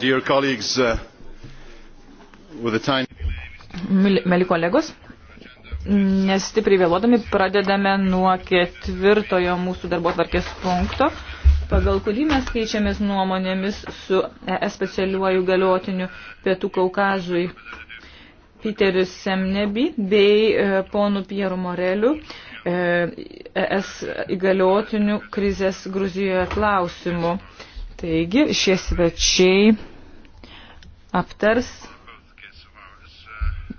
Uh, mėly kolegos, nestipriai vėluodami pradedame nuo ketvirtojo mūsų darbo tvarkės punkto, pagal kurį mes keičiamės nuomonėmis su ES specialiuoju galiotiniu Pietų Kaukazui Piteris Semnebi bei e, ponu Pieru Moreliu e, ES įgaliotinių krizės Gruzijoje klausimų. Taigi šie svečiai aptars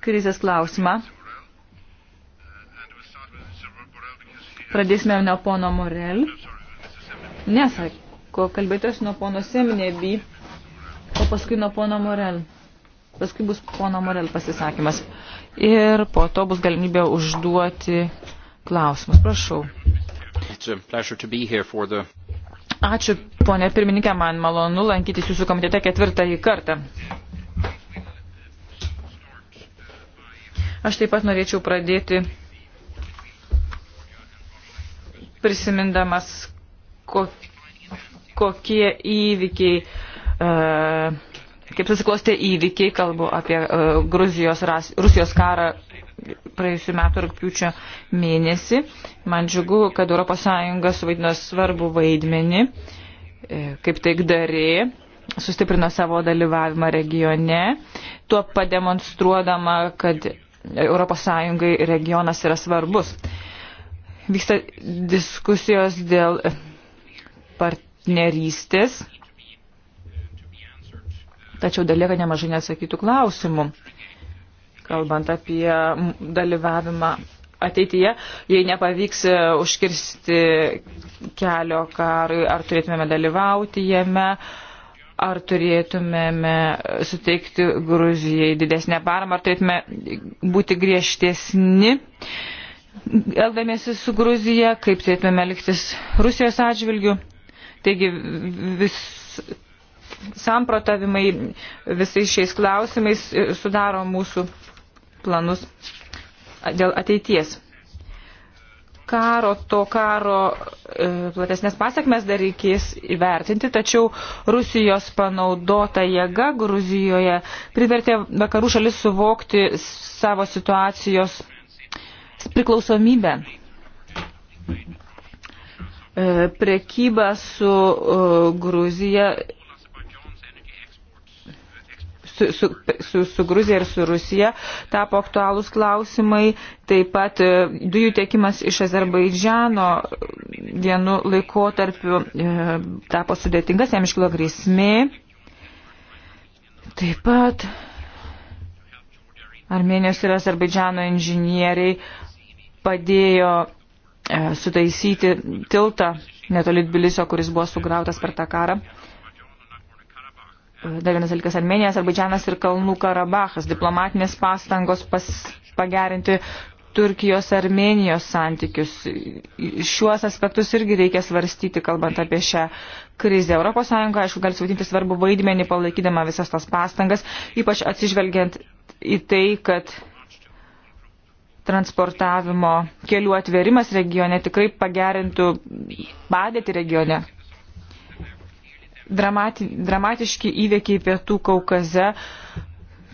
krizės klausimą. Pradėsime nuo pono Morel. Nesako, kalbėtės nuo pono Seminėby, o paskui nuo pono Morel. Paskui bus pono Morel pasisakymas. Ir po to bus galimybė užduoti klausimus. Prašau. Ačiū, ponė pirmininkė, man malonu lankytis jūsų komitete ketvirtąjį kartą. Aš taip pat norėčiau pradėti prisimindamas, ko, kokie įvykiai, e, kaip susiklostė įvykiai, kalbu apie e, Gruzijos, Rusijos karą praėjusiu metu rugpjūčio mėnesį. Man džiugu, kad ES suvaidino svarbu vaidmenį, e, kaip taikdarė, sustiprino savo dalyvavimą regione, tuo pademonstruodama, kad ES regionas yra svarbus. Vyksta diskusijos dėl partnerystės, tačiau dalyka nemažai neatsakytų klausimų kalbant apie dalyvavimą ateityje, jei nepavyks e, užkirsti kelio karui, ar turėtumėme dalyvauti jame, ar turėtumėme e, suteikti Gruzijai didesnę paramą, ar turėtume būti griežtesni. Elgdamėsi su Gruzija, kaip turėtume elgtis Rusijos atžvilgių. Taigi vis, samprotavimai visais šiais klausimais e, sudaro mūsų planus dėl ateities. Karo, to karo e, platesnės pasiekmes dar reikės įvertinti, tačiau Rusijos panaudota jėga Gruzijoje privertė vakarų šalis suvokti savo situacijos priklausomybę. E, prekyba su e, Gruzija su, su, su, su Gruzija ir su Rusija tapo aktualūs klausimai, taip pat e, dujų tiekimas iš Azerbaidžiano e, vienu laikotarpiu e, tapo sudėtingas, jam iškilo grėsmė. Taip pat Armenijos ir Azerbaidžiano inžinieriai padėjo e, sutaisyti tiltą netoli Tbilisio, kuris buvo sugrautas per tą karą. Dar vienas dalykas - Armenija, Azerbaidžianas ir Kalnų Karabachas. Diplomatinės pastangos pas, pagerinti Turkijos-Armenijos santykius. Šiuos aspektus irgi reikia svarstyti, kalbant apie šią krizę. ES, aišku, gali suvaidinti svarbu vaidmenį, palaikydama visas tas pastangas, ypač atsižvelgiant į tai, kad transportavimo kelių atverimas regione tikrai pagerintų padėtį regione dramati, dramatiški įveikiai pietų Kaukaze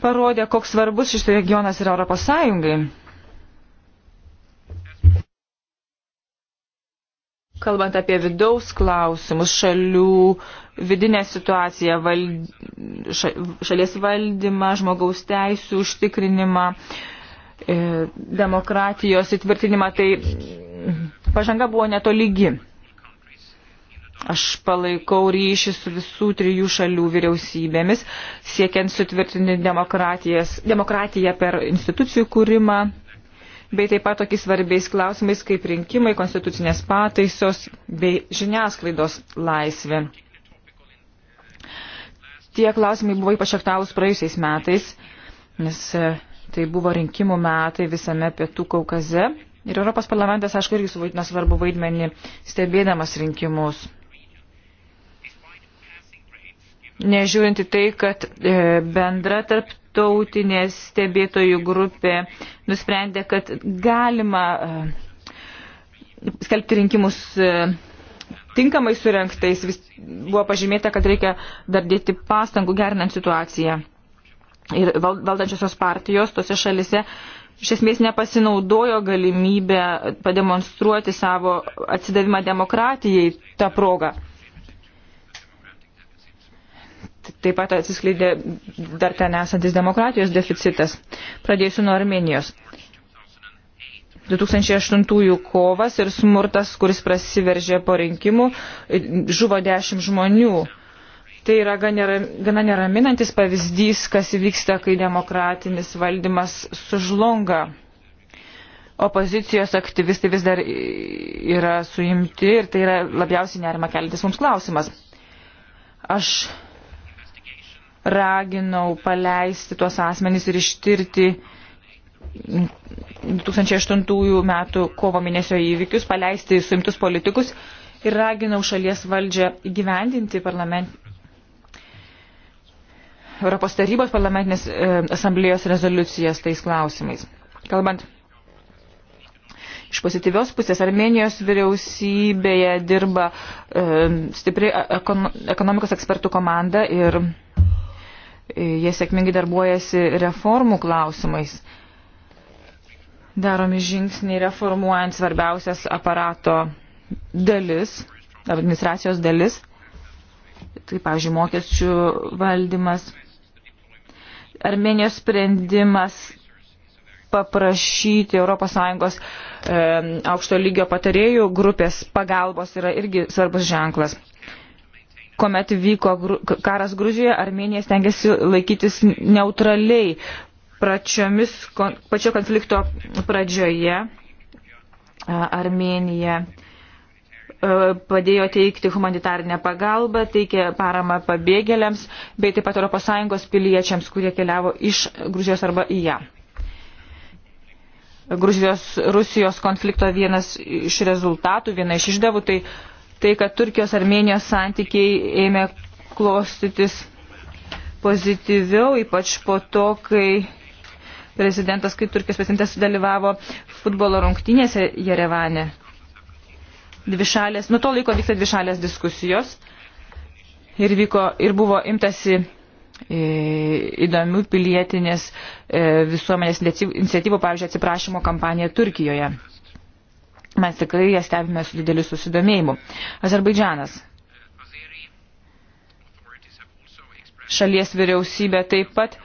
parodė, koks svarbus šis regionas yra Europos Sąjungai. Kalbant apie vidaus klausimus, šalių vidinę situaciją, val, šalies valdymą, žmogaus teisų užtikrinimą, e, demokratijos įtvirtinimą, tai pažanga buvo netolygi. Aš palaikau ryšį su visų trijų šalių vyriausybėmis, siekiant sutvirtinti demokratiją per institucijų kūrimą, bei taip pat tokiais svarbiais klausimais kaip rinkimai, konstitucinės pataisos bei žiniasklaidos laisvė. Tie klausimai buvo ypač aktualūs praėjusiais metais, nes e, tai buvo rinkimų metai visame Pietų Kaukaze. Ir Europos parlamentas, aišku, irgi suvaidino svarbu vaidmenį stebėdamas rinkimus nežiūrinti tai, kad e, bendra tarptautinė stebėtojų grupė nusprendė, kad galima e, skelbti rinkimus e, tinkamai surinktais, vis, buvo pažymėta, kad reikia dar dėti pastangų gerinant situaciją. Ir valdančiosios partijos tose šalise iš esmės nepasinaudojo galimybę pademonstruoti savo atsidavimą demokratijai tą progą taip pat atsiskleidė dar ten esantis demokratijos deficitas. Pradėsiu nuo Armenijos. 2008 kovas ir smurtas, kuris prasiveržė po rinkimų, žuvo dešimt žmonių. Tai yra gana neraminantis pavyzdys, kas vyksta, kai demokratinis valdymas sužlonga. Opozicijos aktyvistai vis dar yra suimti ir tai yra labiausiai nerima keltis mums klausimas. Aš raginau paleisti tuos asmenys ir ištirti 2008 metų kovo mėnesio įvykius, paleisti suimtus politikus ir raginau šalies valdžią įgyvendinti parlament... Europos tarybos parlamentinės e, asamblėjos rezoliucijas tais klausimais. Kalbant iš pozityvios pusės, Armenijos vyriausybėje dirba e, stipri e, ekonomikos ekspertų komanda ir Jie sėkmingai darbuojasi reformų klausimais. Daromi žingsniai reformuojant svarbiausias aparato dalis, administracijos dalis, tai, pavyzdžiui, mokesčių valdymas. Armenijos sprendimas paprašyti ES e, aukšto lygio patarėjų grupės pagalbos yra irgi svarbus ženklas kuomet vyko karas Gruzijoje, Armenija stengiasi laikytis neutraliai pračiomis, pačio konflikto pradžioje. Armenija e, padėjo teikti humanitarinę pagalbą, teikė paramą pabėgėliams, bei taip pat ES piliečiams, kurie keliavo iš Gruzijos arba į ją. Gruzijos Rusijos konflikto vienas iš rezultatų, viena iš išdavų, tai uh, tai, kad Turkijos Armenijos santykiai ėmė klostytis pozityviau, ypač po to, kai prezidentas, kai Turkijos prezidentas dalyvavo futbolo rungtynėse Jerevane. Dvišalės, nuo to laiko vyksta dvišalės diskusijos ir, vyko, ir buvo imtasi e, įdomių pilietinės e, visuomenės iniciatyvų, pavyzdžiui, atsiprašymo kampanija Turkijoje. Mes tikrai ją stebime su dideliu susidomėjimu. Azerbaidžianas. Šalies vyriausybė taip pat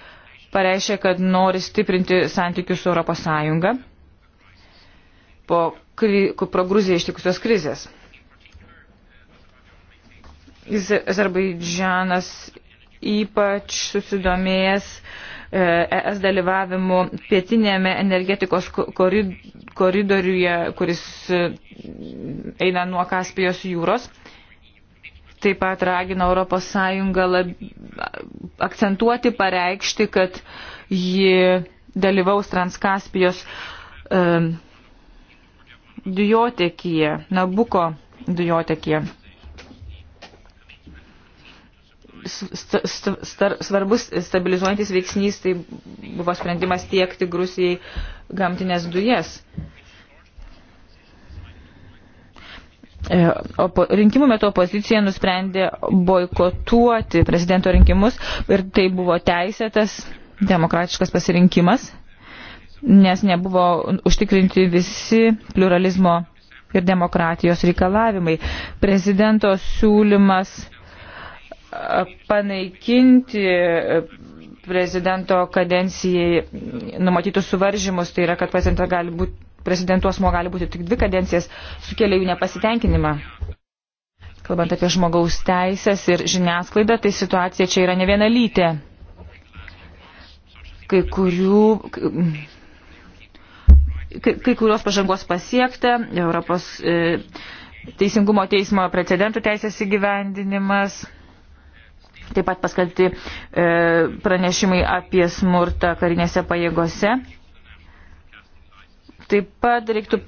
pareiškė, kad nori stiprinti santykius su Europos Sąjunga po, kri, po Gruziją ištikusios krizės. Azerbaidžianas ypač susidomėjęs uh, ES dalyvavimu pietinėme energetikos koridoriuje, kuris e, eina nuo Kaspijos jūros. Taip pat ragina Europos Sąjungą lab... akcentuoti, pareikšti, kad ji dalyvaus Transkaspijos um, dujotekyje, Nabuko dujotekyje svarbus stabilizuojantis veiksnys tai buvo sprendimas tiekti Grusijai gamtinės dujas. E, opo, rinkimų metu opozicija nusprendė boikotuoti prezidento rinkimus ir tai buvo teisėtas demokratiškas pasirinkimas, nes nebuvo užtikrinti visi pluralizmo ir demokratijos reikalavimai. Prezidento siūlymas panaikinti prezidento kadencijai numatytus suvaržymus, tai yra, kad prezidento gali būti, prezidentų asmo gali būti tik dvi kadencijas, sukelia jų nepasitenkinimą. Kalbant apie žmogaus teisės ir žiniasklaidą, tai situacija čia yra ne viena lytė. Kai kurių kai, kai kurios pažangos pasiekta, Europos e, teisingumo teismo precedentų teisės įgyvendinimas. Taip pat paskelbti e, pranešimai apie smurtą karinėse pajėgose. Taip pat reiktų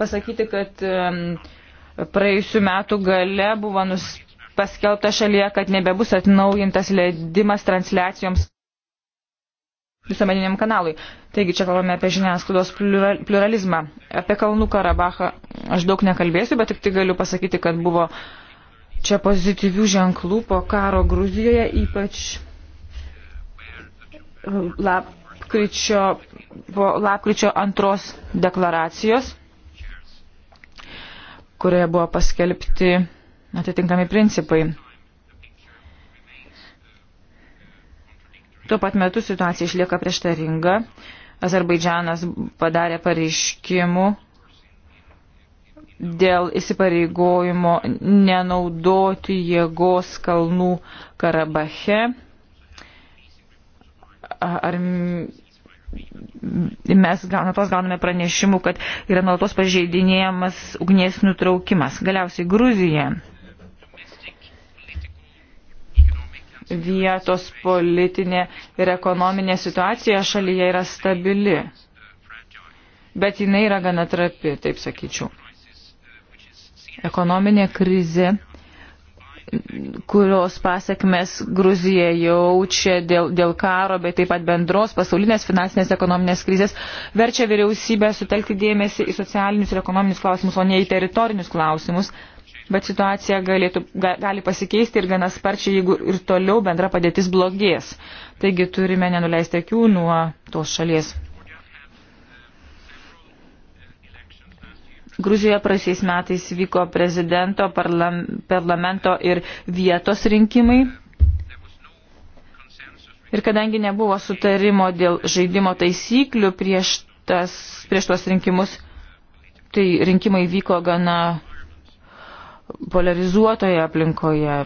pasakyti, kad e, praėjusiu metu gale buvo paskelbta šalyje, kad nebebus atnaujintas leidimas transliacijoms visuomeniniam kanalui. Taigi čia kalbame apie žiniasklaidos pluralizmą. Apie Kalnų Karabachą aš daug nekalbėsiu, bet tik tai galiu pasakyti, kad buvo čia pozityvių ženklų po karo Gruzijoje, ypač e, lapkričio, po lapkričio antros deklaracijos, kurioje buvo paskelbti atitinkami principai. Tuo pat metu situacija išlieka prieštaringa. Azerbaidžianas padarė pareiškimų dėl įsipareigojimo nenaudoti jėgos kalnų Karabache. Ar mes nuolatos gauname pranešimų, kad yra nuolatos pažeidinėjamas ugnies nutraukimas. Galiausiai Gruzija vietos politinė ir ekonominė situacija šalyje yra stabili, bet jinai yra gana trapi, taip sakyčiau. Ekonominė krizė kurios pasiekmes Gruzija jaučia dėl, dėl karo, bet taip pat bendros pasaulinės finansinės ekonominės krizės, verčia vyriausybę sutelkti dėmesį į socialinius ir ekonominius klausimus, o ne į teritorinius klausimus. Bet situacija galėtų, gali pasikeisti ir gana sparčiai, jeigu ir toliau bendra padėtis blogės. Taigi turime nenuleisti akių nuo tos šalies. Gruzijoje praeisiais metais vyko prezidento, parlamento ir vietos rinkimai. Ir kadangi nebuvo sutarimo dėl žaidimo taisyklių prieš, tas, prieš tuos rinkimus, tai rinkimai vyko gana polarizuotoje aplinkoje.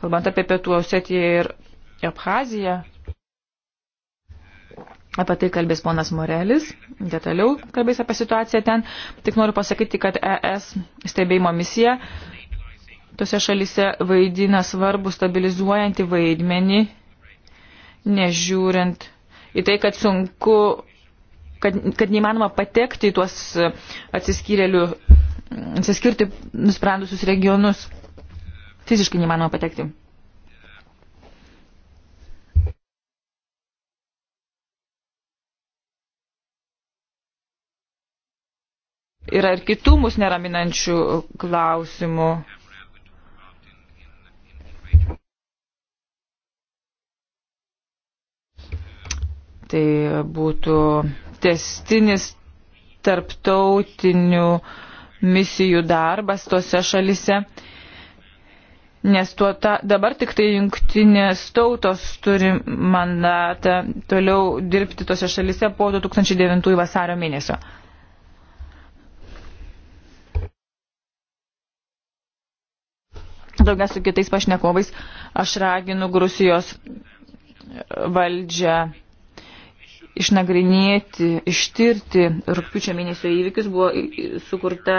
Kalbant apie Pietų Osetiją ir Abhaziją, Apie tai kalbės ponas Morelis, detaliau kalbės apie situaciją ten. Tik noriu pasakyti, kad ES stebėjimo misija tose šalise vaidina svarbu stabilizuojantį vaidmenį, nežiūrint į tai, kad sunku, kad, kad neįmanoma patekti į tuos atsiskyrėlių, atsiskirti nusprendusius regionus. Fiziškai neįmanoma patekti. yra ir kitų mus neraminančių klausimų. Tai būtų testinis tarptautinių misijų darbas tose šalise, nes tuo ta, dabar tik tai jungtinės tautos turi mandatą toliau dirbti tose šalise po 2009 vasario mėnesio. Daugia su kitais pašnekovais aš raginu Grusijos valdžią išnagrinėti, ištirti rūpiučio mėnesio įvykius. Buvo sukurta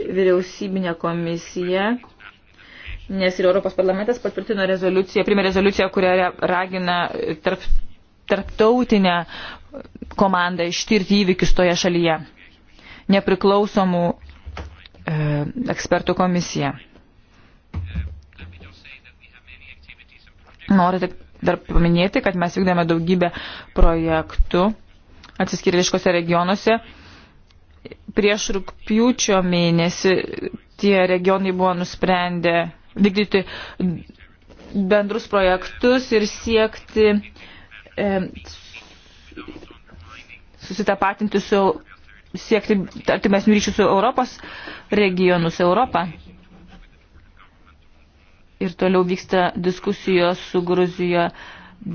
vyriausybinė komisija, nes ir Europos parlamentas patvirtino rezoliuciją, primė rezoliuciją, kurią ragina tarp, tarptautinę komandą ištirti įvykius toje šalyje. Nepriklausomų e, ekspertų komisija. Noriu tik dar paminėti, kad mes vykdėme daugybę projektų atsiskiriliškose regionuose. Prieš rūpjūčio mėnesį tie regionai buvo nusprendę vykdyti bendrus projektus ir siekti e, susitapatinti su siekti artimesnių ryšių su Europos regionu, su Europą ir toliau vyksta diskusijos su Gruzija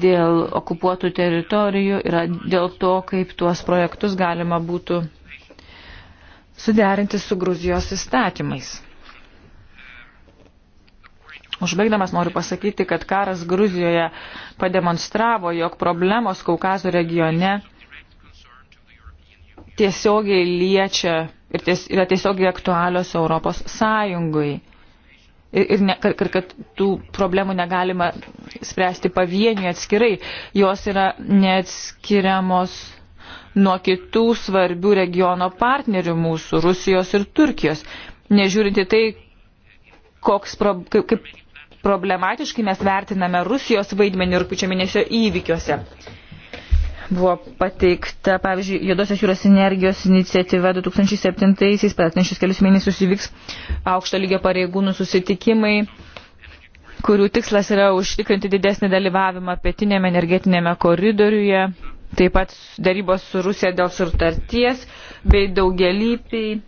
dėl okupuotų teritorijų ir dėl to, kaip tuos projektus galima būtų suderinti su Gruzijos įstatymais. Užbaigdamas noriu pasakyti, kad karas Gruzijoje pademonstravo, jog problemos Kaukazo regione tiesiogiai liečia ir ties, yra tiesiogiai aktualios Europos Sąjungui ir ne, kad, kad tų problemų negalima spręsti pavieniui atskirai. Jos yra neatskiriamos nuo kitų svarbių regiono partnerių mūsų, Rusijos ir Turkijos. Nežiūrinti tai, koks, pro, kaip, kaip problematiškai mes vertiname Rusijos vaidmenį rūpiučio mėnesio įvykiuose buvo pateikta, pavyzdžiui, Jodosios jūros energijos iniciatyva 2007-aisiais, per atnešius kelius mėnesius įvyks aukšto lygio pareigūnų susitikimai, kurių tikslas yra užtikrinti didesnį dalyvavimą pietinėme energetinėme koridoriuje, taip pat darybos su Rusija dėl sutarties bei daugelypiai,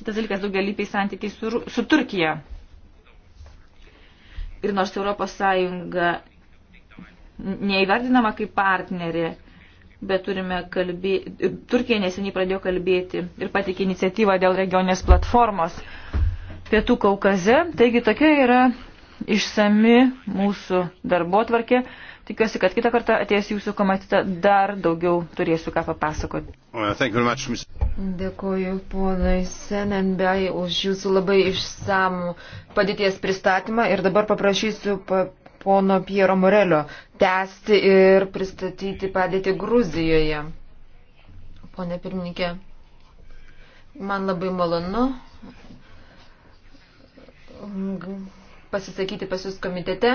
kitas dalykas daugelypiai santykiai su, su Turkija. Ir nors Europos Sąjunga neįvardinama kaip partnerė, bet turime kalbėti, Turkija neseniai pradėjo kalbėti ir patikė iniciatyvą dėl regioninės platformos Pietų Kaukaze. Taigi tokia yra išsami mūsų darbo tvarkė. Tikiuosi, kad kitą kartą atėjęs jūsų komitetą dar daugiau turėsiu ką papasakoti. Dėkuoju ponai Senenbei už jūsų labai išsamų padėties pristatymą ir dabar paprašysiu pa pono Piero Morelio tęsti ir pristatyti padėti Gruzijoje. Pone pirmininkė, man labai malonu pasisakyti pas jūs komitete.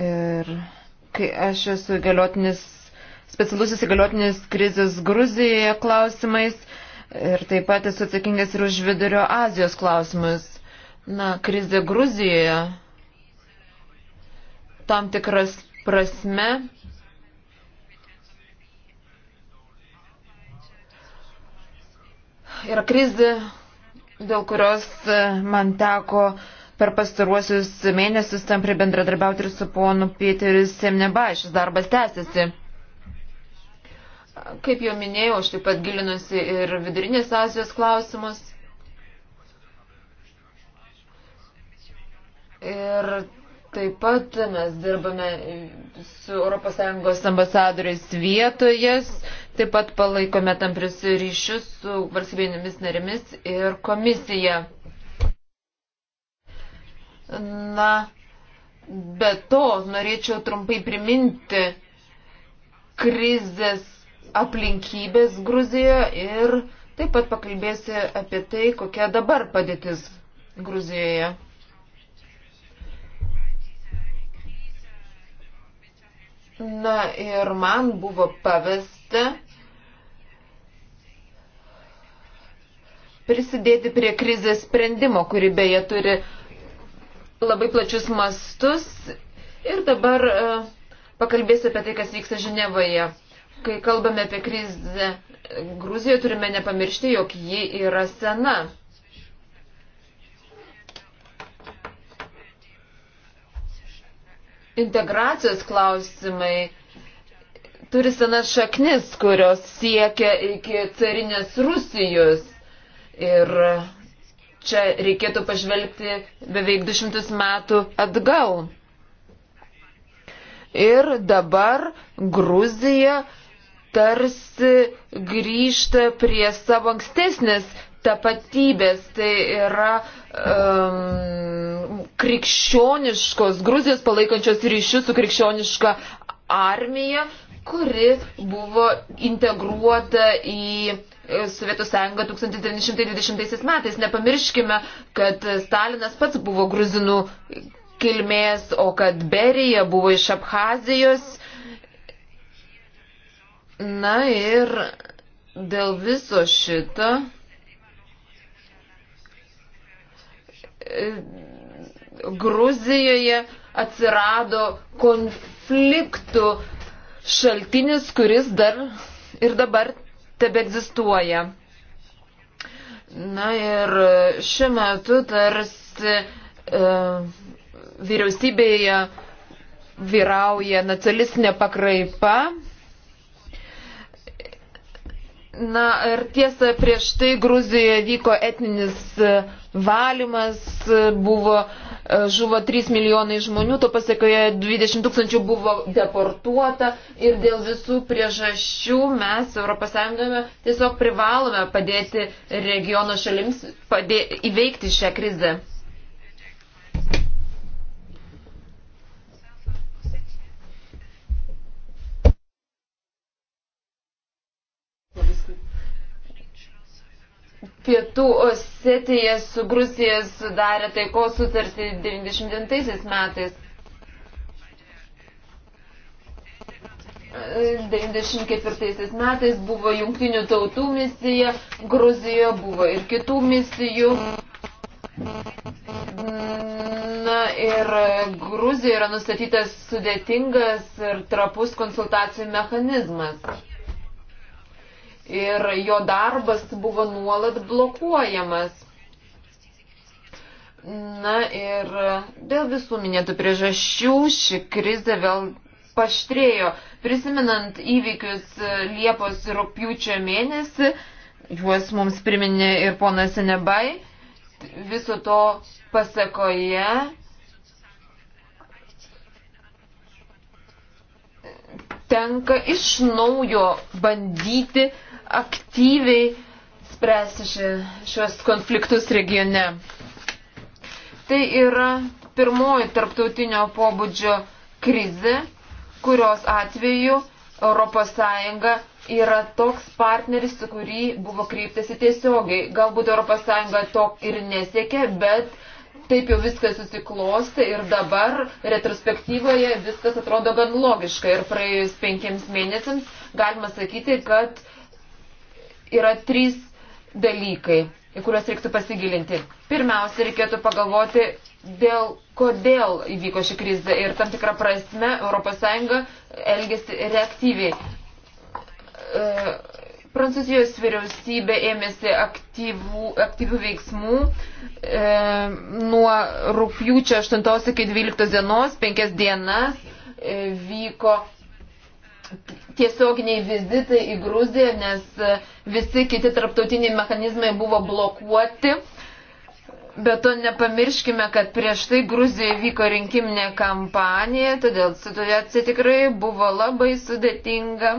Ir kai aš esu įgaliotinis, specialusis įgaliotinis krizės Gruzijoje klausimais ir taip pat esu atsakingas ir už Vidurio Azijos klausimus. Na, krizė Gruzijoje tam tikras prasme. Yra krizė, dėl kurios man teko per pastaruosius mėnesius tampri bendradarbiauti ir su ponu Pieteris Semneba. Šis darbas tęsiasi. Kaip jau minėjau, aš taip pat gilinusi ir vidurinės Azijos klausimus. Ir Taip pat mes dirbame su ES ambasadoriais vietojas, taip pat palaikome tamprius ryšius su valstybinėmis narėmis ir komisija. Na, be to norėčiau trumpai priminti krizės aplinkybės Gruzijoje ir taip pat pakalbėsiu apie tai, kokia dabar padėtis Gruzijoje. Na ir man buvo pavesta prisidėti prie krizės sprendimo, kuri beje turi labai plačius mastus. Ir dabar e, pakalbėsiu apie tai, kas vyksta Ženevoje. Kai kalbame apie krizę Gruzijoje, turime nepamiršti, jog ji yra sena. integracijos klausimai turi senas šaknis, kurios siekia iki carinės Rusijos. Ir čia reikėtų pažvelgti beveik 200 metų atgal. Ir dabar Gruzija tarsi grįžta prie savo ankstesnės tapatybės, tai yra um, krikščioniškos, Gruzijos palaikančios ryšius su krikščioniška armija, kuri buvo integruota į e, Sovietų sąjungą 1920 metais. Nepamirškime, kad Stalinas pats buvo gruzinų kilmės, o kad Berija buvo iš Abhazijos. Na ir dėl viso šito Gruzijoje atsirado konfliktų šaltinis, kuris dar ir dabar tebe egzistuoja. Na ir šiuo metu tarsi e, vyriausybėje vyrauja nacionalistinė pakraipa Na ir tiesa, prieš tai Gruzijoje vyko etninis e, valymas, e, buvo, e, žuvo 3 milijonai žmonių, to pasiekoje 20 tūkstančių buvo deportuota ir dėl visų priežasčių mes ES tiesiog privalome padėti regiono šalims padė, įveikti šią krizę. Pietų Osetija su Gruzija sudarė taikos sutartį 99 metais. 94 metais buvo jungtinių tautų misija, Gruzijoje buvo ir kitų misijų. Na ir Gruzijoje yra nustatytas sudėtingas ir trapus konsultacijų mechanizmas ir jo darbas buvo nuolat blokuojamas. Na ir dėl visų minėtų priežasčių ši krizė vėl paštrėjo. Prisimenant įvykius Liepos ir Rūpiučio mėnesį, juos mums priminė ir ponas Senebai, viso to pasakoje tenka iš naujo bandyti aktyviai spręsti šios konfliktus regione. Tai yra pirmoji tarptautinio pobūdžio krizė, kurios atveju ES yra toks partneris, su kurį buvo kreiptasi tiesiogiai. Galbūt ES to ir nesiekė, bet taip jau viskas susiklosti ir dabar retrospektyvoje viskas atrodo gan logiška. Ir praėjus penkiems mėnesiams galima sakyti, kad yra trys dalykai, į kuriuos reiktų pasigilinti. Pirmiausia, reikėtų pagalvoti, dėl kodėl įvyko ši krizė ir tam tikrą prasme ES elgėsi reaktyviai. E, Prancūzijos vyriausybė ėmėsi aktyvų, aktyvių veiksmų e, nuo rūpjūčio 8 iki 12 dienos, penkias dienas e, vyko tiesioginiai vizitai į Gruziją, nes e, visi kiti tarptautiniai mechanizmai buvo blokuoti. Bet to nepamirškime, kad prieš tai Gruzijoje vyko rinkiminė kampanija, todėl situacija tikrai buvo labai sudėtinga.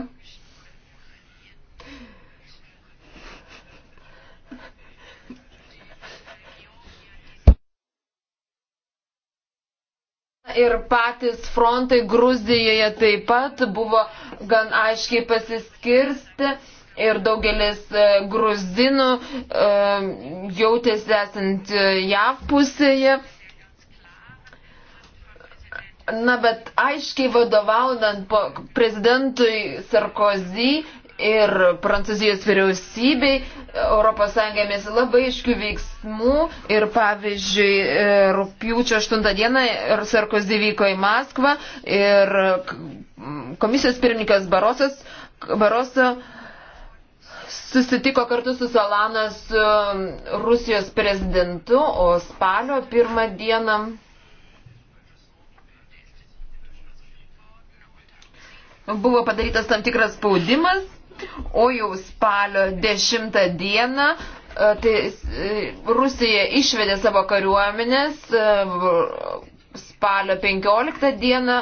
Ir patys frontai Gruzijoje taip pat buvo gan aiškiai pasiskirsti ir daugelis e, gruzinų e, jautėsi esant e, JAV pusėje. Na, bet aiškiai vadovaujant prezidentui Sarkozy ir Prancūzijos vyriausybei ES ėmėsi labai iškių veiksmų ir pavyzdžiui e, rūpjūčio 8 dieną Sarkozy vyko į Maskvą ir komisijos pirmininkas Barosas, Baroso susitiko kartu su Solanas su Rusijos prezidentu, o spalio pirmą dieną buvo padarytas tam tikras spaudimas o jau spalio 10 dieną e, tai e, Rusija išvedė savo kariuomenės, e, spalio 15 dieną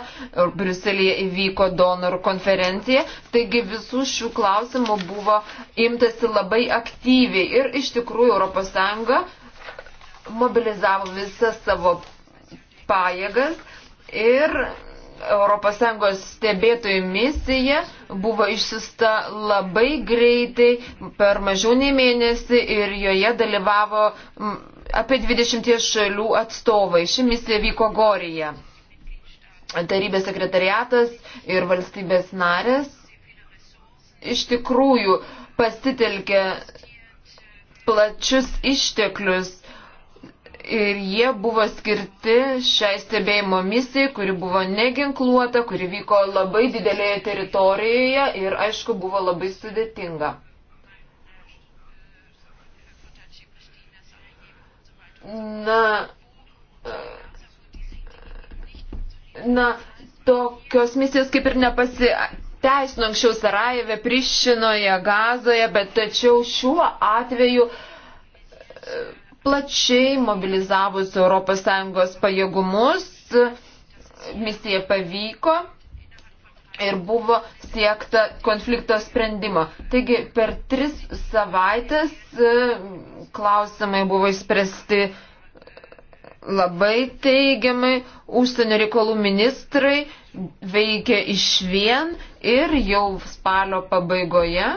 Briuselėje įvyko donorų konferencija, taigi visų šių klausimų buvo imtasi labai aktyviai ir iš tikrųjų ES mobilizavo visas savo pajėgas ir ES stebėtojų misija buvo išsista labai greitai, per mažiau nei mėnesį ir joje dalyvavo apie 20 šalių atstovai. Ši misija vyko Gorija. Tarybės sekretariatas ir valstybės narės iš tikrųjų pasitelkė plačius išteklius ir jie buvo skirti šiai stebėjimo misijai, kuri buvo neginkluota, kuri vyko labai didelėje teritorijoje ir aišku buvo labai sudėtinga. Na, na tokios misijos kaip ir nepasi, teisino anksčiau Sarajeve, Prišinoje, Gazoje, bet tačiau šiuo atveju plačiai mobilizavus ES pajėgumus. Misija pavyko ir buvo siekta konflikto sprendimo. Taigi per tris savaitės e, klausimai buvo įspręsti labai teigiamai, užsienio reikalų ministrai veikia iš vien ir jau spalio pabaigoje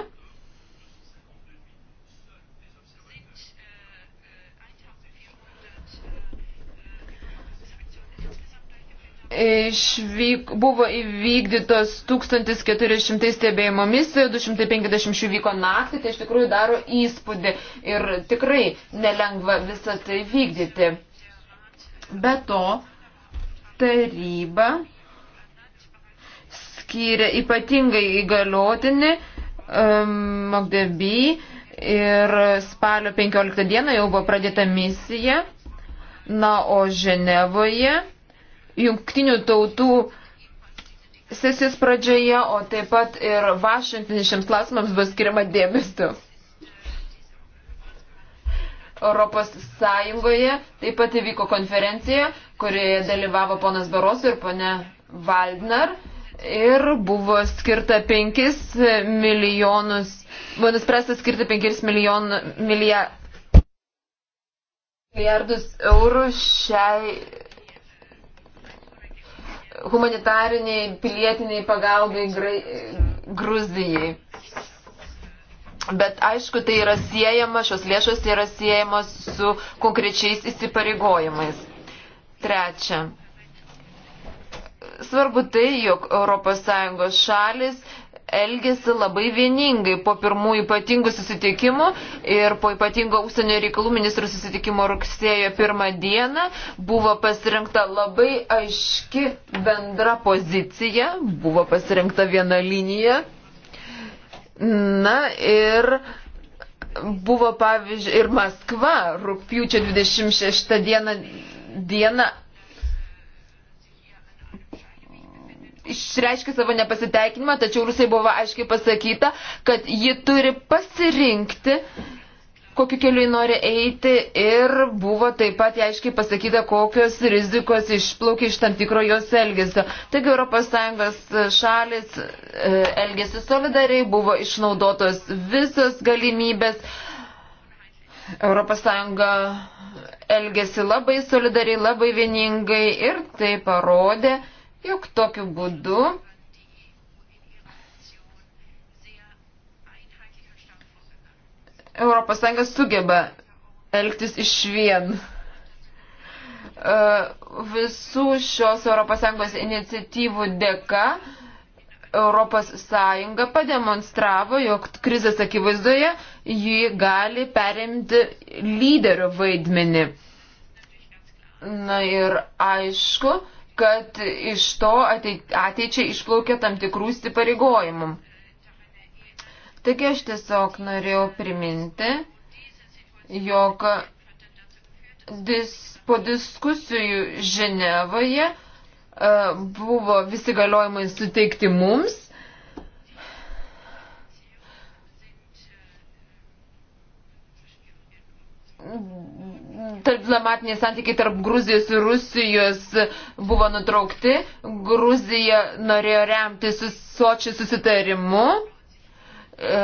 išvyk, buvo įvykdytos 1400 stebėjimo misijų, 250 šių vyko naktį, tai iš tikrųjų daro įspūdį ir tikrai nelengva visą tai vykdyti. Be to, taryba skyrė ypatingai įgaliotinį Magdebį um, ir spalio 15 dieną jau buvo pradėta misija. Na, o Ženevoje jungtinių tautų sesijos pradžioje, o taip pat ir Vašingtonė šiems klausimams bus skiriama dėmesio. Europos Sąjungoje taip pat įvyko konferencija, kurioje dalyvavo ponas Baroso ir ponė Valdnar ir buvo skirta 5 milijonus, buvo nuspręsta skirti 5 milijonų milijardus eurų šiai humanitariniai pilietiniai pagalbai Gruzijai. Bet aišku, tai yra siejama, šios lėšos yra siejamos su konkrečiais įsipareigojimais. Trečia. Svarbu tai, jog ES šalis elgėsi labai vieningai po pirmų ypatingų susitikimų ir po ypatingo užsienio reikalų ministrų susitikimo rugsėjo pirmą dieną buvo pasirinkta labai aiški bendra pozicija, buvo pasirinkta viena linija. Na ir buvo pavyzdžiui ir Maskva rūpjūčio 26 dieną, dieną išreiškė savo nepasiteikinimą, tačiau rusai buvo aiškiai pasakyta, kad ji turi pasirinkti, kokiu keliu ji nori eiti ir buvo taip pat aiškiai pasakyta, kokios rizikos išplaukia iš tam tikro jos elgesio. Taigi ES šalis e, elgesi solidariai, buvo išnaudotos visos galimybės. ES elgesi labai solidariai, labai vieningai ir tai parodė, jog tokiu būdu ES sugeba elgtis iš vien. E, visų šios ES iniciatyvų dėka ES pademonstravo, jog krizės akivaizdoje jį gali perimti lyderio vaidmenį. Na ir aišku, kad iš to ateičiai išplaukia tam tikrų įsipareigojimų. Taigi aš tiesiog norėjau priminti, jog dis, po diskusijų Ženevoje e, buvo visi galiojimai suteikti mums diplomatiniai santykiai tarp Gruzijos ir Rusijos buvo nutraukti. Gruzija norėjo remti susočių susitarimu, e,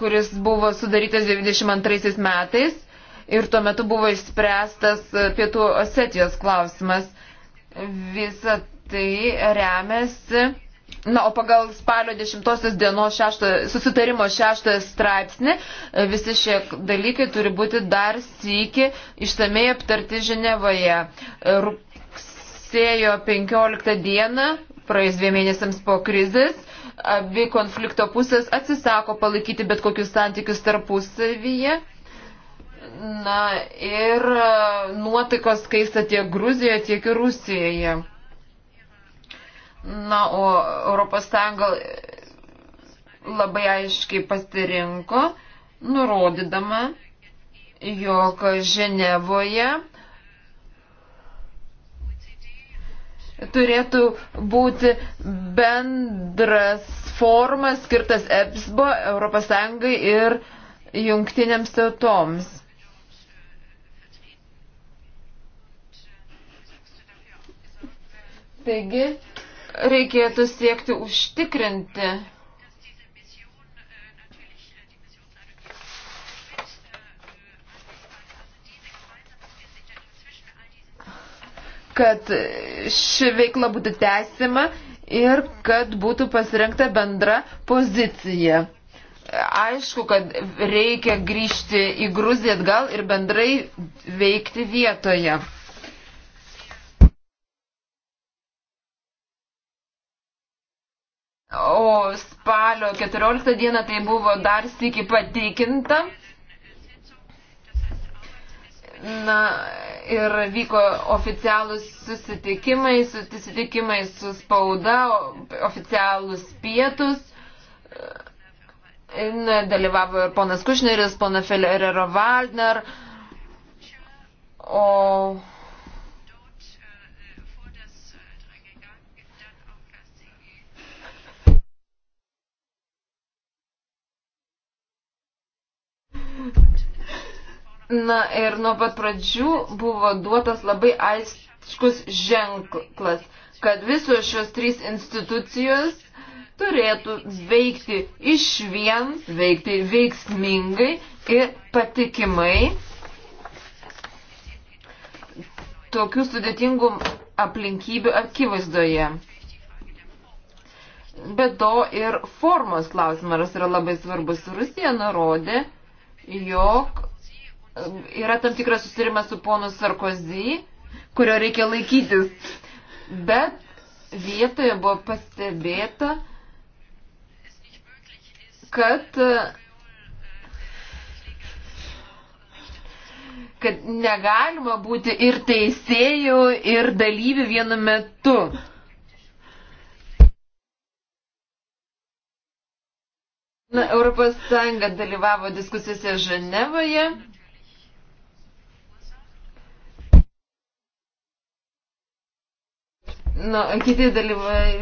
kuris buvo sudarytas 92 metais ir tuo metu buvo išspręstas pietų Osetijos klausimas. Visa tai remiasi Na, o pagal spalio 10 dienos šešto, susitarimo 6 straipsnį e, visi šie dalykai turi būti dar sykį išsamei aptarti Ženevoje. E, rugsėjo 15 dieną, praeis dviem mėnesiams po krizės, abi konflikto pusės atsisako palaikyti bet kokius santykius tarpusavyje. Na ir e, nuotaikos kaista tiek Gruzijoje, tiek ir Rusijoje. Na, o ES labai aiškiai pasirinko, nurodydama, jog Ženevoje turėtų būti bendras formas skirtas EPSBO, ES ir jungtinėms tautoms. Taigi, reikėtų siekti užtikrinti kad ši veikla būtų tęsima ir kad būtų pasirinkta bendra pozicija. Aišku, kad reikia grįžti į Gruziją atgal ir bendrai veikti vietoje. O spalio 14 dieną tai buvo dar sėki patikinta. Na, ir vyko oficialūs susitikimai, susitikimai su spauda, oficialūs pietus. Na, dalyvavo ir ponas Kušneris, pona Ferrero Waldner. O Na ir nuo pat pradžių buvo duotas labai aiškus ženklas, kad visos šios trys institucijos turėtų veikti iš vien, veikti veiksmingai ir patikimai tokių sudėtingų aplinkybių akivaizdoje. Be to ir formos klausimas yra labai svarbus. Rusija nurodė, jog e, yra tam tikras susirimas su ponu Sarkozy, kurio reikia laikytis. Bet vietoje buvo pastebėta, kad e, kad negalima būti ir teisėjų, ir dalyvių vienu metu. Na, Europos Sąjunga dalyvavo diskusijose Ženevoje. nu, kiti dalyvai,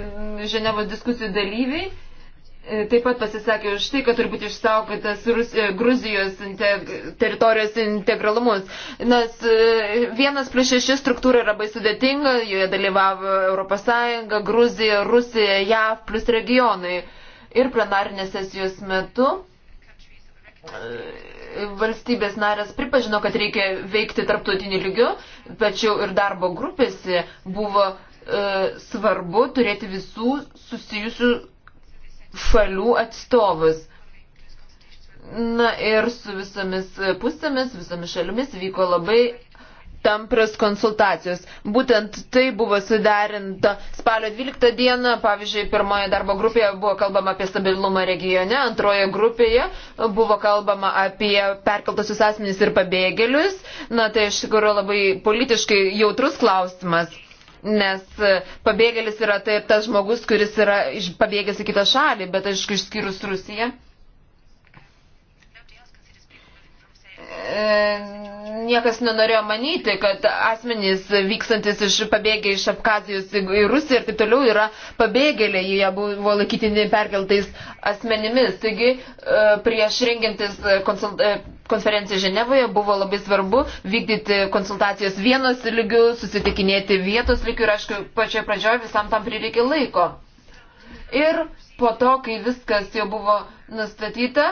Ženevos diskusijų dalyviai e, taip pat pasisakė už tai, kad turbūt išsaugotas e, Gruzijos integ teritorijos integralumus. Nes e, vienas prieš šeši struktūra yra labai sudėtinga, joje dalyvavo ES, Gruzija, Rusija, JAV plus regionai ir plenarinės sesijos metu e, valstybės narės pripažino, kad reikia veikti tarptautiniu lygiu, tačiau ir darbo grupėse buvo e, svarbu turėti visų susijusių šalių atstovus. Na ir su visomis pusėmis, visomis šalimis vyko labai tampras konsultacijos. Būtent tai buvo suderinta spalio 12 dieną, pavyzdžiui, pirmoje darbo grupėje buvo kalbama apie stabilumą regione, antroje grupėje buvo kalbama apie perkeltosius asmenys ir pabėgėlius. Na, tai iš tikrųjų labai politiškai jautrus klausimas nes pabėgėlis yra tai tas žmogus, kuris yra pabėgęs į kitą šalį, bet aišku, išskyrus Rusiją, niekas nenorėjo manyti, kad asmenys vykstantis iš pabėgė iš Abkazijos į Rusiją ir taip toliau yra pabėgėliai, jie buvo laikytini perkeltais asmenimis. Taigi e, prieš rengintis konsult... E, konferenciją Ženevoje buvo labai svarbu vykdyti konsultacijos vienos lygių, susitikinėti vietos lygių ir aišku, pačioje pradžioje visam tam prireikė laiko. Ir po to, kai viskas jau buvo nustatyta,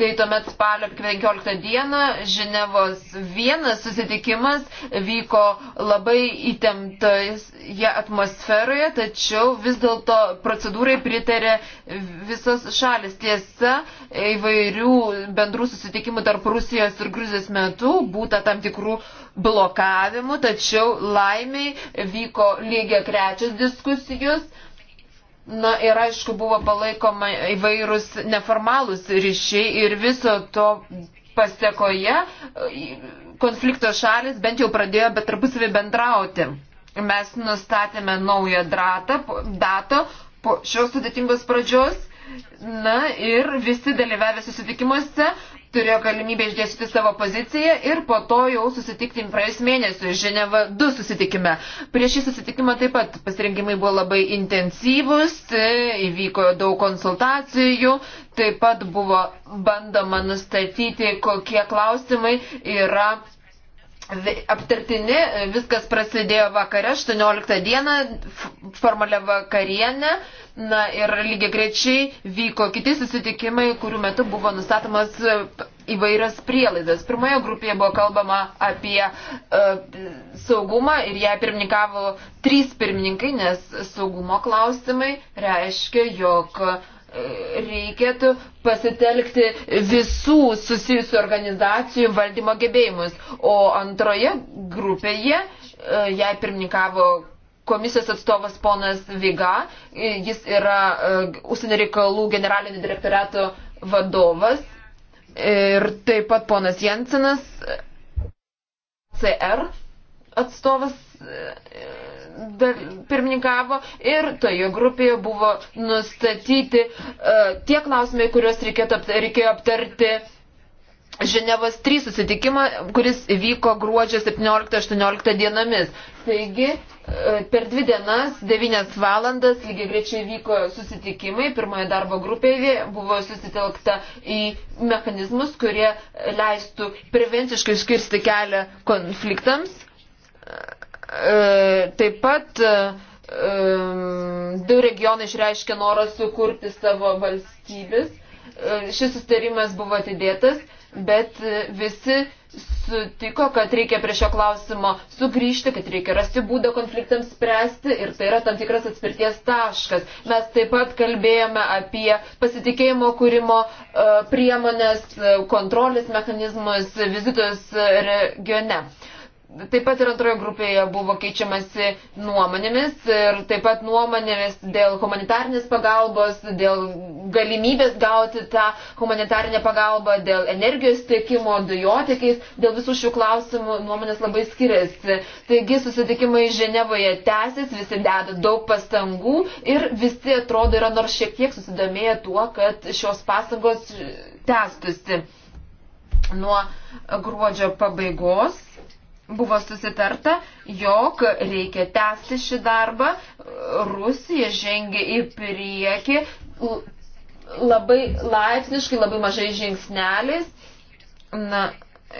tai tuomet spalio 15 dieną Ženevos vienas susitikimas vyko labai įtemptoje atmosferoje, tačiau vis dėlto procedūrai pritarė visos šalis. Tiesa, įvairių bendrų susitikimų tarp Rusijos ir Gruzijos metu būta tam tikrų blokavimų, tačiau laimiai vyko lygia krečios diskusijos Na ir aišku, buvo palaikoma įvairūs neformalūs ryšiai ir viso to pasiekoje e, konflikto šalis bent jau pradėjo bet tarpusavį bendrauti. Mes nustatėme naują dratą, datą po šios sudėtingos pradžios. Na ir visi dalyvavę susitikimuose turėjo galimybę išdėstyti savo poziciją ir po to jau susitikti praėjus mėnesiu Ženeva 2 susitikime. Prieš šį susitikimą taip pat pasirinkimai buvo labai intensyvus, įvyko daug konsultacijų, taip pat buvo bandoma nustatyti, kokie klausimai yra aptartini, viskas prasidėjo vakare, 18 dieną, formalė vakarienė, na ir lygiai grečiai vyko kiti susitikimai, kurių metu buvo nustatomas e, įvairias prielaidas. Pirmoje grupėje buvo kalbama apie uh, saugumą ir ją pirmininkavo trys pirmininkai, nes saugumo klausimai reiškia, jog uh, reikėtų pasitelkti visų susijusių organizacijų valdymo gebėjimus. O antroje grupėje, e, jai pirmininkavo komisijos atstovas ponas Viga, e, jis yra e, užsienio reikalų generalinio direktorato vadovas ir taip pat ponas Jensenas, CR atstovas pirmininkavo ir toje grupėje buvo nustatyti uh, tie klausimai, kuriuos aptarti, reikėjo aptarti. Ženevos 3 susitikimą, kuris vyko gruodžio 17-18 dienomis. Taigi, e, per dvi dienas, 9 valandas, lygiai greičiai vyko susitikimai. Pirmoje darbo grupėje buvo susitelkta į mechanizmus, kurie leistų prevenciškai iškirsti kelią konfliktams E, taip pat e, e, du regionai išreiškė norą sukurti savo valstybės. Šis sustarimas buvo atidėtas, bet visi sutiko, kad reikia prie šio klausimo sugrįžti, kad reikia rasti būdą konfliktams spręsti ir tai yra tam tikras atspirties taškas. Mes taip pat kalbėjome apie pasitikėjimo kūrimo priemonės, kontrolės mechanizmus vizitos regione. Taip pat ir antroje grupėje buvo keičiamasi nuomonėmis ir taip pat nuomonėmis dėl humanitarnės pagalbos, dėl galimybės gauti tą humanitarinę pagalbą, dėl energijos tiekimo, dujotekiais, dėl visų šių klausimų nuomonės labai skiriasi. Taigi susitikimai Ženevoje tęsis, visi deda daug pastangų ir visi atrodo yra nors šiek tiek susidomėję tuo, kad šios pastangos tęstusi nuo gruodžio pabaigos buvo susitarta, jog reikia tęsti šį darbą. Rusija žengia į priekį labai laipsniškai, labai mažai žingsneliais. Na,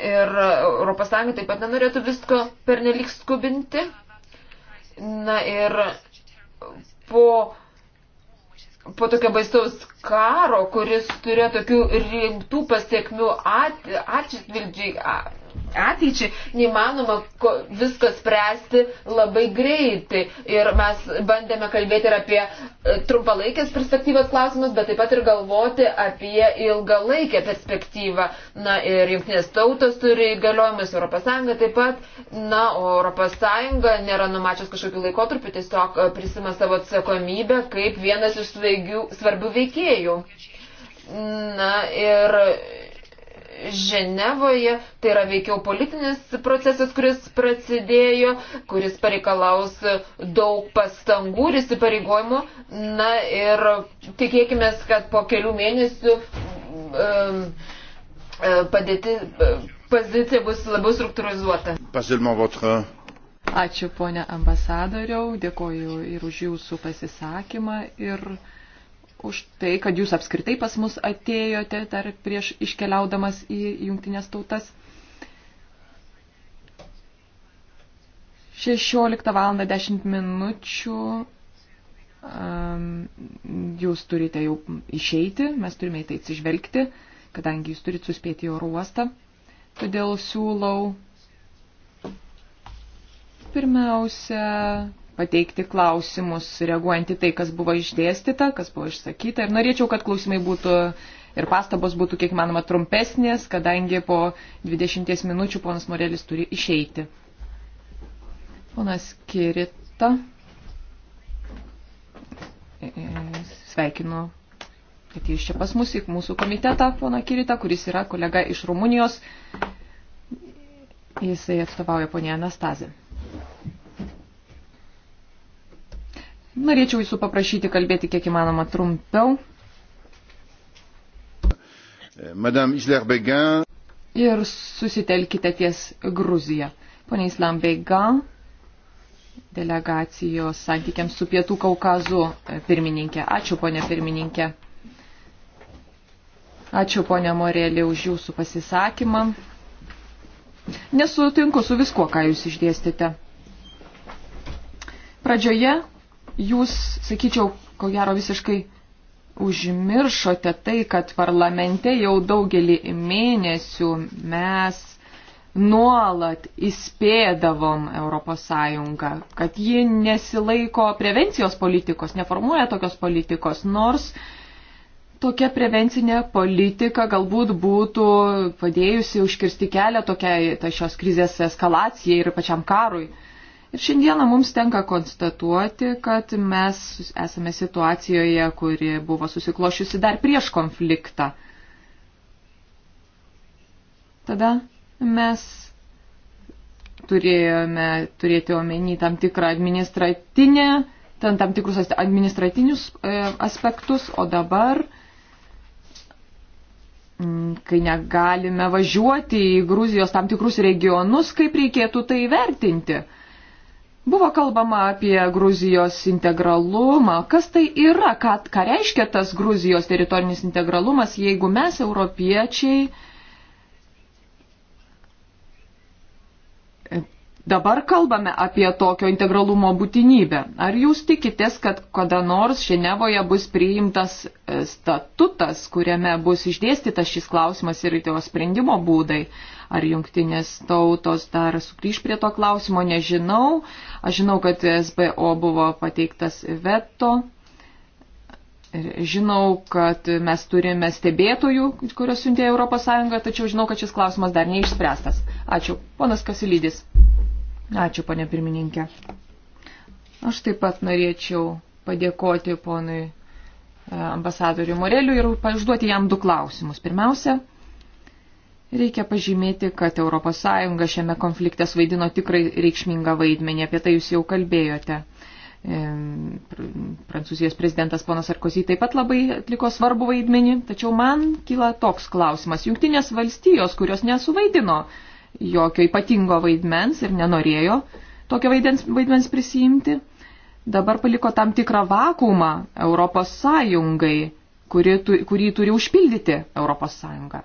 ir ES taip pat nenorėtų visko pernelik skubinti. Na ir po, po tokio baisaus karo, kuris turėjo tokių rimtų pasiekmių at, atžvilgiai ateičiai neįmanoma visko spręsti labai greitai. Ir mes bandėme kalbėti ir apie e, trumpalaikės perspektyvos klausimus, bet taip pat ir galvoti apie ilgalaikę perspektyvą. Na ir jungtinės tautos turi įgaliojimus, ES taip pat. Na, o ES nėra numačios kažkokiu laikotarpiu, tiesiog e, prisima savo atsakomybę kaip vienas iš svaigių, svarbių veikėjų. Na ir Ženevoje, tai yra veikiau politinis procesas, kuris prasidėjo, kuris pareikalaus daug pastangų ir įsipareigojimų. Na ir tikėkime, kad po kelių mėnesių um, um padėti, pozicija bus labiau struktūrizuota. Ačiū, ponė ambasadoriau, dėkoju ir už jūsų pasisakymą. Ir už tai, kad jūs apskritai pas mus atėjote dar prieš iškeliaudamas į jungtinės tautas. 16 val. 10 minučių um, jūs turite jau išeiti, mes turime į tai atsižvelgti, kadangi jūs turite suspėti į oro uostą. Todėl siūlau pirmiausia pateikti klausimus, reaguojant į tai, kas buvo išdėstyta, kas buvo išsakyta. Ir norėčiau, kad klausimai būtų ir pastabos būtų kiek manoma trumpesnės, kadangi po 20 minučių ponas Morelis turi išeiti. Ponas Kirita. E, e, sveikinu, kad jūs čia pas mus į mūsų komitetą, pona Kirita, kuris yra kolega iš Rumunijos. Jisai atstovauja ponė Anastazė. Norėčiau jūsų paprašyti kalbėti kiek įmanoma trumpiau. Madame Isler-Began. Ir susitelkite ties Gruziją. Pone Islam-Began, delegacijos santykiams su Pietų Kaukazu pirmininkė. Ačiū, ponė pirmininkė. Ačiū, ponė Morelė, už jūsų pasisakymą. Nesutinku su viskuo, ką jūs išdėstėte. Pradžioje jūs, sakyčiau, ko gero visiškai užmiršote tai, kad parlamente jau daugelį mėnesių mes nuolat įspėdavom ES, kad ji nesilaiko prevencijos politikos, neformuoja tokios politikos, nors tokia prevencinė politika galbūt būtų padėjusi užkirsti kelią tokiai tai šios krizės eskalacijai ir pačiam karui. Uh, Ir šiandieną mums tenka konstatuoti, kad mes esame situacijoje, kuri buvo susiklošiusi dar prieš konfliktą. Tada mes turėjome turėti omeny tam tikrą administratinę, tam, tam tikrus administratinius e, aspektus, o dabar mm, kai negalime važiuoti į Gruzijos tam tikrus regionus, kaip reikėtų tai vertinti. Buvo kalbama apie Gruzijos integralumą. Kas tai yra? Ką, ką reiškia tas Gruzijos teritorinis integralumas, jeigu mes, europiečiai, uh, Dabar kalbame apie tokio integralumo būtinybę. Ar jūs tikitės, kad kada nors Ženevoje bus priimtas e, statutas, kuriame bus išdėstytas šis klausimas ir jo sprendimo būdai? Ar jungtinės tautos dar sugrįž prie to klausimo, nežinau. Aš žinau, kad SBO buvo pateiktas veto. Žinau, kad mes turime stebėtojų, kurios siuntė ES, tačiau žinau, kad šis klausimas dar neišspręstas. Ačiū. Ponas Kasilydis. Ačiū, ponė pirmininkė. Aš taip pat norėčiau padėkoti ponui e, ambasadoriui Moreliu ir užduoti jam du klausimus. Pirmiausia, reikia pažymėti, kad ES šiame konflikte vaidino tikrai reikšmingą vaidmenį, apie tai jūs jau kalbėjote. E, Prancūzijos prezidentas ponas Sarkozy taip pat labai atliko svarbu vaidmenį, tačiau man kyla toks klausimas. Jungtinės valstijos, kurios nesuvaidino jokio ypatingo vaidmens ir nenorėjo tokio vaidmens, vaidmens prisijimti. Dabar paliko tam tikrą vakumą Europos Sąjungai, kuri, tu, kurį turi užpildyti Europos Sąjunga.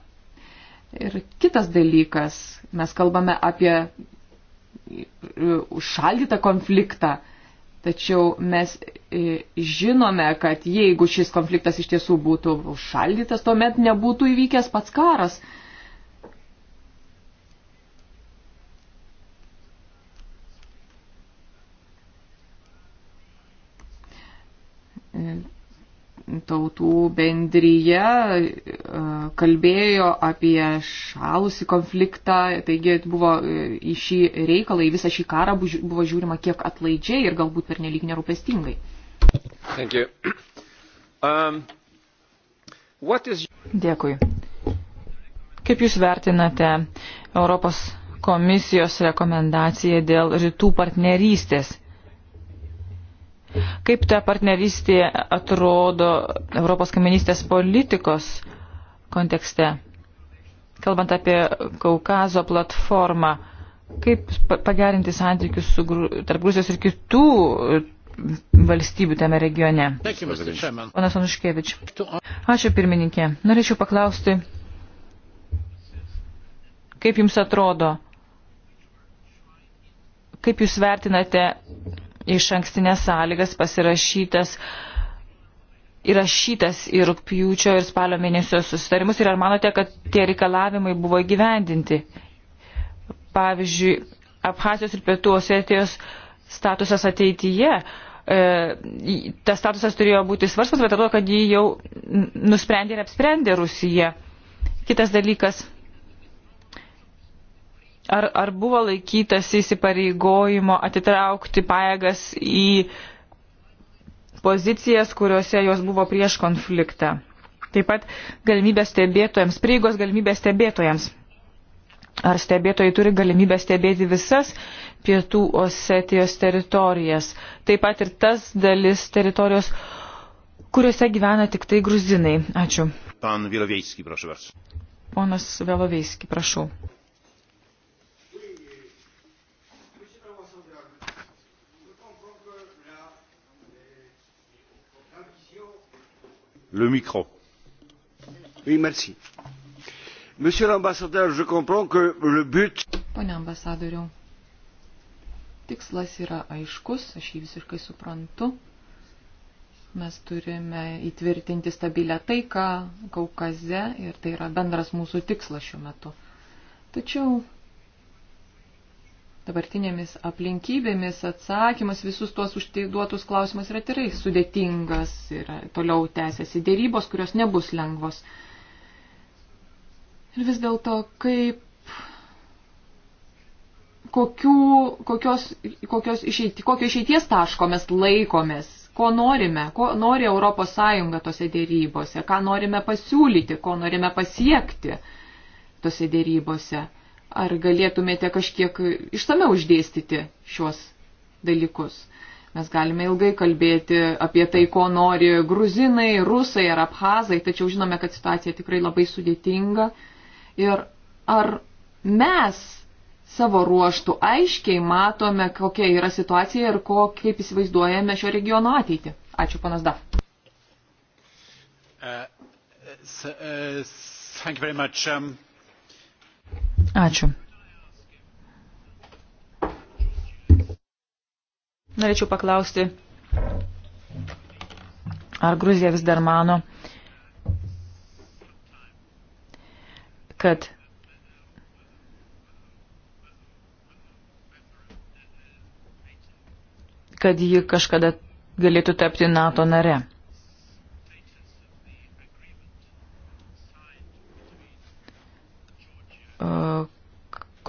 Ir kitas dalykas, mes kalbame apie e, užšaldytą konfliktą, tačiau mes e, žinome, kad jeigu šis konfliktas iš tiesų būtų užšaldytas, tuomet nebūtų įvykęs pats karas. tautų bendryje e, kalbėjo apie šalusi konfliktą, taigi buvo e, į šį reikalą, į visą šį karą buvo žiūrima kiek atlaidžiai ir galbūt per nelik nerūpestingai. Um, is... Dėkui. Kaip Jūs vertinate Europos komisijos rekomendaciją dėl rytų partnerystės Kaip ta partnerystė atrodo Europos kaiminystės politikos kontekste? Kalbant apie Kaukazo platformą, kaip pagerinti santykius su, tarp Grūsijos ir kitų valstybių tame regione? Ponas Anuškevič. Ačiū pirmininkė. Norėčiau paklausti, kaip jums atrodo, kaip jūs vertinate iš ankstinės sąlygas pasirašytas įrašytas į rūpjūčio ir spalio mėnesio susitarimus ir ar manote, kad tie reikalavimai buvo įgyvendinti? Pavyzdžiui, Abhazijos ir Pietų Osetijos statusas ateityje. E, tas statusas turėjo būti svarstamas, bet atrodo, kad jį jau nusprendė ir apsprendė Rusija. Kitas dalykas – Ar, ar buvo laikytas įsipareigojimo atitraukti pajėgas į pozicijas, kuriuose jos buvo prieš konfliktą? Taip pat galimybės stebėtojams, prieigos galimybės stebėtojams. Ar stebėtojai turi galimybę stebėti visas pietų Osetijos teritorijas? Taip pat ir tas dalis teritorijos, kuriuose gyvena tik tai gruzinai. Ačiū. Pan Vėloveiski, prašau. Ponas Vėloveiski, prašau. Oui, monsieur l'ambassadeur je comprends que le but. pone ambasadoriau tikslas yra aiškus aš jį visiškai suprantu mes turime įtvirtinti stabilę taiką kaukaze ir tai yra bendras mūsų tikslas šiuo metu tačiau dabartinėmis aplinkybėmis atsakymas visus tuos užduotus klausimus yra tikrai sudėtingas ir toliau tęsiasi dėrybos, kurios nebus lengvos. Ir vis dėlto, kaip kokių, kokios, kokios išeiti, kokio išeities taško mes laikomės, ko norime, ko nori Europos Sąjunga tose dėrybose, ką norime pasiūlyti, ko norime pasiekti tose dėrybose. Ar galėtumėte kažkiek išsameu uždėstyti šios dalykus? Mes galime ilgai kalbėti apie tai, ko nori gruzinai, rusai ar abhazai, tačiau žinome, kad situacija tikrai labai sudėtinga. Ir ar mes savo ruoštų aiškiai matome, kokia yra situacija ir ko, kaip įsivaizduojame šio regiono ateitį? Ačiū, panas Daf. Uh, uh, uh, Ačiū. Norėčiau paklausti, ar Gruzija vis dar mano, kad kad ji kažkada galėtų tapti NATO nare.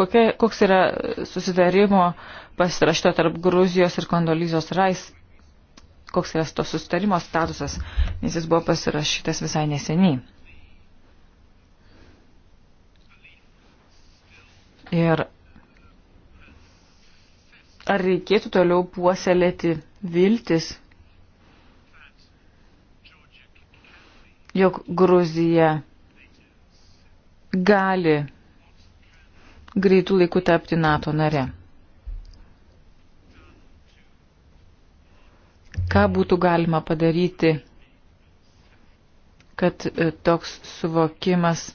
Kokia, koks yra susidarimo pasirašyto tarp Gruzijos ir Kondolyzos Rais? Koks yra to susitarimo statusas, nes jis buvo pasirašytas visai neseniai. Ir ar reikėtų toliau puoselėti viltis, jog Gruzija gali greitų laikų tapti NATO nare. Ką būtų galima padaryti, kad e, toks suvokimas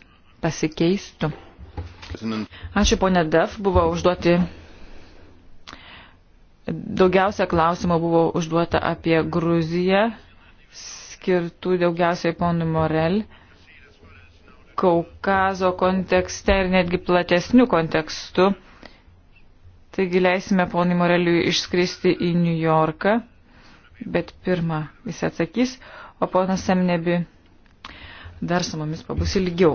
pasikeistų? Ačiū, ponė Def, buvo užduoti. Daugiausia klausimų buvo užduota apie Gruziją, skirtų daugiausiai ponui Morel. Kaukazo kontekste ir netgi platesnių kontekstų. Taigi leisime ponui Moreliui išskristi į New Yorką, bet pirmą jis atsakys, o ponas Semnebi dar su mumis pabus ilgiau.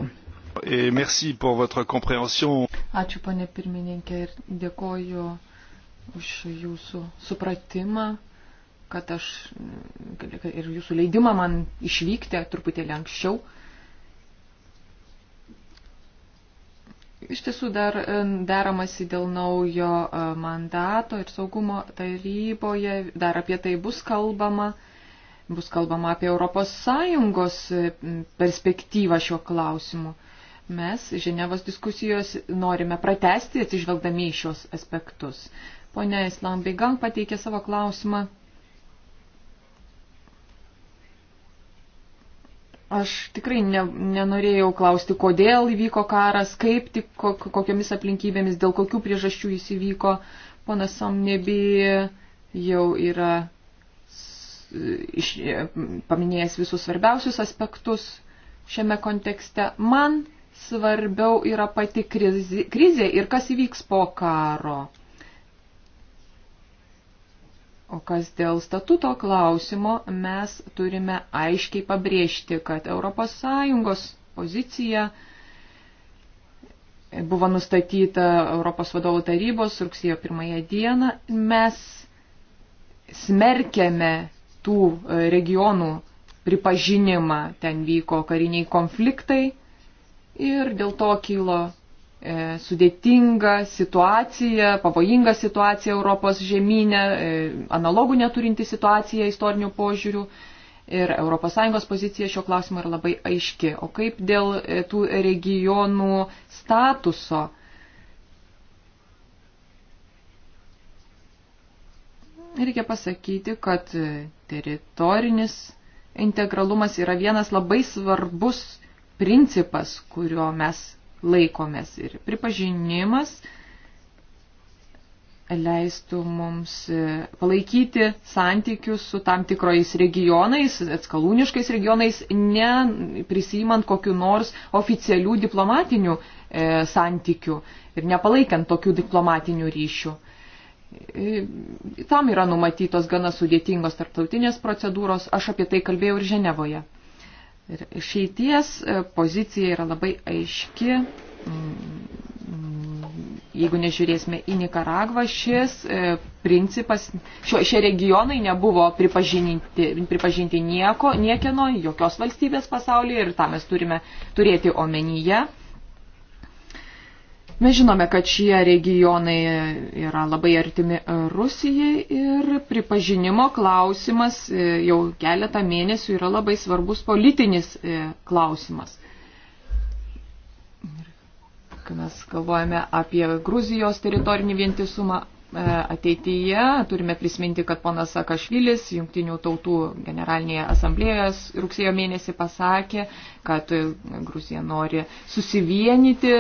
E, Ačiū, ponė pirmininkė, ir dėkoju už jūsų supratimą, kad aš ir jūsų leidimą man išvykti truputėlį anksčiau. Iš tiesų dar e, deramasi dėl naujo e, mandato ir saugumo taryboje, dar apie tai bus kalbama, bus kalbama apie ES e, perspektyvą šiuo klausimu. Mes Ženevos diskusijos norime pratesti atsižvelgdami į šios aspektus. Pone Islambigang pateikė savo klausimą Aš tikrai ne, nenorėjau klausti, kodėl įvyko karas, kaip tik, kok, kokiamis aplinkybėmis, dėl kokių priežasčių jis įvyko. Ponas Somnebi jau yra iš, paminėjęs visus svarbiausius aspektus šiame kontekste. Man svarbiau yra pati krizi, krizė ir kas įvyks po karo. O kas dėl statuto klausimo, mes turime aiškiai pabrėžti, kad ES pozicija buvo nustatyta Europos vadovų tarybos rugsėjo pirmąją dieną. Mes smerkėme tų regionų pripažinimą, ten vyko kariniai konfliktai ir dėl to kilo E, sudėtinga situacija, pavojinga situacija Europos žemynė, e, analogų neturinti situacija istorinių požiūrių. Ir ES pozicija šio klausimo yra labai aiški. O kaip dėl e, tų regionų statuso? Reikia pasakyti, kad teritorinis integralumas yra vienas labai svarbus principas, kurio mes laikomės. Ir pripažinimas leistų mums e, palaikyti santykius su tam tikrais regionais, atskalūniškais regionais, neprisijimant kokiu nors oficialių diplomatinių e, santykių ir nepalaikant tokių diplomatinių ryšių. E, tam yra numatytos gana sudėtingos tarptautinės procedūros, aš apie tai kalbėjau ir Ženevoje. Ir išeities e, pozicija yra labai aiški. Mm, jeigu nežiūrėsime į Nikaragvą, šis e, principas, šio, šie regionai nebuvo pripažinti, pripažinti nieko, niekieno, jokios valstybės pasaulyje ir tą mes turime turėti omenyje. Mes žinome, kad šie regionai yra labai artimi Rusijai ir pripažinimo klausimas e, jau keletą mėnesių yra labai svarbus politinis e, klausimas. Kai mes galvojame apie Gruzijos teritorinį vientisumą, E, ateityje. Turime prisiminti, kad ponas Sakašvilis Junktinių tautų generalinėje asamblėje rugsėjo mėnesį pasakė, kad e, Gruzija nori susivienyti,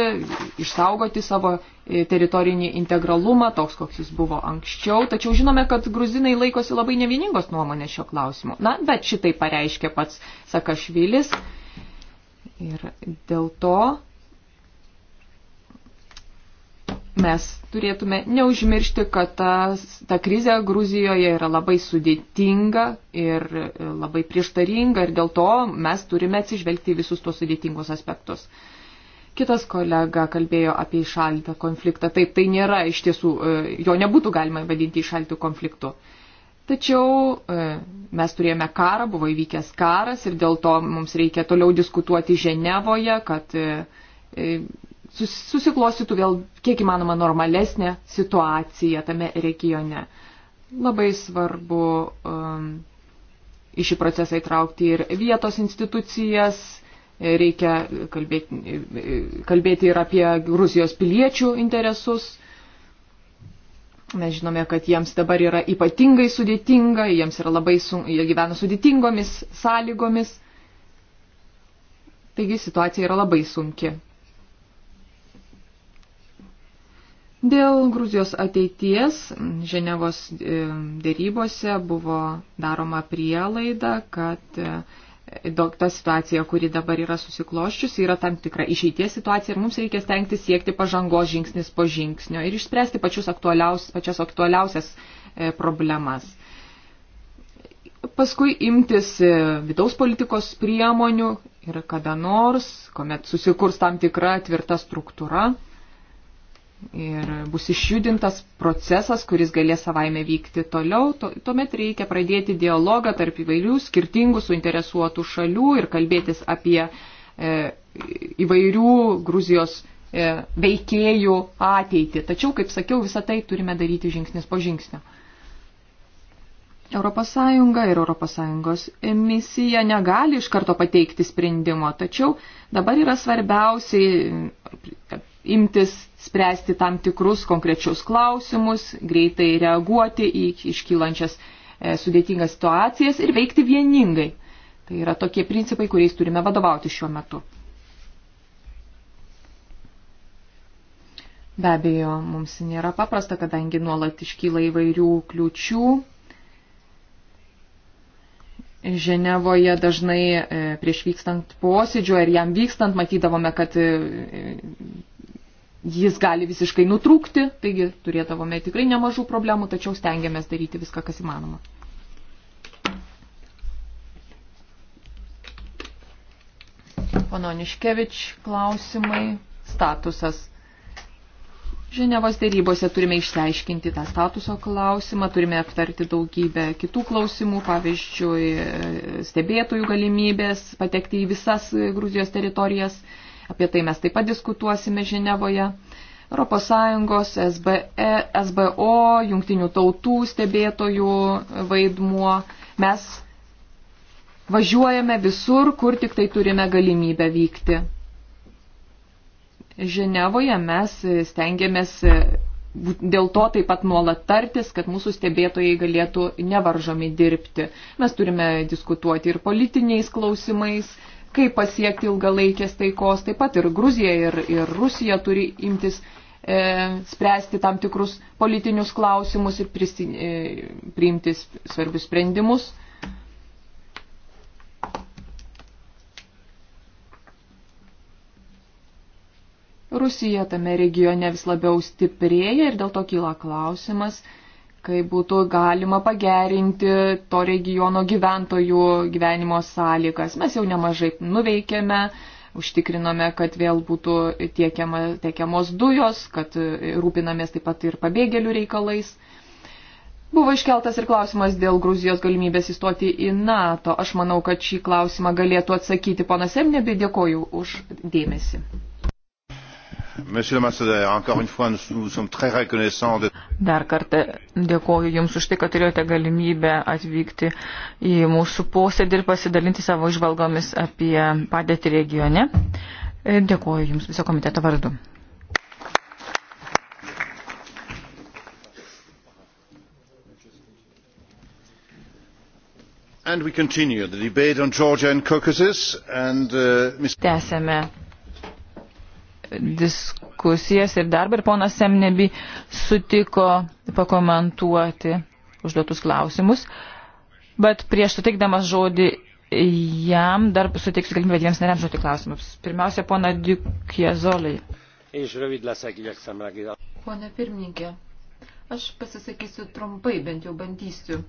išsaugoti savo e, teritorinį integralumą, toks koks jis buvo anksčiau. Tačiau žinome, kad gruzinai laikosi labai nevieningos nuomonės šio klausimu. Na, bet šitai pareiškė pats Sakašvilis. Ir dėl to mes turėtume neužmiršti, kad ta, ta krizė Gruzijoje yra labai sudėtinga ir e, labai prieštaringa ir dėl to mes turime atsižvelgti visus tuos sudėtingus aspektus. Kitas kolega kalbėjo apie įšaltą konfliktą. Taip, tai nėra iš tiesų, e, jo nebūtų galima vadinti įšaltų konfliktu. Tačiau e, mes turėjome karą, buvo įvykęs karas ir dėl to mums reikia toliau diskutuoti Ženevoje, kad susiklostytų vėl kiek įmanoma normalesnė situacija tame regione. Labai svarbu um, į šį procesą įtraukti ir vietos institucijas, reikia kalbėti, kalbėti ir apie Rusijos piliečių interesus. Mes žinome, kad jiems dabar yra ypatingai sudėtinga, jiems yra labai sun... jie gyvena sudėtingomis sąlygomis. Taigi situacija yra labai sunki. Dėl Gruzijos ateities Ženevos e, dėrybose buvo daroma prielaida, kad e, ta situacija, kuri dabar yra susikloščiusi, yra tam tikra išeities situacija ir mums reikia stengti siekti pažangos žingsnis po žingsnio ir išspręsti aktualiaus, pačias aktualiausias e, problemas. Paskui imtis vidaus politikos priemonių ir kada nors, kuomet susikurs tam tikra tvirta struktūra ir bus išjudintas procesas, kuris galės savaime vykti toliau, tuomet reikia pradėti dialogą tarp įvairių skirtingų suinteresuotų šalių ir kalbėtis apie e, įvairių Gruzijos e, veikėjų ateitį. Tačiau, kaip sakiau, visą tai turime daryti žingsnis po žingsnio. ES ir ES misija negali iš karto pateikti sprendimo, tačiau dabar yra svarbiausiai imtis spręsti tam tikrus konkrečius klausimus, greitai reaguoti į iškylančias e, sudėtingas situacijas ir veikti vieningai. Tai yra tokie principai, kuriais turime vadovauti šiuo metu. Be abejo, mums nėra paprasta, kadangi nuolat iškyla įvairių kliučių. Ženevoje dažnai e, prieš vykstant posėdžio ir jam vykstant matydavome, kad e, jis gali visiškai nutrūkti, taigi turėtavome tikrai nemažų problemų, tačiau stengiamės daryti viską, kas įmanoma. Panoniškevič klausimai, statusas. Ženevos dėrybose turime išsiaiškinti tą statuso klausimą, turime aptarti daugybę kitų klausimų, pavyzdžiui, stebėtojų galimybės patekti į visas Gruzijos teritorijas Apie tai mes taip pat diskutuosime Ženevoje. ES, SBE, SBO, jungtinių tautų stebėtojų vaidmuo. Mes važiuojame visur, kur tik tai turime galimybę vykti. Ženevoje mes stengiamės dėl to taip pat nuolat tartis, kad mūsų stebėtojai galėtų nevaržomi dirbti. Mes turime diskutuoti ir politiniais klausimais, kaip pasiekti ilgalaikės taikos. Taip pat ir Gruzija, ir, ir Rusija turi imtis e, spręsti tam tikrus politinius klausimus ir prisi, e, priimti svarbius sprendimus. Rusija tame regione vis labiau stiprėja ir dėl to kyla klausimas, kai būtų galima pagerinti to regiono gyventojų gyvenimo sąlygas. Mes jau nemažai nuveikėme, užtikrinome, kad vėl būtų tiekiama, tiekiamos dujos, kad rūpinamės taip pat ir pabėgėlių reikalais. Buvo iškeltas ir klausimas dėl Gruzijos galimybės įstoti į NATO. Aš manau, kad šį klausimą galėtų atsakyti ponas Emnebė. Dėkoju už dėmesį. Dar kartą dėkoju Jums už tai, kad turėjote galimybę atvykti į mūsų posėdį ir pasidalinti savo išvalgomis apie padėtį regione. E, dėkoju Jums viso komiteto vardu. And we continue the debate on Georgia and Caucasus and uh, Mr. Tęsėme diskusijas ir darbą ir ponas Semnebi sutiko pakomentuoti užduotus klausimus. Bet prieš sutikdamas žodį jam dar suteiksiu galimybę dviems nariams žodį klausimus. Pirmiausia, pona Diukjezolai. Pone pirmininkė, aš pasisakysiu trumpai, bent jau bandysiu.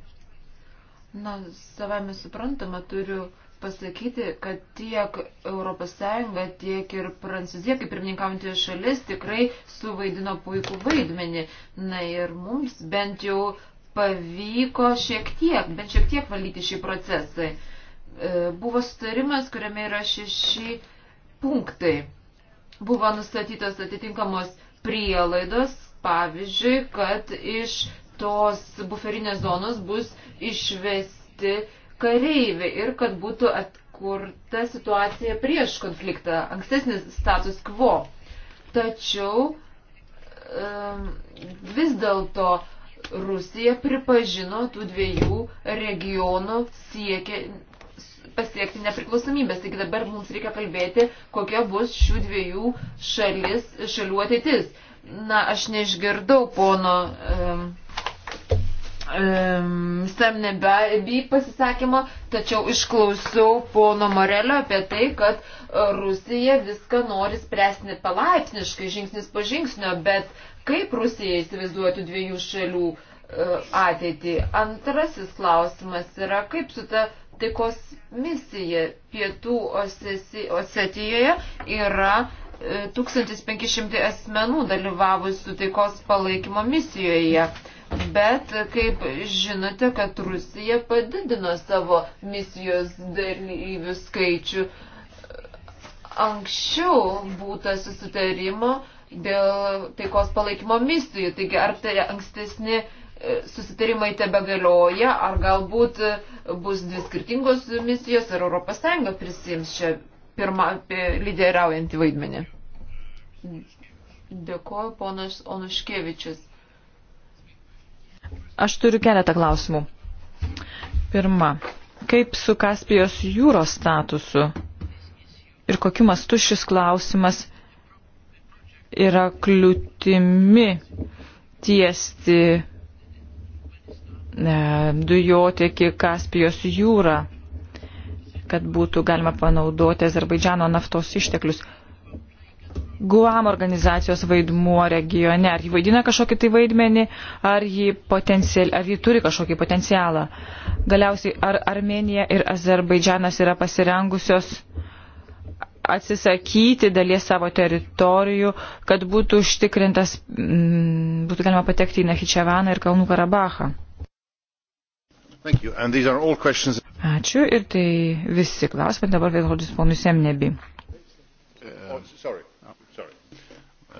Na, savame suprantama, turiu pasakyti, kad tiek ES, tiek ir Prancūzija, kaip pirmininkaujantį šalis, tikrai suvaidino puikų vaidmenį. Na ir mums bent jau pavyko šiek tiek, bent šiek tiek valdyti šį procesą. E, buvo sutarimas, kuriame yra šeši punktai. Buvo nustatytos atitinkamos prielaidos, pavyzdžiui, kad iš tos buferinės zonos bus išvesti kareivį ir kad būtų atkurta situacija prieš konfliktą, ankstesnis status quo. Tačiau vis dėlto Rusija pripažino tų dviejų regionų siekia pasiekti nepriklausomybės. Taigi dabar mums reikia kalbėti, kokia bus šių dviejų šalis, šalių ateitis. Na, aš neišgirdau pono um, um, Samnebi pasisakymo, tačiau išklausiau pono Morelio apie tai, kad Rusija viską nori spręsti palaipsniškai, žingsnis po žingsnio, bet kaip Rusija įsivaizduotų dviejų šalių uh, ateitį? Antrasis klausimas yra, kaip su ta taikos misija pietų Osetijoje yra 1500 e, asmenų dalyvavusių taikos palaikymo misijoje. Uh, Bet, kaip žinote, kad Rusija padidino savo misijos dalyvių skaičių. Anksčiau būta susitarimo dėl taikos palaikymo misijų. Taigi, ar tai ankstesni e, susitarimai tebe galioja, ar galbūt e, bus dvi skirtingos misijos, ar ES prisims čia pirmą e, lyderiaujantį vaidmenį. Dėkuoju, ponas Onuškevičius. Aš turiu keletą klausimų. Pirma, kaip su Kaspijos jūros statusu ir kokiu mastu šis klausimas yra kliūtimi tiesti e, dujotiekį Kaspijos jūrą, kad būtų galima panaudoti Azerbaidžiano naftos išteklius. Guam organizacijos vaidmuo regione? Ar ji vaidina kažkokį tai vaidmenį, ar ji, ar ji turi kažkokį potencialą? Galiausiai, ar Armenija ir Azerbaidžianas yra pasirengusios atsisakyti dalies savo teritorijų, kad būtų užtikrintas, mm, būtų galima patekti į Nahičevaną ir Kalnų Karabachą? Questions... Ačiū ir tai visi klausimai. Dabar vėl žodis ponui Semnebi. Uh, sorry.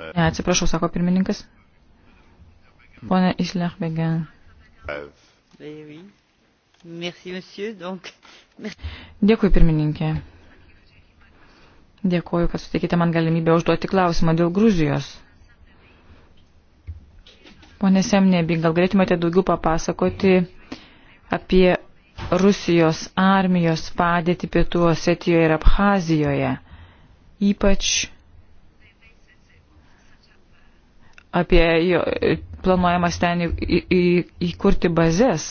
Uh, ne, atsiprašau, sako pirmininkas. Pone Islechvegen. Dėkui, pirmininkė. Dėkuoju, kad suteikite man galimybę užduoti klausimą dėl Gruzijos. Pone Semnebi, gal galėtumėte daugiau papasakoti apie Rusijos armijos padėtį pietų Osetijoje ir Abhazijoje, ypač apie jo, planuojamas ten į, į, įkurti bazės.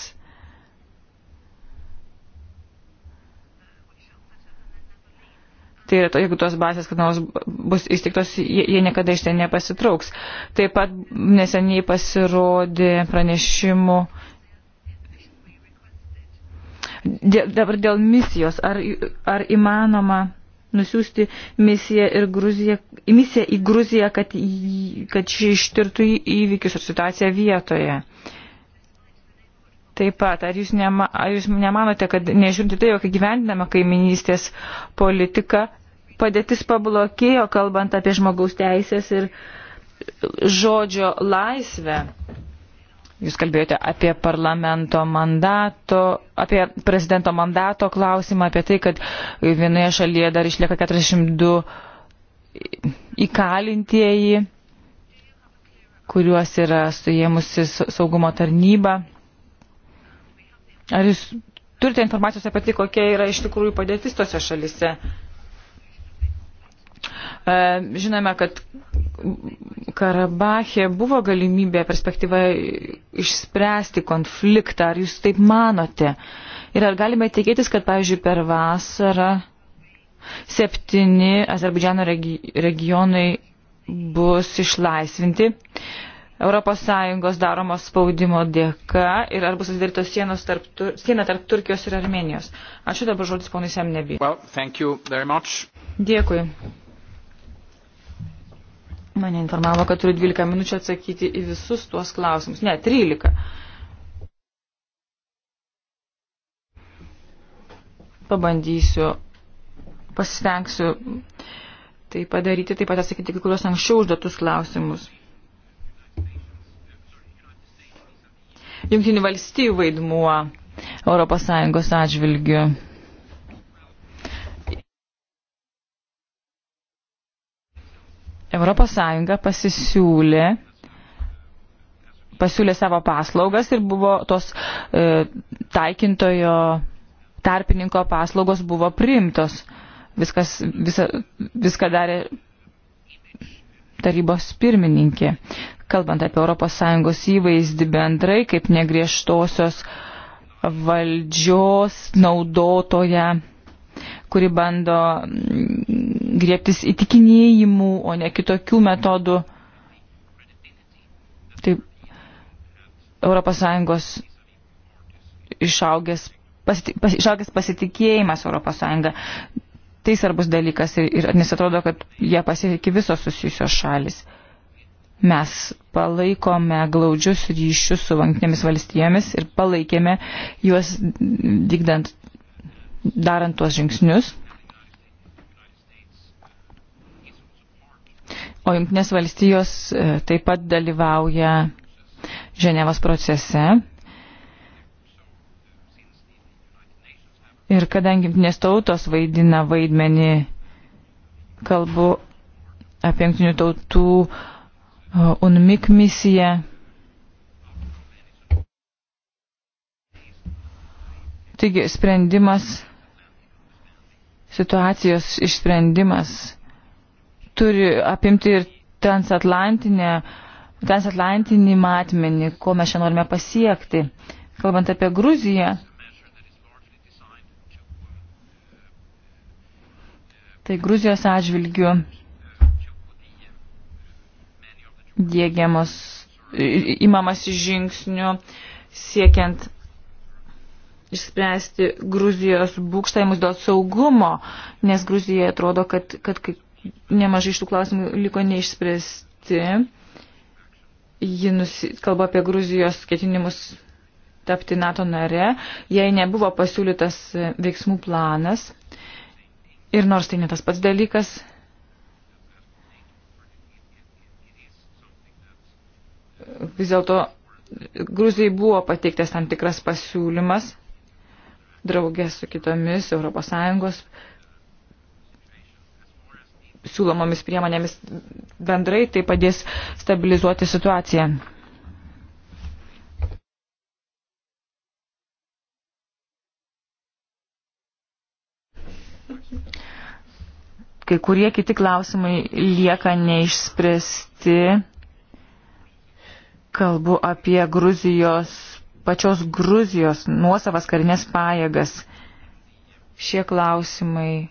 Tai yra, to, jeigu tos bazės, kad nors bus įstiktos, jie, jie niekada iš ten nepasitrauks. Taip pat neseniai pasirodė pranešimų dėl, dabar dėl misijos. Ar, ar įmanoma nusiųsti misiją, ir Gruziją, misiją į Gruziją, kad, kad ši ištirtų įvykius ir situaciją vietoje. Taip pat, ar jūs, nema, ar jūs nemanote, kad nežiūrinti tai, jog gyvendinama kaiminystės politika, padėtis pablokėjo, kalbant apie žmogaus teisės ir žodžio laisvę? Jūs kalbėjote apie parlamento mandato, apie prezidento mandato klausimą, apie tai, kad vienoje šalyje dar išlieka 42 įkalintieji, kuriuos yra suėmusi saugumo tarnyba. Ar jūs turite informacijos apie tai, kokia yra iš tikrųjų padėtis tose šalise? E, žinome, kad Karabache buvo galimybė perspektyva išspręsti konfliktą. Ar jūs taip manote? Ir ar galime tikėtis, kad, pavyzdžiui, per vasarą septyni Azerbaidžiano regi regionai bus išlaisvinti ES daromos spaudimo dėka ir ar bus atdarytos sienos tarp, siena tarp Turkijos ir Armenijos. Ačiū dabar žodis ponui Semnebi. Well, Dėkui. Mane informavo, kad turiu 12 minučių atsakyti į visus tuos klausimus. Ne, 13. Pabandysiu, pasistengsiu tai padaryti, taip pat atsakyti kai kurios anksčiau užduotus klausimus. Jungtinių valstybių vaidmuo Europos Sąjungos atžvilgiu. Europos Sąjunga pasisiūlė, pasiūlė savo paslaugas ir buvo tos e, taikintojo tarpininko paslaugos buvo priimtos. Viskas, visa, viską darė tarybos pirmininkė. Kalbant apie ES įvaizdį bendrai, kaip negriežtosios valdžios naudotoje kuri bando mm, griebtis įtikinėjimų, o ne kitokių metodų. Taip, ES išaugęs, pasiti, pas, išaugęs pasitikėjimas ES. Tai svarbus dalykas ir, ir nes atrodo, kad jie pasitikė visos susijusios šalis. Mes palaikome glaudžius ryšius su vanktinėmis valstijomis ir palaikėme juos vykdant darant tuos žingsnius. O Junktinės valstijos e, taip pat dalyvauja Ženevos procese. Ir kadangi Junktinės tautos vaidina vaidmenį, kalbu apie Junktinių tautų e, UNMIK misiją. Taigi sprendimas situacijos išsprendimas turi apimti ir transatlantinę, transatlantinį matmenį, ko mes čia norime pasiekti. Kalbant apie Gruziją, tai Gruzijos atžvilgių dėgiamas, įmamas žingsnių siekiant išspręsti Gruzijos būkštavimus dėl saugumo, nes Gruzija atrodo, kad, kad nemažai iš tų klausimų liko neišspręsti. Ji nusi, kalba apie Gruzijos ketinimus tapti NATO nare, jei nebuvo pasiūlytas veiksmų planas. Ir nors tai ne tas pats dalykas, vis dėlto Gruzijai buvo pateiktas tam tikras pasiūlymas draugė su kitomis ES siūlomomis priemonėmis bendrai tai padės stabilizuoti situaciją. Kai kurie kiti klausimai lieka neišspręsti. Kalbu apie Gruzijos pačios Gruzijos nuosavas karinės pajėgas. Šie klausimai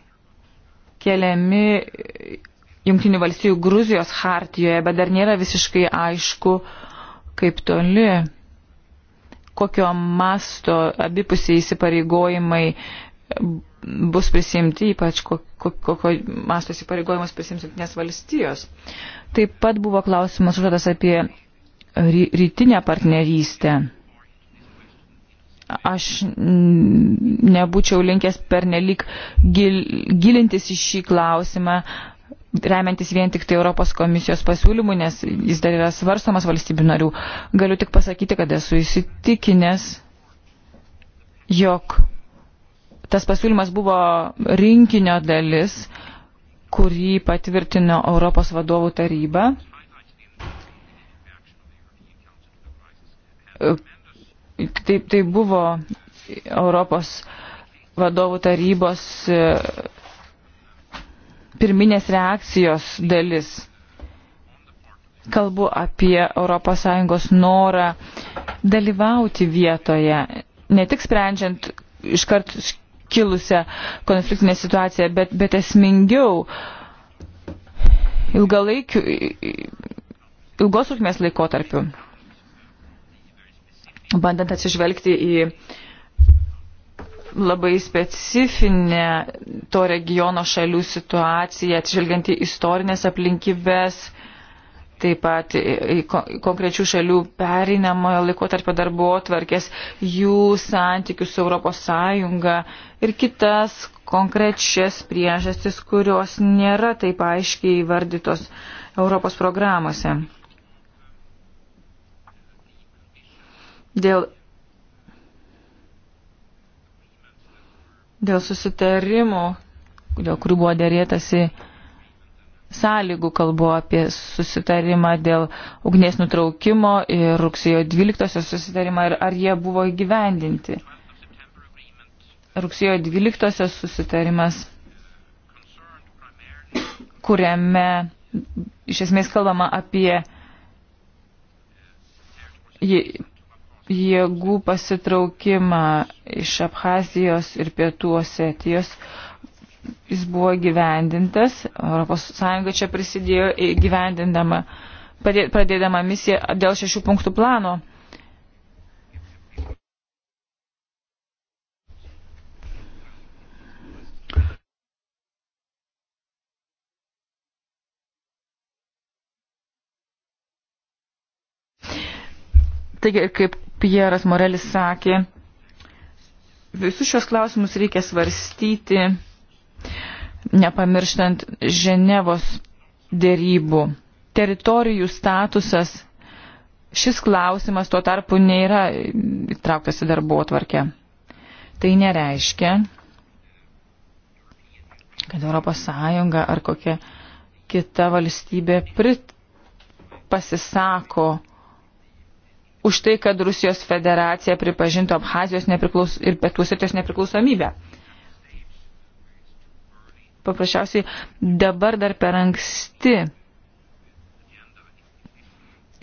keliami Junktinių valstybių Gruzijos hartijoje, bet dar nėra visiškai aišku, kaip toli, kokio masto abipusiai įsipareigojimai bus prisimti, ypač kokio, kokio masto įsipareigojimus prisims Junktinės valstijos. Taip pat buvo klausimas užduotas apie rytinę partnerystę aš nebūčiau linkęs pernelyg gil, gilintis į šį klausimą, remiantis vien tik tai Europos komisijos pasiūlymų, nes jis dar yra svarstomas valstybių narių. Galiu tik pasakyti, kad esu įsitikinęs, jog tas pasiūlymas buvo rinkinio dalis, kurį patvirtino Europos vadovų taryba tai, tai buvo Europos vadovų tarybos e, pirminės reakcijos dalis. Kalbu apie ES norą dalyvauti vietoje, ne tik sprendžiant iškart kilusią konfliktinę situaciją, bet, bet esmingiau ilgalaikiu, ilgos trukmės laikotarpiu bandant atsižvelgti į labai specifinę to regiono šalių situaciją, atsižvelgiant į istorinės aplinkybės, taip pat į konkrečių šalių perinamojo laikotarpio darbo tvarkės, jų santykius su Europos Sąjunga ir kitas konkrečias priežastis, kurios nėra taip aiškiai įvardytos Europos programuose. Dėl, dėl susitarimo, dėl kurių buvo dėrėtasi sąlygų, kalbu apie susitarimą dėl ugnies nutraukimo ir rugsėjo 12 susitarimą ir ar jie buvo įgyvendinti. Rugsėjo 12 susitarimas, kuriame iš esmės kalbama apie jėgų pasitraukimą iš Abhazijos ir Pietų Osetijos. Jis buvo gyvendintas, ES čia prisidėjo gyvendindama, pradėdama misiją dėl šešių punktų plano. Taigi, kaip Pieras Morelis sakė, visus šios klausimus reikia svarstyti, nepamirštant Ženevos dėrybų. Teritorijų statusas, šis klausimas tuo tarpu nėra įtrauktas į darbo atvarkę. Tai nereiškia, kad Europos Sąjunga ar kokia kita valstybė prit pasisako už tai, kad Rusijos federacija pripažintų Abhazijos nepriklaus, ir Pietusetijos nepriklausomybę. Paprasčiausiai dabar dar per anksti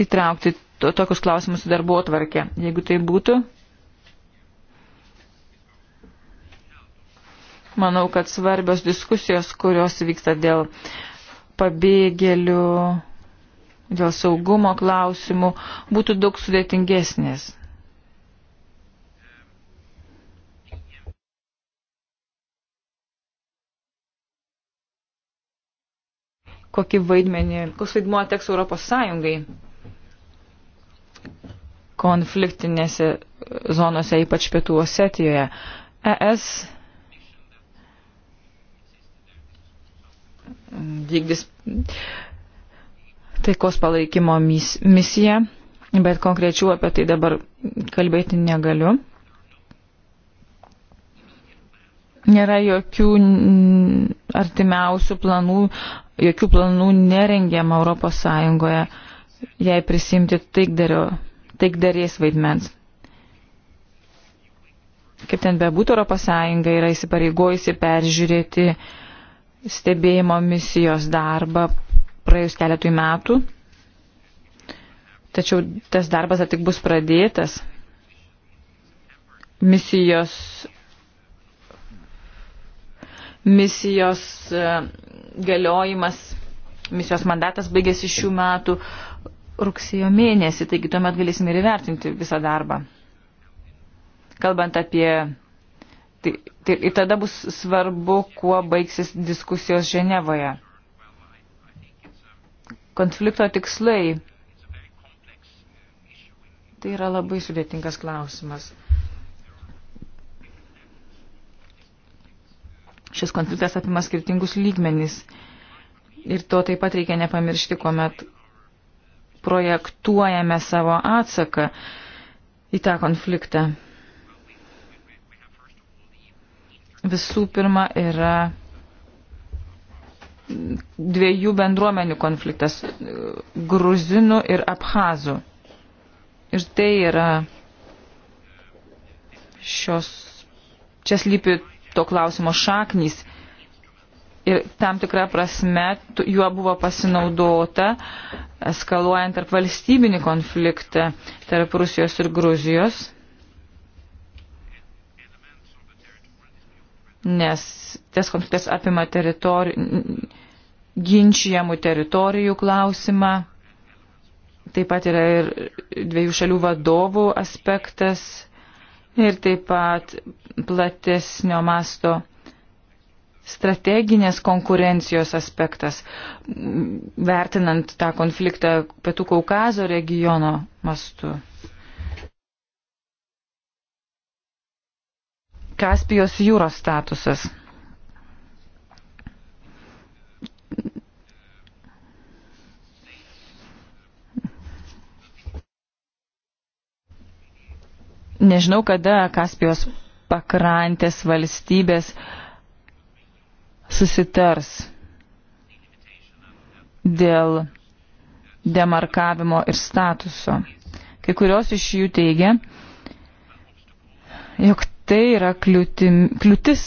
įtraukti to, tokius klausimus į darbo tvarkę. Jeigu tai būtų, manau, kad svarbios diskusijos, kurios vyksta dėl pabėgėlių dėl saugumo klausimų būtų daug sudėtingesnės. Kokį vaidmenį, koks vaidmuo teks Europos Sąjungai konfliktinėse zonose, ypač pietų Osetijoje. ES vykdys taikos palaikymo misiją, bet konkrečių apie tai dabar kalbėti negaliu. Nėra jokių artimiausių planų, jokių planų nerengiama Europos Sąjungoje, jei prisimti taikdarės vaidmens kaip ten bebūtų, Europos Sąjunga yra įsipareigojusi peržiūrėti stebėjimo misijos darbą praėjus keletui metų, tačiau tas darbas tik bus pradėtas. Misijos, misijos e, galiojimas, misijos mandatas baigėsi šių metų rugsėjo mėnesį, taigi tuomet galėsime ir įvertinti visą darbą. Kalbant apie Tai, tai, ir tada bus svarbu, kuo baigsis diskusijos Ženevoje konflikto tikslai. Tai yra labai sudėtingas klausimas. Šis konfliktas apima skirtingus lygmenys ir to taip pat reikia nepamiršti, kuomet projektuojame savo atsaką į tą konfliktą. Visų pirma yra dviejų bendruomenių konfliktas - gruzinų ir abhazų. Ir tai yra šios, čia slypi to klausimo šaknys. Ir tam tikrą prasme juo buvo pasinaudota, eskaluojant tarp valstybinį konfliktą tarp Rusijos ir Gruzijos. nes tas konfliktas apima teritori... ginčiamų teritorijų klausimą. Taip pat yra ir dviejų šalių vadovų aspektas ir taip pat platesnio masto strateginės konkurencijos aspektas, vertinant tą konfliktą Pietų Kaukazo regiono mastu. Kaspijos jūros statusas. Nežinau, kada Kaspijos pakrantės valstybės susitars dėl demarkavimo ir statuso. Kai kurios iš jų teigia, jog tai yra kliūtim, kliūtis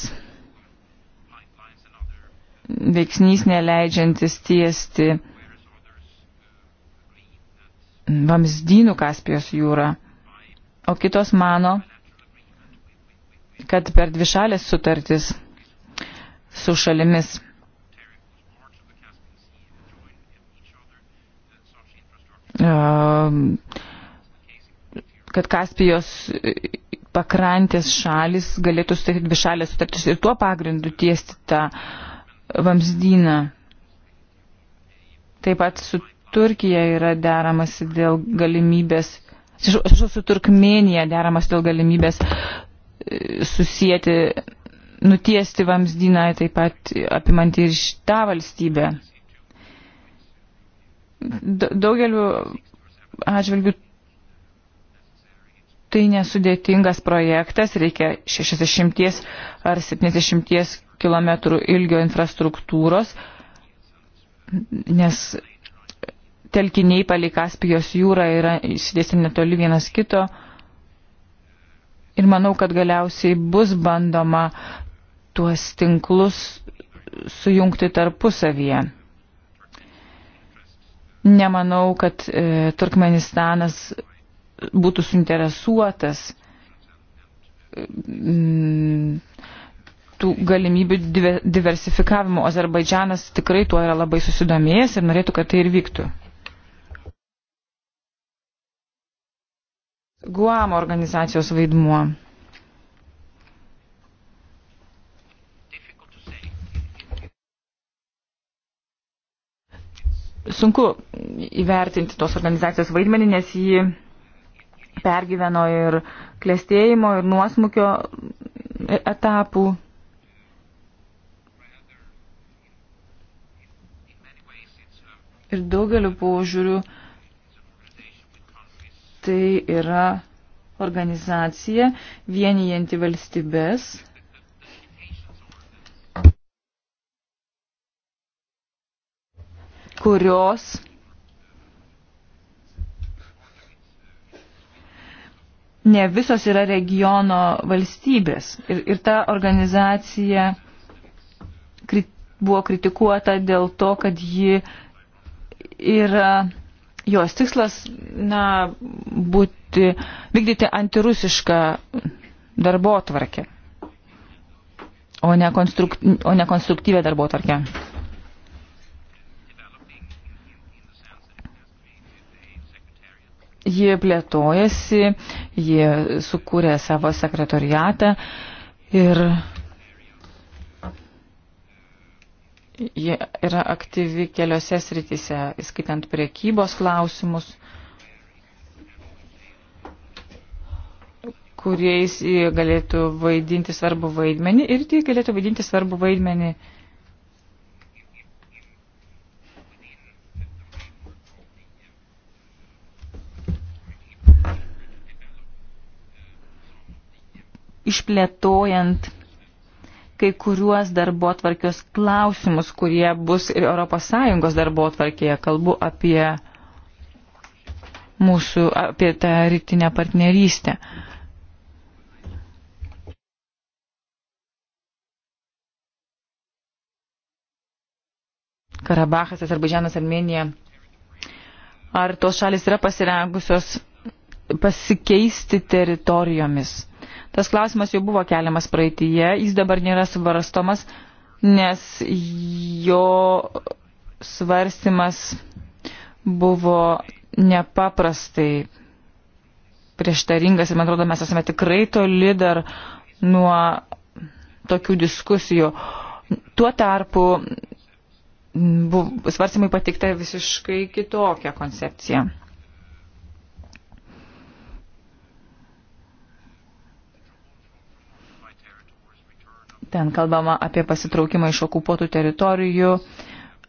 veiksnys neleidžiantis tiesti vamzdynų Kaspijos jūrą. O kitos mano, kad per dvišalės sutartis su šalimis uh, kad Kaspijos e, pakrantės šalis galėtų sudaryti dvišalės sutartis ir tuo pagrindu tiesti tą vamzdyną. Taip pat su Turkija yra deramasi dėl galimybės, atsiprašau, su Turkmenija deramas dėl galimybės e, susijęti, nutiesti vamzdyną, taip pat apimanti ir šitą valstybę. Daugeliu atžvilgių Tai nesudėtingas projektas, reikia 60 ar 70 km ilgio infrastruktūros, nes telkiniai palei Kaspijos jūrą yra išsidėsti netoli vienas kito. Ir manau, kad galiausiai bus bandoma tuos tinklus sujungti tarpusavyje. Nemanau, kad e, Turkmenistanas būtų suinteresuotas mm, tų galimybių diversifikavimo. Azerbaidžianas tikrai tuo yra labai susidomėjęs ir norėtų, kad tai ir vyktų. Guamo organizacijos vaidmuo. Sunku įvertinti tos organizacijos vaidmenį, nes jį pergyveno ir klėstėjimo, ir nuosmukio etapų. Ir daugeliu požiūrių tai yra organizacija vienijanti valstybės. kurios ne visos yra regiono valstybės. Ir, ir ta organizacija kri, buvo kritikuota dėl to, kad ji yra jos tikslas na, būti, vykdyti antirusišką darbo tvarkę, o ne, konstruk, o ne konstruktyvę darbo tvarkę. Ji plėtojasi, ji sukūrė savo sekretoriatą ir ji yra aktyvi keliose srityse, įskaitant priekybos klausimus, kuriais ji galėtų vaidinti svarbu vaidmenį ir ji galėtų vaidinti svarbu vaidmenį išplėtojant kai kuriuos darbo atvarkios klausimus, kurie bus ir ES darbo atvarkėje. Kalbu apie mūsų, apie tą rytinę partnerystę. Karabachas, Azerbaidžianas, Armenija. Ar tos šalis yra pasirengusios pasikeisti teritorijomis? Tas klausimas jau buvo keliamas praeitįje, jis dabar nėra svarstomas, nes jo svarstymas buvo nepaprastai prieštaringas ir man atrodo mes esame tikrai toli dar nuo tokių diskusijų. Tuo tarpu svarstymai patikta visiškai kitokią koncepciją. Ten kalbama apie pasitraukimą iš okupuotų teritorijų,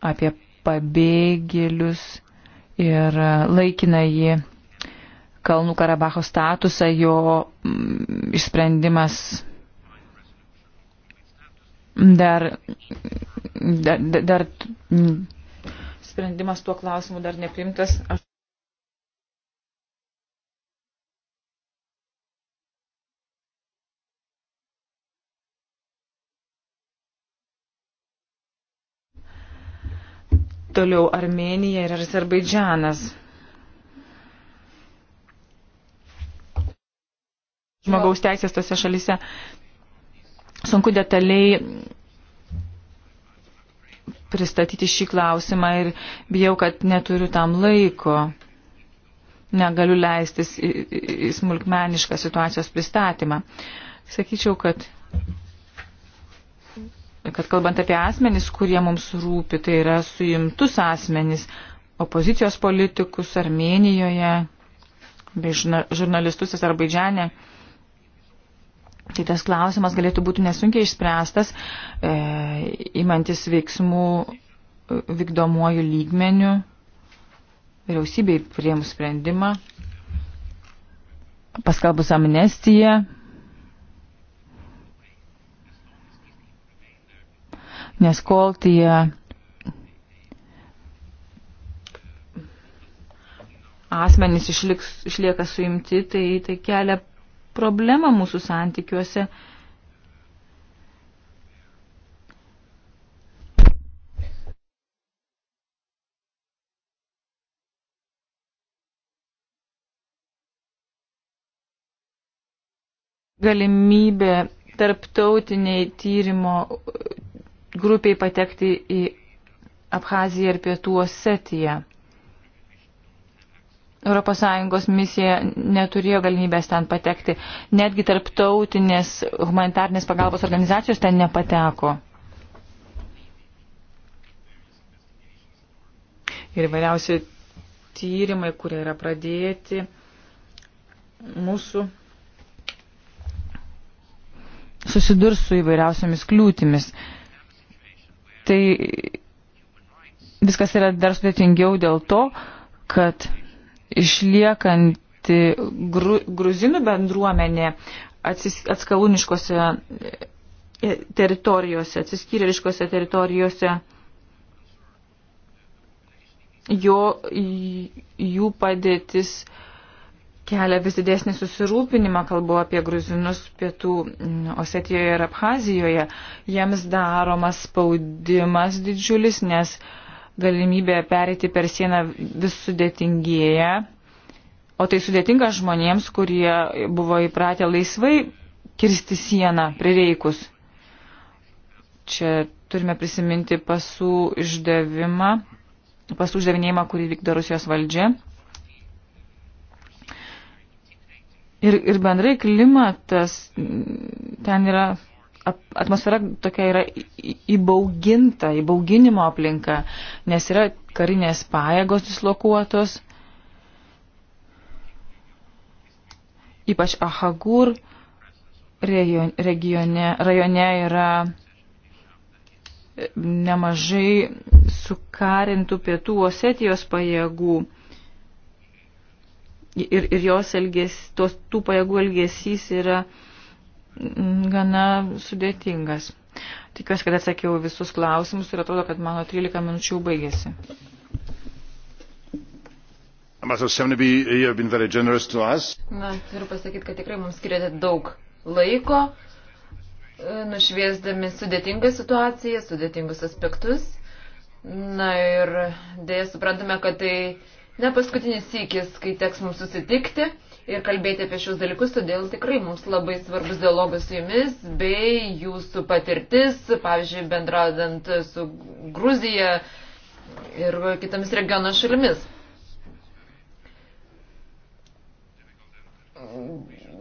apie pabėgėlius ir laikinąjį Kalnų Karabacho statusą, jo mm, išsprendimas dar, dar, dar mm, sprendimas tuo klausimu dar neprimtas. Aš Toliau Armenija ir Azerbaidžianas. Žmogaus teisės tose šalise sunku detaliai pristatyti šį klausimą ir bijau, kad neturiu tam laiko. Negaliu leistis į, į smulkmenišką situacijos pristatymą. Sakyčiau, kad kad kalbant apie asmenis, kurie mums rūpi, tai yra suimtus asmenis, opozicijos politikus Armenijoje, bei žurnalistus Azerbaidžiane, tai tas klausimas galėtų būti nesunkiai išspręstas, e, imantis veiksmų e, vykdomuoju lygmeniu, vyriausybei prieimus sprendimą, paskalbus amnestiją nes kol tie asmenys išliks, išlieka suimti, tai, tai kelia problemą mūsų santykiuose. galimybė tarptautiniai tyrimo grupiai patekti į Abhaziją ir Pietų Osetiją. ES misija neturėjo galimybės ten patekti. Netgi tarptautinės humanitarnės pagalbos organizacijos ten nepateko. Ir vairiausi tyrimai, kurie yra pradėti mūsų susidurs su įvairiausiamis kliūtimis tai viskas yra dar sudėtingiau dėl to, kad išliekanti gru, gruzinų bendruomenė atsis, atskalūniškose e, teritorijose, atsiskyrėliškose teritorijose, jo, jų padėtis uh, kelia vis didesnį susirūpinimą, kalbu apie gruzinus pietų mm, Osetijoje ir Abhazijoje. Jiems daromas spaudimas didžiulis, nes galimybė perėti per sieną vis sudėtingėja. O tai sudėtinga žmonėms, kurie buvo įpratę laisvai kirsti sieną prireikus. Čia turime prisiminti pasų išdavimą, pasų išdavinėjimą, kurį vykdo Rusijos valdžia. Ir, ir bendrai klimatas, ten yra, atmosfera tokia yra įbauginta, įbauginimo aplinka, nes yra karinės pajėgos dislokuotos, ypač Ahagur regione, rajone yra nemažai sukarintų pietų Osetijos pajėgų ir, ir jos elges, tos, tų pajėgų elgesys yra mm, gana sudėtingas. Tikiuosi, kad atsakiau visus klausimus ir atrodo, kad mano 13 minučių baigėsi. Na, turiu pasakyti, kad tikrai mums skiriate daug laiko, e, nušviesdami sudėtingą situaciją, sudėtingus aspektus. Na ir dėja suprantame, kad tai ne paskutinis sykis, kai teks mums susitikti ir kalbėti apie šios dalykus, todėl tikrai mums labai svarbus dialogas su jumis bei jūsų patirtis, pavyzdžiui, bendradant su Gruzija ir kitomis regiono šalimis.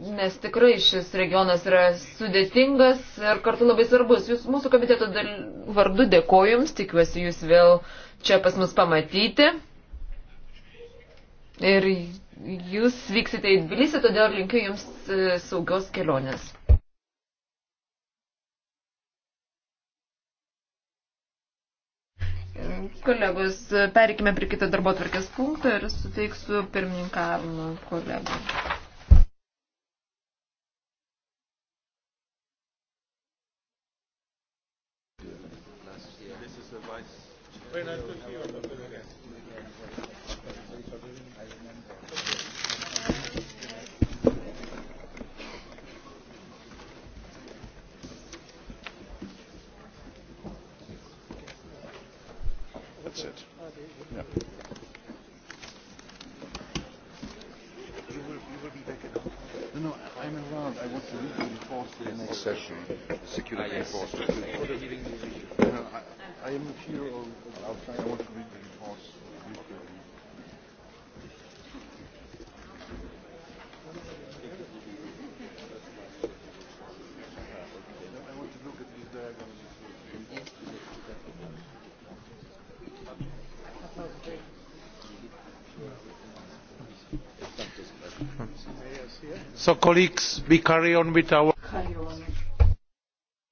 Nes tikrai šis regionas yra sudėtingas ir kartu labai svarbus. Jūs mūsų komiteto dal... vardu dėkoju Jums, tikiuosi Jūs vėl čia pas mus pamatyti ir jūs vyksite į Tbilisį, todėl linkiu jums e, saugios kelionės. Kolegos, pereikime prie kito darbo tvarkės punkto ir suteiksiu pirmininkavimą kolegų. Very nice to see you. Yeah. You will, you will be back at home. No, no, I'm around. I want to reinforce the next session, security ah, yes. enforcement. No, I, I am here outside. I want to reinforce. So colleagues, we carry on with our...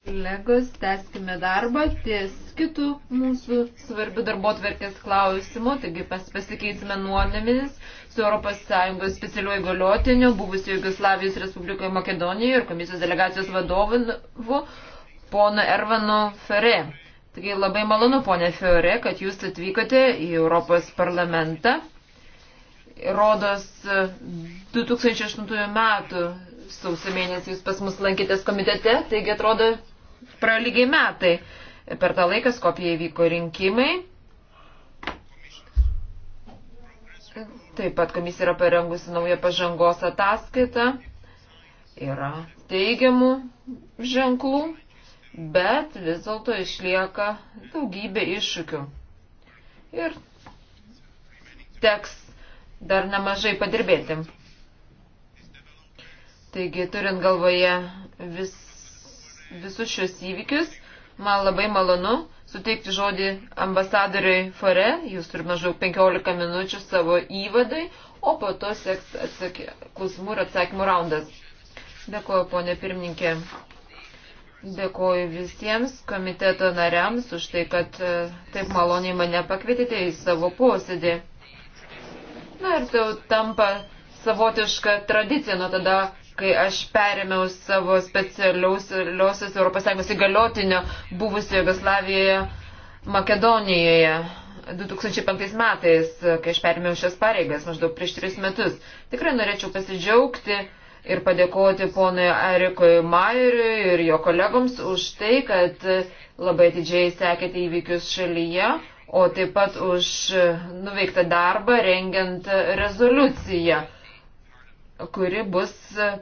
Kolegos, teskime darbą ties kitų mūsų svarbių darbo tvarkės klausimų, taigi pas, pasikeisime nuomonėmis su ES specialiuoju galiotiniu, buvusiu Jugoslavijos Respublikoje Makedonijoje ir komisijos delegacijos vadovu, ponu Ervanu Fere. Taigi labai malonu, ponė Fiore, kad jūs atvykote į Europos parlamentą rodos 2008 e, metų sausio mėnesį jūs pas mus lankytės komitete, taigi atrodo pralygiai metai. Per tą laiką Skopijai vyko rinkimai. Taip pat komisija yra parengusi naują pažangos ataskaitą. Yra teigiamų ženklų, bet vis dėlto išlieka daugybė iššūkių. Ir teks dar nemažai padirbėti. Taigi, turint galvoje vis, visus šios įvykius, man labai malonu suteikti žodį ambasadoriui Fore, jūs turite maždaug 15 minučių savo įvadai, o po to seks atsakė, klausimų ir atsakymų raundas. Dėkuoju, ponė pirmininkė. Dėkuoju visiems komiteto nariams už tai, kad e, taip maloniai mane pakvietėte į savo posėdį. Na ir tai jau tampa savotiška tradicija nuo tada, kai aš perėmiau savo specialiausios ES įgaliotinio buvusio Jugoslavijoje Makedonijoje. 2005 metais, kai aš perėmiau šias pareigas, maždaug prieš tris metus. Tikrai norėčiau pasidžiaugti ir padėkoti ponui Erikui Mairiui ir jo kolegoms už tai, kad labai atidžiai sekėte įvykius šalyje, o taip pat už nuveiktą darbą rengiant rezoliuciją, kuri bus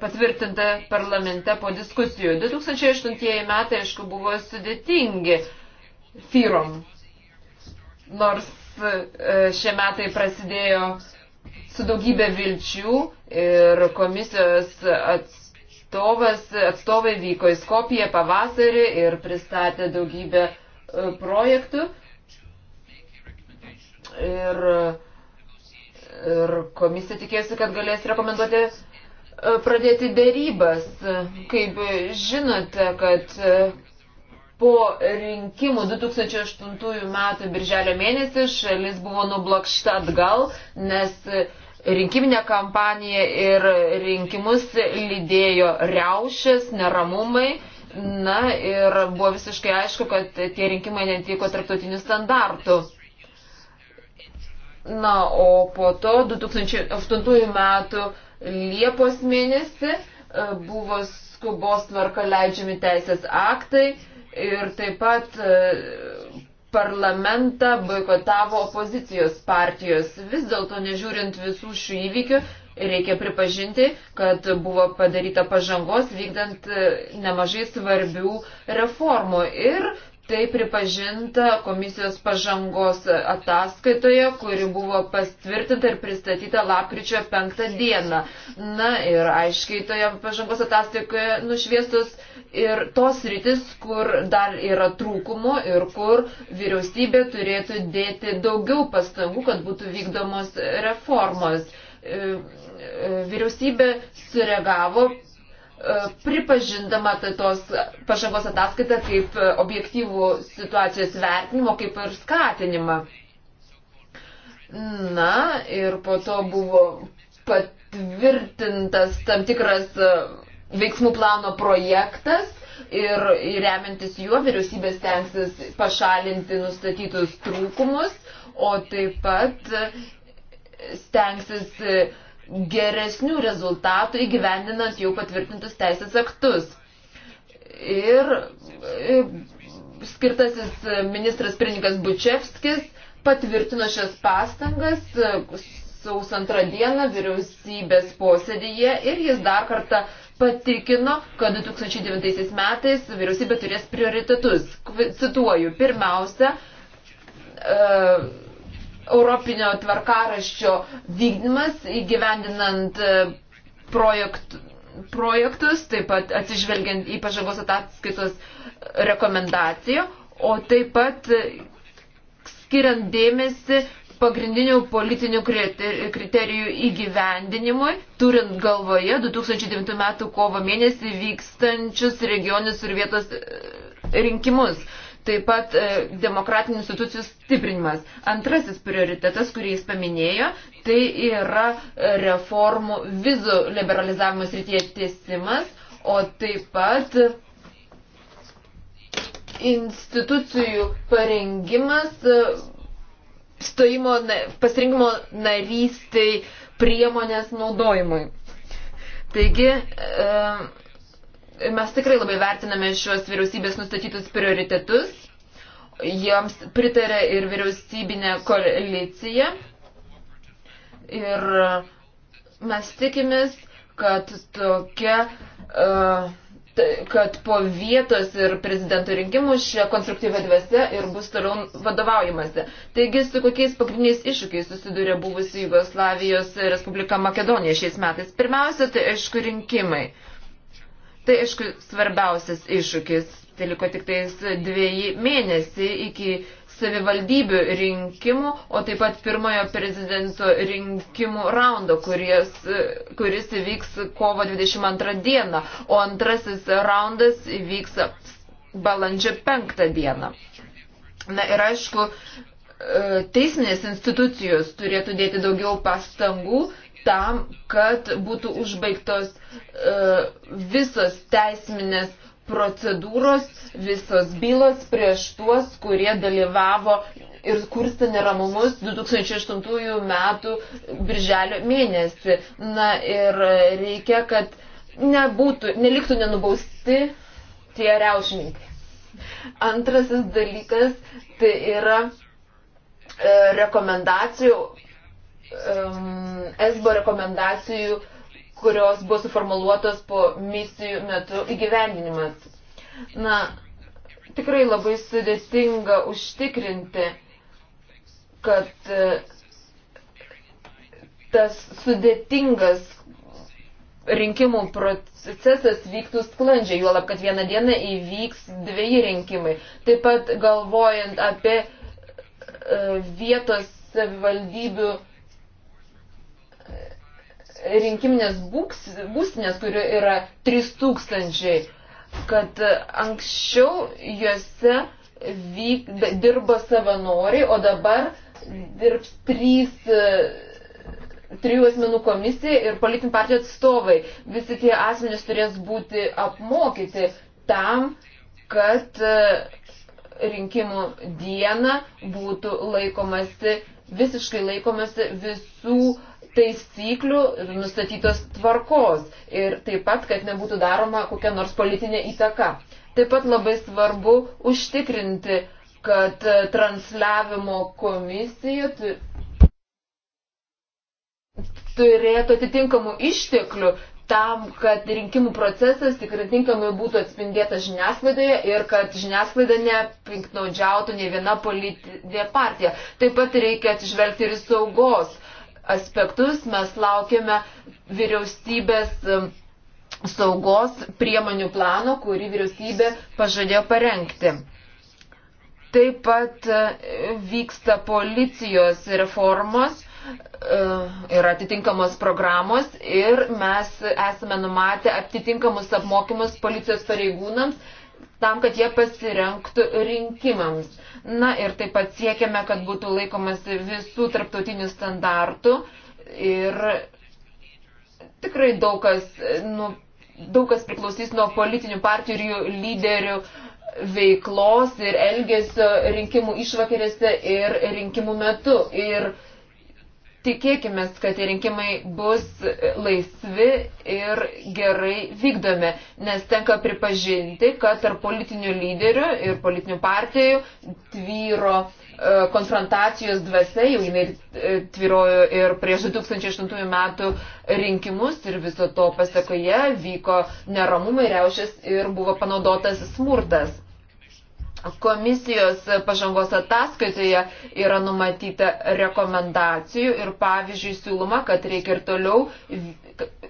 patvirtinta parlamente po diskusijų. 2008 metai, aišku, buvo sudėtingi fyrom, nors e, šie metai prasidėjo su daugybė vilčių ir komisijos atstovų atstovas, atstovai vyko į Skopiją pavasarį ir pristatė daugybę e, projektų ir, ir komisija tikėsi, kad galės rekomenduoti e, pradėti dėrybas. Kaip žinote, kad e, po rinkimų 2008 metų birželio mėnesį šalis buvo nublokšta atgal, nes rinkiminė kampanija ir rinkimus lydėjo riaušės, neramumai. Na ir buvo visiškai aišku, kad tie rinkimai netiko tarptautinių standartų. Na, o po to 2008 metų Liepos mėnesį e, buvo skubos tvarka leidžiami teisės aktai ir taip pat e, parlamentą boikotavo opozicijos partijos. Vis dėlto, nežiūrint visų šių įvykių, reikia pripažinti, kad buvo padaryta pažangos vykdant e, nemažai svarbių reformų. Ir Tai pripažinta komisijos pažangos ataskaitoje, kuri buvo pastvirtinta ir pristatyta lapkričio 5 dieną. Na ir aiškiai toje pažangos ataskaitoje nušviestos ir tos rytis, kur dar yra trūkumų ir kur vyriausybė turėtų dėti daugiau pastangų, kad būtų vykdomos reformos. E, e, vyriausybė sureagavo pripažindama tai tos pažangos ataskaitą kaip objektyvų situacijos vertinimo, kaip ir skatinimą. Na ir po to buvo patvirtintas tam tikras e, veiksmų plano projektas ir remiantis juo vyriausybės tenksis pašalinti nustatytus trūkumus, o taip pat stengsis geresnių rezultatų įgyvendinant jau patvirtintus teisės aktus. Ir e, skirtasis ministras pirmininkas Bučevskis patvirtino šias pastangas e, saus antrą dieną vyriausybės posėdėje ir jis dar kartą patikino, kad 2009 metais vyriausybė turės prioritetus. Cituoju, pirmiausia, uh, Europinio tvarkaraščio vykdymas įgyvendinant e, projekt, projektus, taip pat atsižvelgiant į pažangos ataskaitos rekomendacijų, o taip pat skiriant dėmesį pagrindinių politinių kriterijų įgyvendinimui, turint galvoje 2009 m. kovo mėnesį vykstančius regionius ir vietos e, rinkimus taip pat e, demokratinių institucijų stiprinimas. Antrasis prioritetas, kurį jis paminėjo, tai yra e, reformų vizų liberalizavimo srityje tiesimas, o taip pat institucijų parengimas e, stojimo, pasirinkimo narystiai priemonės naudojimui. Taigi, e, mes tikrai labai vertiname šios vyriausybės nustatytus prioritetus. Joms pritarė ir vyriausybinė koalicija. Ir mes tikimės, kad tokia, e, kad po vietos ir prezidento rinkimų šią konstruktyvę dvasę ir bus toliau vadovaujamasi. Taigi, su kokiais pagrindiniais iššūkiais susidūrė buvusi Jugoslavijos Respublika Makedonija šiais metais? Pirmiausia, tai aišku rinkimai. Uh, Tai, aišku, svarbiausias iššūkis. Tai liko tik tais dviejai mėnesiai iki savivaldybių rinkimų, o taip pat pirmojo prezidento rinkimų raundo, kuris, kuris įvyks kovo 22 dieną, o antrasis raundas įvyks balandžio 5 dieną. Na ir aišku, e, teisinės institucijos turėtų dėti daugiau pastangų, tam, kad būtų užbaigtos e, visos teisminės procedūros, visos bylos prieš tuos, kurie dalyvavo ir kurstė neramumus 2008 metų birželio mėnesį. Na ir reikia, kad nebūtų, neliktų nenubausti tie reušininkai. Antrasis dalykas tai yra e, rekomendacijų um, ESBO rekomendacijų, kurios buvo suformuluotos po misijų metu įgyvendinimas. Na, tikrai labai sudėtinga užtikrinti, kad e, tas sudėtingas rinkimų procesas vyktų sklandžiai, juolab, kad vieną dieną įvyks dviejai rinkimai. Taip pat galvojant apie e, vietos savivaldybių rinkiminės būstinės, kurių yra 3000, kad anksčiau juose vyk, dirbo savanoriai, o dabar dirbs trys, trijų asmenų komisija ir politinių partijų atstovai. Visi tie asmenys turės būti apmokyti tam, kad rinkimų dieną būtų laikomasi, visiškai laikomasi visų uh, taisyklių nustatytos tvarkos ir taip pat, kad nebūtų daroma kokia nors politinė įtaka. Taip pat labai svarbu užtikrinti, kad e, transliavimo komisija turėtų atitinkamų išteklių tam, kad rinkimų procesas tikrai tinkamai būtų atspindėtas žiniasklaidoje ir kad žiniasklaida nepinknaudžiautų ne viena politinė partija. Taip pat reikia atsižvelgti ir saugos aspektus. Mes laukiame vyriausybės um, saugos priemonių plano, kurį vyriausybė pažadėjo parengti. Taip pat e, vyksta policijos reformos e, yra atitinkamos programos ir mes esame numatę atitinkamus apmokymus policijos pareigūnams tam, kad jie pasirenktų rinkimams. Na ir taip pat siekiame, kad būtų laikomas visų tarptautinių standartų ir tikrai daug kas, nu, daug kas priklausys nuo politinių partijų ir jų lyderių veiklos ir elgesio rinkimų išvakarėse ir rinkimų metu. Ir tikėkime, kad rinkimai bus laisvi ir gerai vykdomi, nes tenka pripažinti, kad tarp politinių lyderių ir politinių partijų tvyro e, konfrontacijos dvasia, jau jinai e, tvirojo ir prieš 2008 metų rinkimus ir viso to pasakoje vyko neramumai, reušės ir buvo panaudotas smurtas. Komisijos pažangos ataskaitoje yra numatyta rekomendacijų ir pavyzdžiui siūloma, kad reikia ir toliau,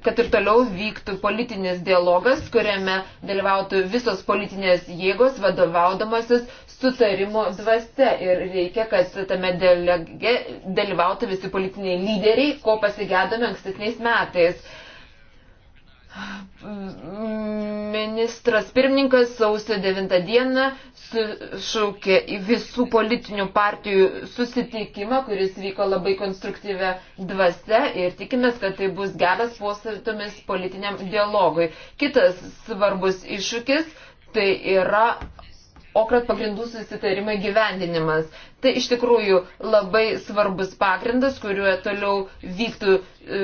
kad ir toliau vyktų politinis dialogas, kuriame dalyvautų visos politinės jėgos vadovaudamasis sutarimo dvasia ir reikia, kad tame delege dalyvautų visi politiniai lyderiai, ko pasigėdome ankstesniais metais. Ministras pirmininkas sausio 9 dieną sušaukė į visų politinių partijų susitikimą, kuris vyko labai konstruktyvę dvasę ir tikimės, kad tai bus geras posėdumis politiniam dialogui. Kitas svarbus iššūkis tai yra okrat pagrindų susitarimo gyvendinimas. Tai iš tikrųjų labai svarbus pagrindas, kuriuo toliau vyktų e,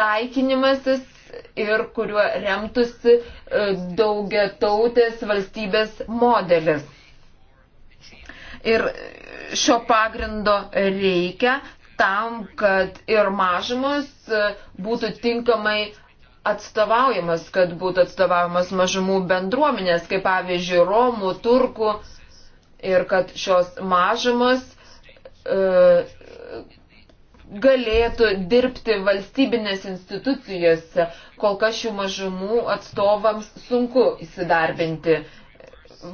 taikinimasis ir kuriuo remtųsi e, daugia tautės valstybės modelis. Ir šio pagrindo reikia tam, kad ir mažumas e, būtų tinkamai atstovaujamas, kad būtų atstovaujamas mažumų bendruomenės, kaip pavyzdžiui, Romų, Turkų, ir kad šios mažumas e, galėtų dirbti valstybinės institucijose, kol kas šių mažumų atstovams sunku įsidarbinti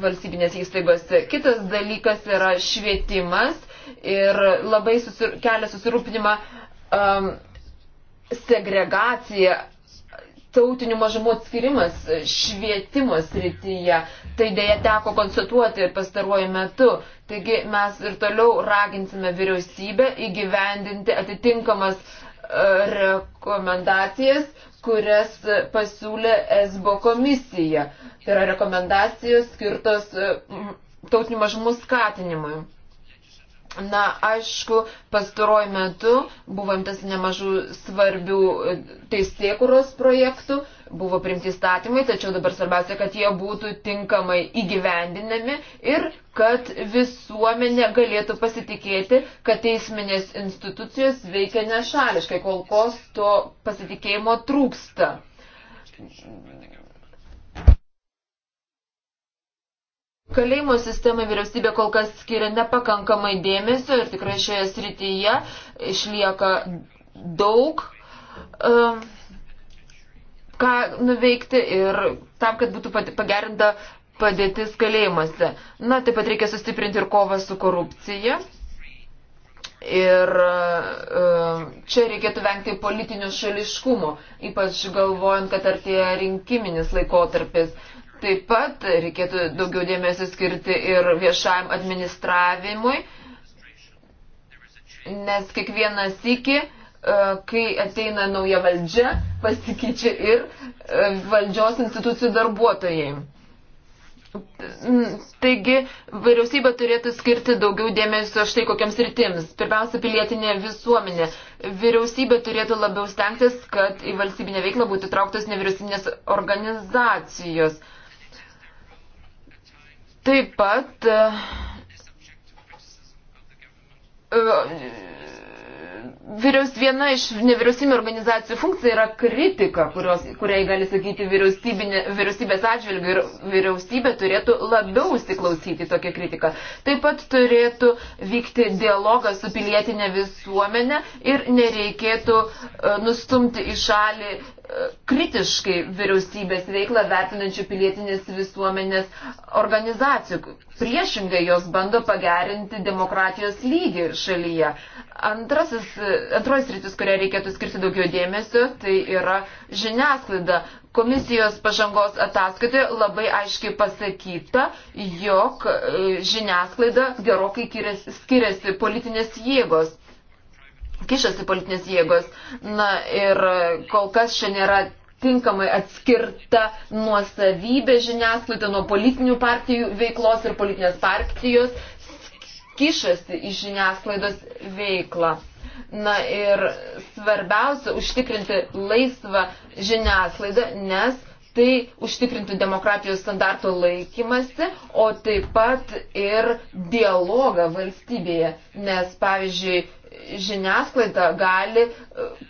valstybinės įstaigose. Kitas dalykas yra švietimas ir labai susir kelia susirūpinimą um, segregacija tautinių mažumų atskirimas švietimo srityje. Tai dėja teko konstatuoti pastaruoju metu. Taigi mes ir toliau raginsime vyriausybę įgyvendinti atitinkamas e, rekomendacijas, kurias pasiūlė ESBO komisija. Tai yra rekomendacijos skirtos tautinių mažumų skatinimui. Na, aišku, pastaruoju metu buvom tas nemažų svarbių e, teisėkuros projektų, buvo primti statymai, tačiau dabar svarbiausia, kad jie būtų tinkamai įgyvendinami ir kad visuomenė galėtų pasitikėti, kad teisminės institucijos veikia nešališkai, kol kos to pasitikėjimo trūksta Kalėjimo sistemai vyriausybė kol kas skiria nepakankamai dėmesio ir tikrai šioje srityje išlieka daug um, ką nuveikti ir tam, kad būtų pagerinta padėtis kalėjimuose. Na, taip pat reikia sustiprinti ir kovą su korupcija. Ir um, čia reikėtų vengti politinio šališkumo, ypač galvojant, kad artėja rinkiminis laikotarpis. Taip pat reikėtų daugiau dėmesio skirti ir viešajam administravimui, nes kiekvienas iki, e, kai ateina nauja valdžia, pasikeičia ir e, valdžios institucijų darbuotojai. Taigi, vyriausybė turėtų skirti daugiau dėmesio štai kokiams rytims. Pirmiausia, pilietinė visuomenė. Vyriausybė turėtų labiau stengtis, kad į valstybinę veiklą būtų trauktos nevyriausybinės organizacijos. Uh, Taip pat e, e, vyriaus, viena iš nevyriausybinio organizacijų funkcija yra kritika, kurios, kuriai gali sakyti vyriausybės atžvilgių ir vyriausybė turėtų labiau įsiklausyti tokią kritiką. Taip pat turėtų vykti dialogas su pilietinė visuomenė ir nereikėtų e, nustumti į šalį kritiškai vyriausybės veiklą vertinančių pilietinės visuomenės organizacijų. Priešingai jos bando pagerinti demokratijos lygį šalyje. Antrasis, antroji sritis, kurią reikėtų skirti daugiau dėmesio, tai yra žiniasklaida. Komisijos pažangos ataskaitoje labai aiškiai pasakyta, jog e, žiniasklaida gerokai skiriasi politinės jėgos kišasi politinės jėgos. Na ir kol kas čia nėra tinkamai atskirta nuosavybė žiniasklaida nuo politinių partijų veiklos ir politinės partijos kišasi į žiniasklaidos veiklą. Na ir svarbiausia užtikrinti laisvą žiniasklaidą, nes tai užtikrintų demokratijos standarto laikymasi, o taip pat ir dialogą valstybėje. Nes, pavyzdžiui, žiniasklaida gali e,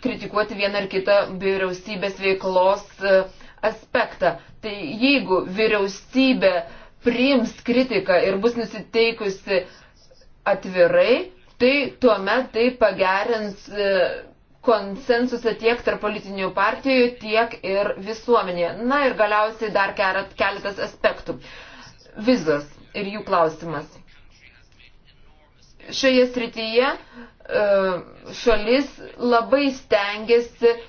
kritikuoti vieną ar kitą vyriausybės veiklos e, aspektą. Tai jeigu vyriausybė priims kritiką ir bus nusiteikusi atvirai, tai tuomet tai pagerins e, konsensusą tiek tarp politinių partijų, tiek ir visuomenėje. Na ir galiausiai dar keletas aspektų. Vizos ir jų klausimas. Šioje srityje E, šalis labai stengiasi e,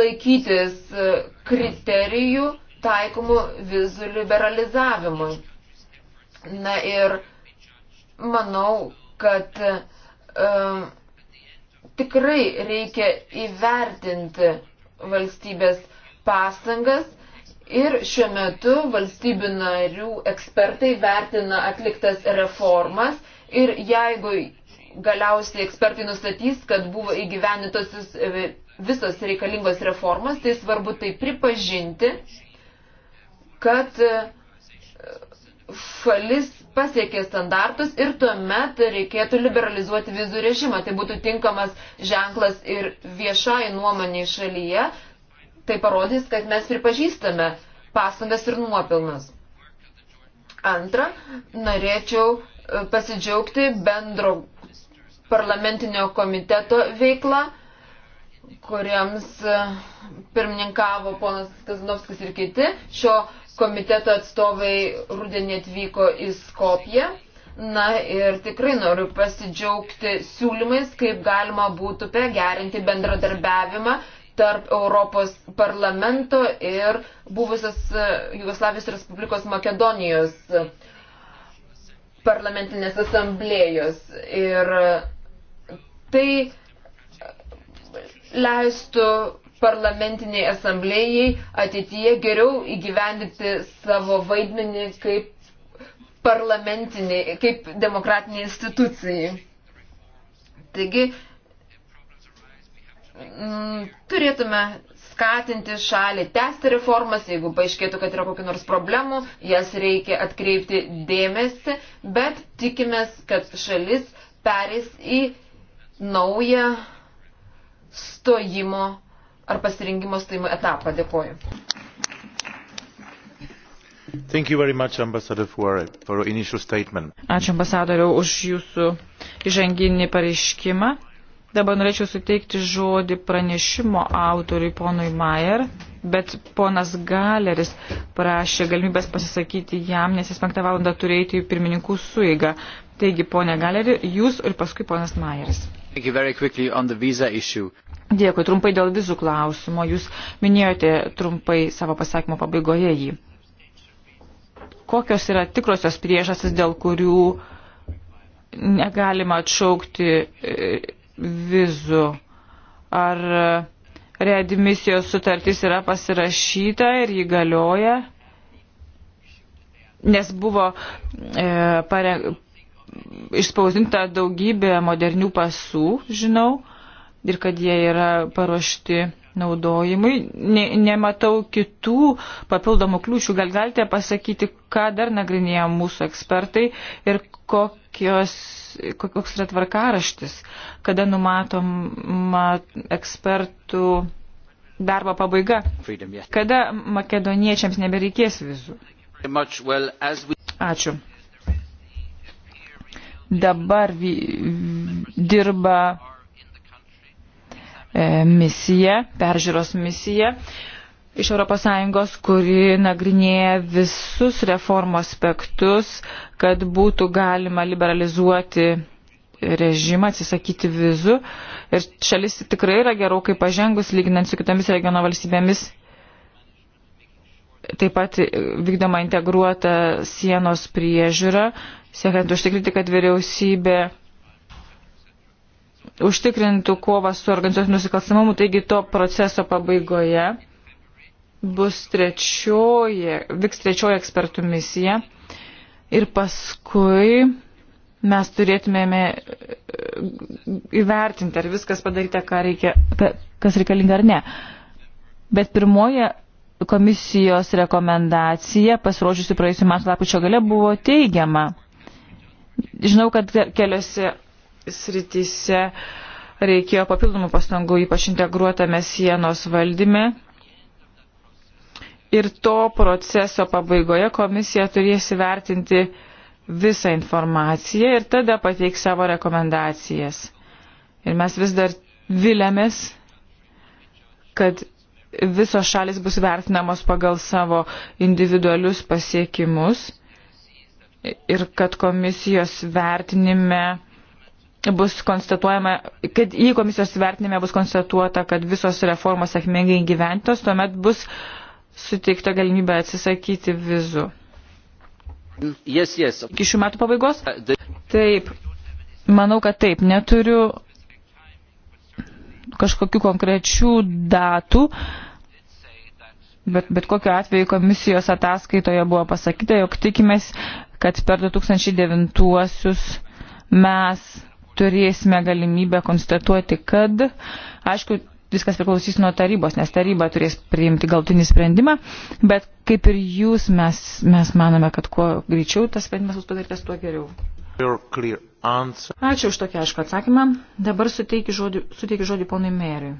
laikytis e, kriterijų taikomų vizų liberalizavimui. Na ir manau, kad um, tikrai reikia įvertinti valstybės pastangas ir šiuo metu valstybių narių ekspertai vertina atliktas reformas ir jeigu galiausiai ekspertai nustatys, kad buvo įgyvenintos e, visos reikalingos reformos, tai svarbu tai pripažinti, kad e, šalis pasiekė standartus ir tuomet reikėtų liberalizuoti vizų režimą. Tai būtų tinkamas ženklas ir viešai nuomoniai šalyje. Tai parodys, kad mes pripažįstame pastangas ir nuopilnas. Antra, norėčiau e, pasidžiaugti bendro parlamentinio komiteto veikla, kuriems e, pirmininkavo ponas Kazanovskis ir kiti. Šio komiteto atstovai rudenį atvyko į Skopiją. Na ir tikrai noriu pasidžiaugti siūlymais, kaip galima būtų pagerinti bendradarbiavimą tarp Europos parlamento ir buvusios e, Jugoslavijos Respublikos Makedonijos e, parlamentinės asamblėjos. Ir Tai leistų parlamentiniai asamblėjai ateityje geriau įgyvendinti savo vaidmenį kaip parlamentiniai, kaip demokratiniai institucijai. Taigi, m, mm, turėtume skatinti šalį tęsti reformas, jeigu paaiškėtų, kad yra kokių nors problemų, jas reikia atkreipti dėmesį, bet tikimės, kad šalis perės į naują stojimo ar pasirinkimo stojimo etapą. Dėkoju. Much, for, for Ačiū ambasadoriau už jūsų įžanginį pareiškimą. Dabar norėčiau suteikti žodį pranešimo autoriui ponui Mayer, bet ponas Galeris prašė galimybės pasisakyti jam, nes jis penktą valandą turėjo į pirmininkų suigą. Taigi, ponė Galeri, jūs ir paskui ponas Mayeris. Dėkui, trumpai dėl vizų klausimo. Jūs minėjote trumpai savo pasakymo pabaigoje jį. Kokios yra tikrosios priežasis, dėl kurių negalima atšaukti e, vizų? Ar readmisijos sutartis yra pasirašyta ir jį galioja? Nes buvo e, pare, išspausdinta daugybė modernių pasų, žinau, ir kad jie yra paruošti naudojimui. Ne, nematau kitų papildomų kliūčių. Gal galite pasakyti, ką dar nagrinėja mūsų ekspertai ir kokios, koks yra tvarkaraštis, kada numatoma ekspertų darbo pabaiga, kada makedoniečiams nebereikės vizų. Ačiū dabar vy, dirba e, misija, peržiūros misija iš ES, kuri nagrinėja visus reformų aspektus, kad būtų galima liberalizuoti režimą, atsisakyti vizų. Ir šalis tikrai yra gerokai pažengus, lyginant su kitomis regiono valstybėmis taip pat vykdoma integruota sienos priežiūra, siekiant užtikrinti, kad vyriausybė užtikrintų kovą su organizuotų nusikalstamumu, taigi to proceso pabaigoje bus trečioji, vyks trečioji ekspertų misija ir paskui mes turėtumėme e, įvertinti, ar viskas padaryta, ką reikia, kas reikalinga ar ne. Bet pirmoji komisijos rekomendacija, pasirodžiusi praėjusiu metu lapučio gale, buvo teigiama. Žinau, kad keliose srityse reikėjo papildomų pastangų, ypač integruotame sienos valdyme. Ir to proceso pabaigoje komisija turės įvertinti visą informaciją ir tada pateiks savo rekomendacijas. Ir mes vis dar vilėmės, kad visos šalis bus vertinamos pagal savo individualius pasiekimus ir kad komisijos vertinime bus konstatuojama, kad į komisijos vertinime bus konstatuota, kad visos reformos sėkmingai gyventos, tuomet bus suteikta galimybė atsisakyti vizų. Yes, yes. Iki šių metų pabaigos? Uh, taip. Manau, kad taip. Neturiu kažkokių konkrečių datų. Uh, bet, bet kokiu atveju komisijos ataskaitoje buvo pasakyta, jog tikimės, kad per 2009 mes turėsime galimybę konstatuoti, kad, aišku, viskas priklausys nuo tarybos, nes taryba turės priimti galtinį sprendimą, bet kaip ir jūs, mes, mes manome, kad kuo greičiau tas sprendimas bus padarytas, tuo geriau. Ačiū už tokį aišku atsakymą. Dabar suteikiu žodį, suteikiu žodį ponui Meriui.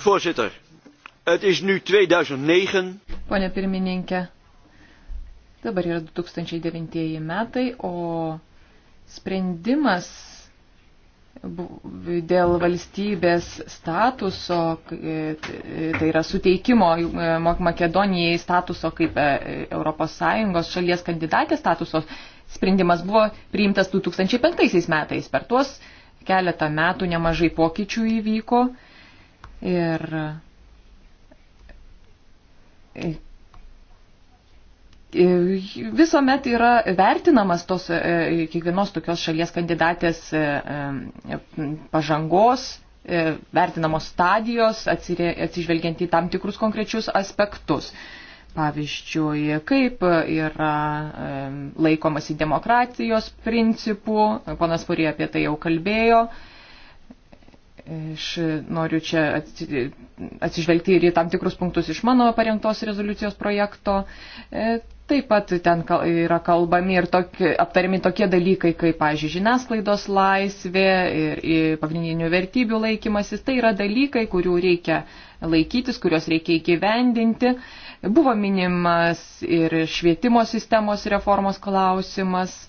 Voorzitter, Het is nu 2009. Pone pirmininkė, dabar yra 2009 metai, o sprendimas dėl valstybės statuso, e, tai yra suteikimo e, Makedonijai statuso kaip ES šalies kandidatės statuso, sprendimas buvo priimtas 2005 metais. Per tuos keletą metų nemažai pokyčių įvyko ir visuomet yra vertinamas tos e, kiekvienos tokios šalies kandidatės e, e, pažangos, vertinamos stadijos, atsižvelgiant į tam tikrus konkrečius aspektus. Pavyzdžiui, kaip yra laikomasi demokratijos principų, ponas Purė apie tai jau kalbėjo, Aš noriu čia atsižvelgti ir į tam tikrus punktus iš mano parengtos rezoliucijos projekto. E, taip pat ten yra kalbami ir tokie, aptariami tokie dalykai, kaip, pavyzdžiui, žiniasklaidos laisvė ir, ir pagrindinių vertybių laikymasis. Tai yra dalykai, kurių reikia laikytis, kuriuos reikia įgyvendinti. Buvo minimas ir švietimo sistemos reformos klausimas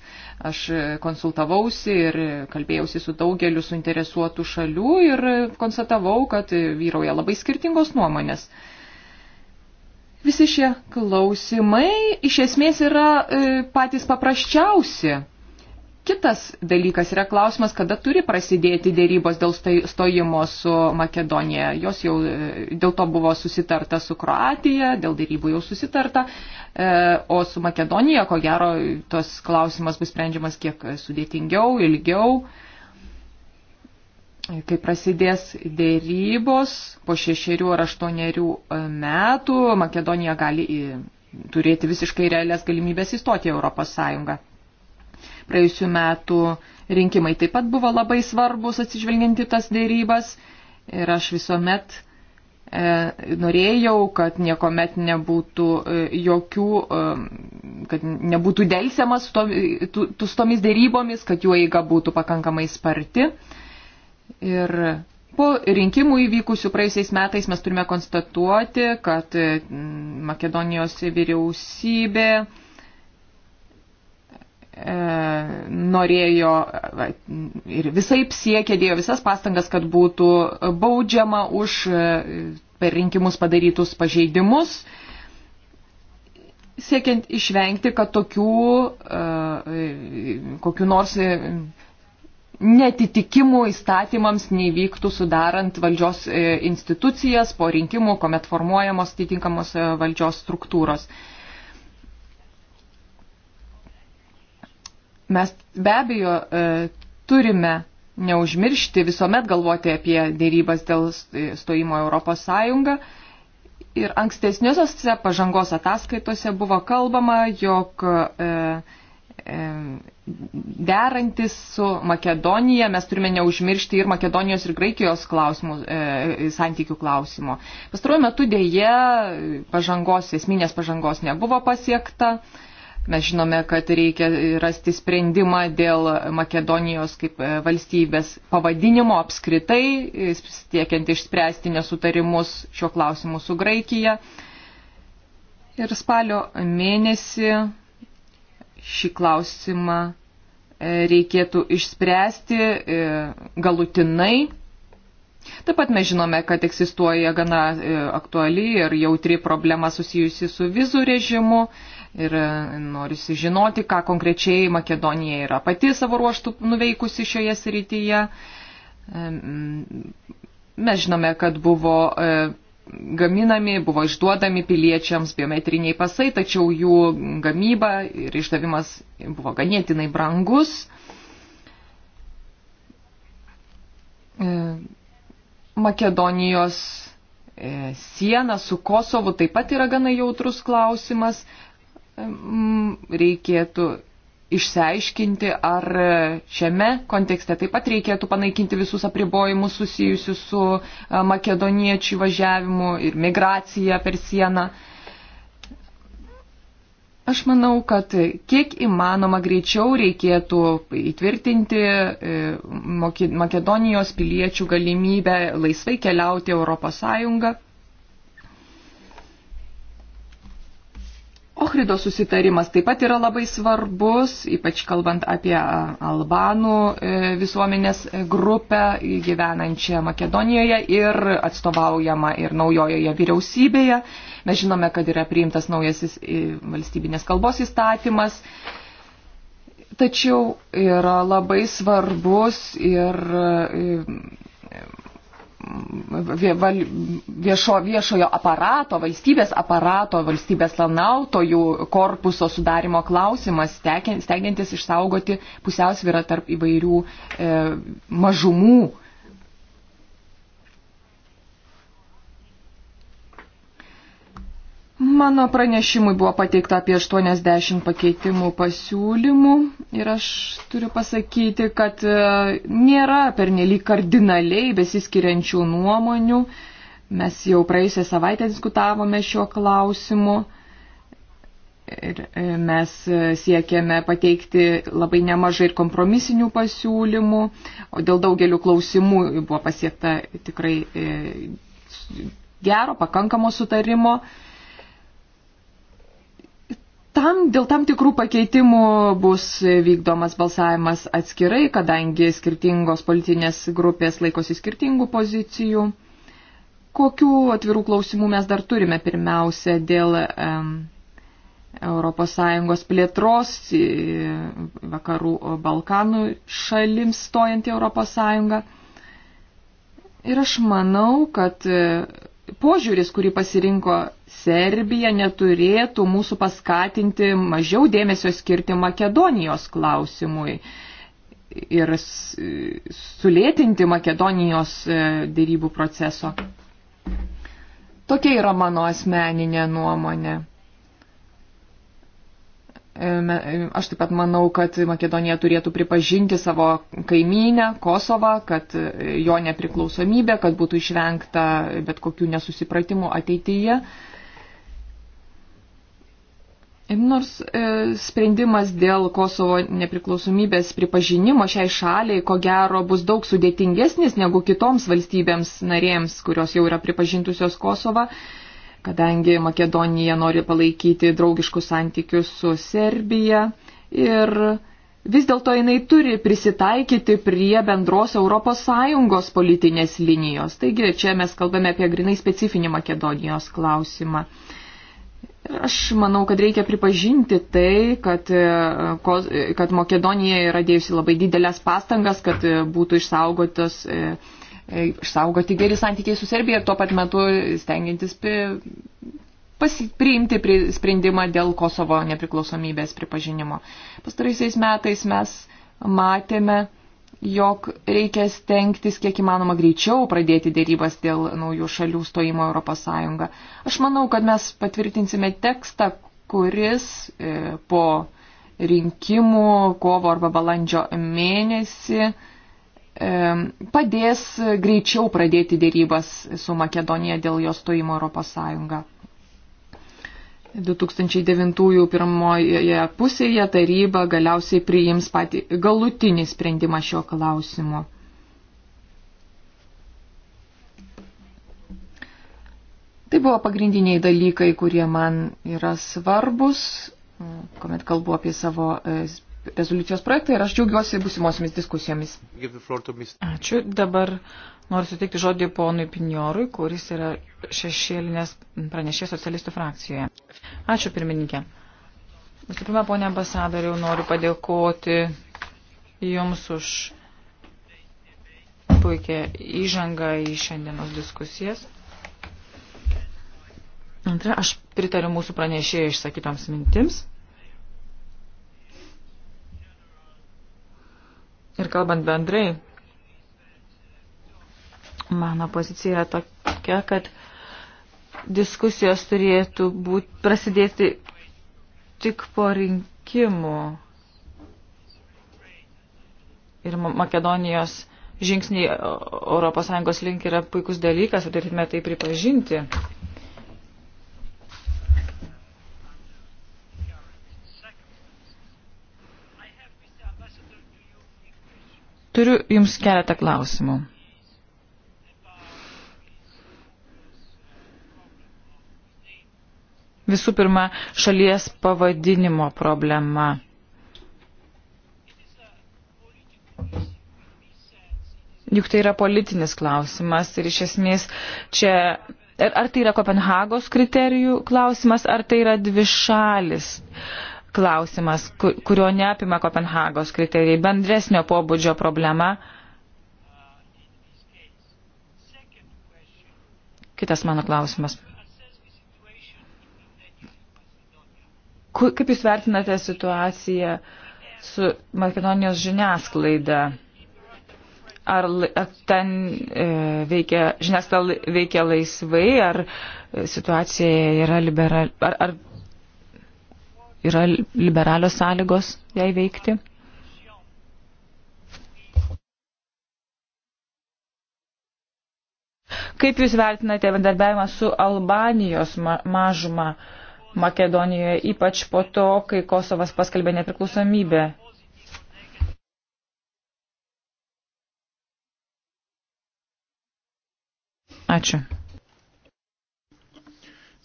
Aš konsultavausi ir kalbėjausi su daugeliu suinteresuotų šalių ir konstatavau, kad vyrauja labai skirtingos nuomonės. Visi šie klausimai iš esmės yra e, patys paprasčiausi Kitas dalykas yra klausimas, kada turi prasidėti dėrybos dėl stojimo su Makedonija. Jos jau e, dėl to buvo susitarta su Kroatija, dėl dėrybų jau susitarta, e, o su Makedonija, ko gero, tos klausimas bus sprendžiamas kiek sudėtingiau, ilgiau. Kai prasidės dėrybos po šešerių ar aštuonerių e, metų, Makedonija gali turėti visiškai realias galimybės įstoti į Europos Sąjungą. Praėjusiu metu rinkimai taip pat buvo labai svarbus atsižvelginti tas dėrybas ir aš visuomet e, norėjau, kad niekuomet nebūtų e, jokių, e, kad nebūtų dėlsiamas su, to, tu, tu, su tomis dėrybomis, kad jų eiga būtų pakankamai sparti. Ir Po rinkimų įvykusių praeisiais metais mes turime konstatuoti, kad Makedonijos vyriausybė E, norėjo ir visai siekė, dėjo visas pastangas, kad būtų baudžiama už e, per rinkimus padarytus pažeidimus, siekiant išvengti, kad tokių e, kokiu nors netitikimų įstatymams nevyktų sudarant valdžios institucijas po rinkimų, kuomet formuojamos atitinkamos valdžios struktūros. mes be abejo e, turime neužmiršti visuomet galvoti apie dėrybas dėl e, stojimo Europos Sąjungą. Ir ankstesniuose pažangos ataskaitose buvo kalbama, jog e, e, derantis su Makedonija mes turime neužmiršti ir Makedonijos ir Graikijos klausimų, e, e santykių klausimo. Pastaruoju metu dėje pažangos, esminės pažangos nebuvo pasiekta. E, Mes žinome, kad reikia rasti sprendimą dėl Makedonijos kaip e, valstybės pavadinimo apskritai, e, siekiant išspręsti nesutarimus šiuo klausimu su Graikija. Ir spalio mėnesį šį klausimą e, reikėtų išspręsti galutinai. Taip pat mes žinome, kad egzistuoja gana aktuali ir jautri problema susijusi su vizų režimu ir e, norisi žinoti, ką konkrečiai Makedonija yra pati savo ruoštų nuveikusi šioje srityje. Mes žinome, kad buvo e, gaminami, buvo išduodami piliečiams biometriniai pasai, tačiau jų gamyba ir išdavimas buvo ganėtinai brangus. E, Makedonijos siena su Kosovu taip pat yra gana jautrus klausimas. Mm, reikėtų išsiaiškinti, ar šiame kontekste taip pat reikėtų panaikinti visus apribojimus susijusius su e, makedoniečių važiavimu ir migracija per sieną. Aš manau, kad kiek įmanoma greičiau reikėtų įtvirtinti e, Makedonijos piliečių galimybę laisvai keliauti Europos Sąjungą. Ohrido susitarimas taip pat yra labai svarbus, ypač kalbant apie albanų e, visuomenės e, grupę gyvenančią Makedonijoje ir atstovaujama ir naujojoje vyriausybėje. Mes žinome, kad yra priimtas naujasis e, valstybinės kalbos įstatymas. Tačiau yra labai svarbus ir viešo, viešojo aparato, valstybės aparato, valstybės lanautojų korpuso sudarimo klausimas, stengiantis išsaugoti pusiausvyrą tarp įvairių e, mažumų Mano pranešimui buvo pateikta apie 80 pakeitimų pasiūlymų ir aš turiu pasakyti, kad e, nėra pernelyg kardinaliai besiskiriančių nuomonių. Mes jau praėjusią savaitę diskutavome šiuo klausimu ir e, mes e, siekėme pateikti labai nemažai ir kompromisinių pasiūlymų, o dėl daugelių klausimų buvo pasiekta tikrai gero, pakankamo sutarimo Tam, dėl tam tikrų pakeitimų bus vykdomas balsavimas atskirai, kadangi skirtingos politinės grupės laikosi skirtingų pozicijų. Kokių atvirų klausimų mes dar turime pirmiausia dėl um, ES plėtros vakarų Balkanų šalims stojant į ES? Ir aš manau, kad požiūris, kurį pasirinko Serbija, neturėtų mūsų paskatinti mažiau dėmesio skirti Makedonijos klausimui ir sulėtinti Makedonijos e, dėrybų proceso. Tokia yra mano asmeninė nuomonė. E, aš taip pat manau, kad Makedonija turėtų pripažinti savo kaimynę Kosovą, kad e, jo nepriklausomybė, kad būtų išvengta bet kokių nesusipratimų ateityje. Nors e, sprendimas dėl Kosovo nepriklausomybės pripažinimo šiai šaliai, ko gero, bus daug sudėtingesnis negu kitoms valstybėms narėms, kurios jau yra pripažintusios Kosovą. E, kadangi Makedonija nori palaikyti draugiškus santykius su Serbija ir vis dėlto jinai turi prisitaikyti prie bendros ES politinės linijos. Taigi čia mes kalbame apie grinai specifinį Makedonijos klausimą. Ir aš manau, kad reikia pripažinti tai, kad, e, e, kad Makedonija yra dėjusi labai didelės pastangas, kad e, būtų išsaugotos E, išsaugoti geri santykiai su Serbija ir tuo pat metu stengiantis priimti sprendimą dėl Kosovo nepriklausomybės pripažinimo. Pastaraisiais metais mes matėme, jog reikia stengtis kiek įmanoma greičiau pradėti dėrybas dėl naujų šalių stojimo Europos Sąjungą. Aš manau, kad mes patvirtinsime tekstą, kuris e, po rinkimų kovo arba balandžio mėnesį padės greičiau pradėti dėrybas su Makedonija dėl jos stojimo Europos Sąjungą. 2009 pirmoje pusėje taryba galiausiai priims patį galutinį sprendimą šio klausimo. Tai buvo pagrindiniai dalykai, kurie man yra svarbus, kuomet kalbu apie savo e, rezoliucijos projektą ir aš džiaugiuosi busimosiomis diskusijomis. Ačiū. Dabar noriu suteikti žodį ponui Pinjorui, kuris yra šešėlinės pranešė socialistų frakcijoje. Ačiū pirmininkė. Visų pirma, ponė ambasadoriau, noriu padėkoti Jums už puikia įžanga į šiandienos diskusijas. Antra, aš pritariu mūsų pranešėjai išsakytoms mintims. Ir kalbant bendrai, mano pozicija yra tokia, kad diskusijos turėtų būt, prasidėti tik po rinkimų. Ir Makedonijos žingsniai ES link yra puikus dalykas, turėtume tai pripažinti. Turiu Jums keletą klausimų. Visų pirma, šalies pavadinimo problema. Juk tai yra politinis klausimas ir iš esmės čia ar tai yra Kopenhagos kriterijų klausimas, ar tai yra dvišalis klausimas, kurio neapima Kopenhagos kriterijai, bendresnio pobūdžio problema. Kitas mano klausimas. Kaip Jūs vertinate situaciją su Makedonijos žiniasklaida? Ar ten e, veikia, žiniasklaida veikia laisvai, ar e, situacija yra liberali, ar, ar yra liberalios sąlygos jai veikti. Kaip Jūs vertinate bendarbiavimą su Albanijos mažuma Makedonijoje, ypač po to, kai Kosovas paskelbė nepriklausomybę? Ačiū.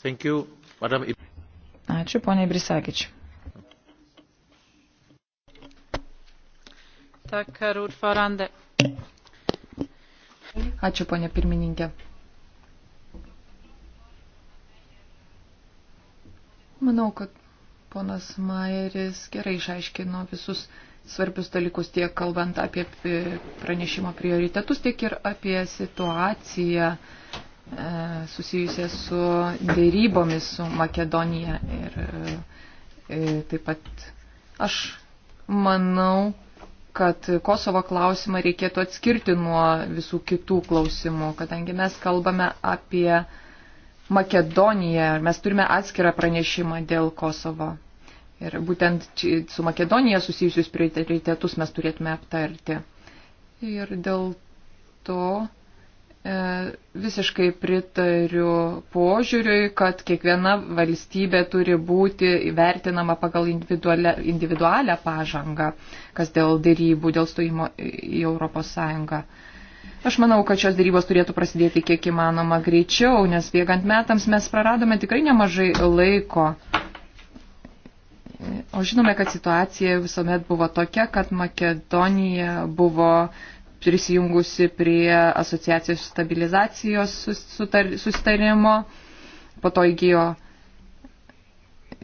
Thank you, Madam. Ačiū, poniai Brisagič. Ačiū, ponė pirmininkė. Manau, kad ponas Maeris gerai išaiškino visus svarbius dalykus tiek kalbant apie e, pranešimo prioritetus, tiek ir apie situaciją E, susijusią su dėrybomis su Makedonija. Ir, ir e, e, taip pat aš manau, kad Kosovo klausimą reikėtų atskirti nuo visų kitų klausimų, kadangi mes kalbame apie Makedoniją, mes turime atskirą pranešimą dėl Kosovo. Ir būtent su Makedonija susijusius prioritetus mes turėtume aptarti. Ir dėl to E, visiškai pritariu požiūriui, kad kiekviena valstybė turi būti vertinama pagal individualią pažangą, kas dėl dėrybų, dėl stojimo į Europos Sąjungą. Aš manau, kad šios dėrybos turėtų prasidėti kiek įmanoma greičiau, nes bėgant metams mes praradome tikrai nemažai laiko. E, o žinome, kad situacija visuomet buvo tokia, kad Makedonija buvo prisijungusi prie asociacijos stabilizacijos susitarimo, po to įgyjo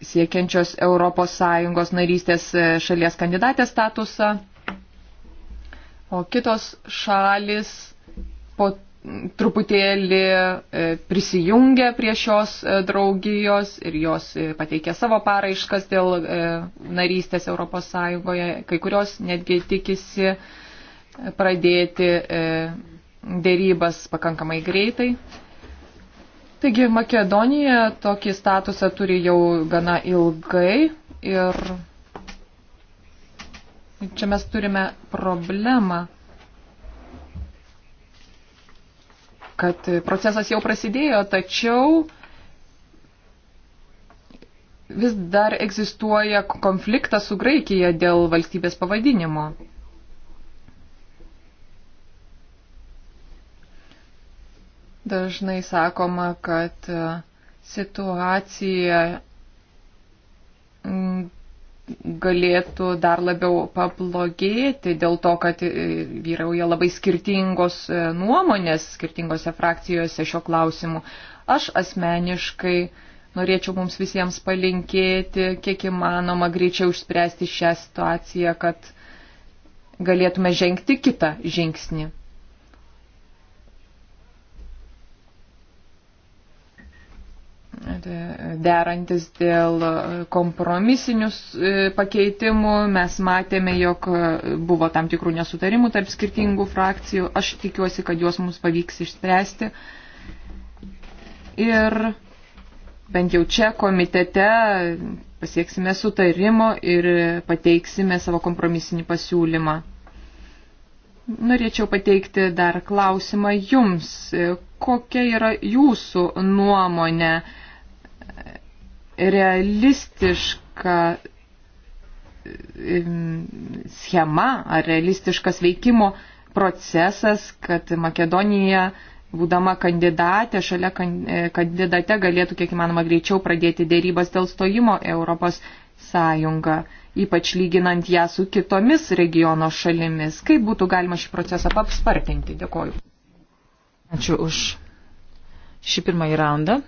siekiančios ES narystės e, šalies kandidatės statusą, o kitos šalis po truputėlį e, prisijungia prie šios e, draugijos ir jos pateikė savo paraiškas dėl narystės ES, kai kurios netgi tikisi pradėti e, dėrybas pakankamai greitai. Taigi Makedonija tokį statusą turi jau gana ilgai ir čia mes turime problemą, kad procesas jau prasidėjo, tačiau vis dar egzistuoja konfliktas su Graikija dėl valstybės pavadinimo. Dažnai sakoma, kad e, situacija galėtų dar labiau pablogėti dėl to, kad e, vyrauja labai skirtingos e, nuomonės skirtingose frakcijose šio klausimu. Aš asmeniškai norėčiau mums visiems palinkėti, kiek įmanoma greičiau išspręsti šią situaciją, kad galėtume žengti kitą žingsnį. derantis dėl kompromisinius e, pakeitimų. Mes matėme, jog buvo tam tikrų nesutarimų tarp skirtingų frakcijų. Aš tikiuosi, kad juos mums pavyks išspręsti. Ir bent jau čia komitete pasieksime sutarimo ir pateiksime savo kompromisinį pasiūlymą. Norėčiau pateikti dar klausimą jums. Kokia yra jūsų nuomonė? realistiška schema ar realistiškas veikimo procesas, kad Makedonija, būdama kandidatė, šalia e, kandidate galėtų kiek įmanoma greičiau pradėti dėrybas dėl stojimo Europos sąjungą, ypač lyginant ją su kitomis regiono šalimis. Kaip būtų galima šį procesą papspartinti? Dėkoju. Ačiū už šį pirmąjį raundą.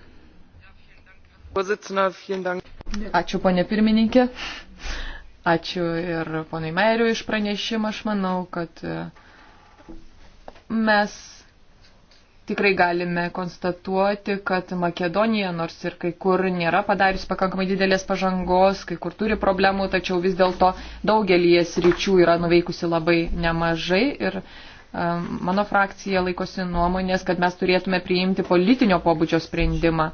Ačiū, ponė pirmininkė. Ačiū ir ponai Meiriu iš pranešimą. Aš manau, kad e, mes tikrai galime konstatuoti, kad Makedonija, nors ir kai kur nėra padarius pakankamai didelės pažangos, kai kur turi problemų, tačiau vis dėlto daugelį sričių yra nuveikusi labai nemažai. Ir e, mano frakcija laikosi nuomonės, kad mes turėtume priimti politinio pobūdžio sprendimą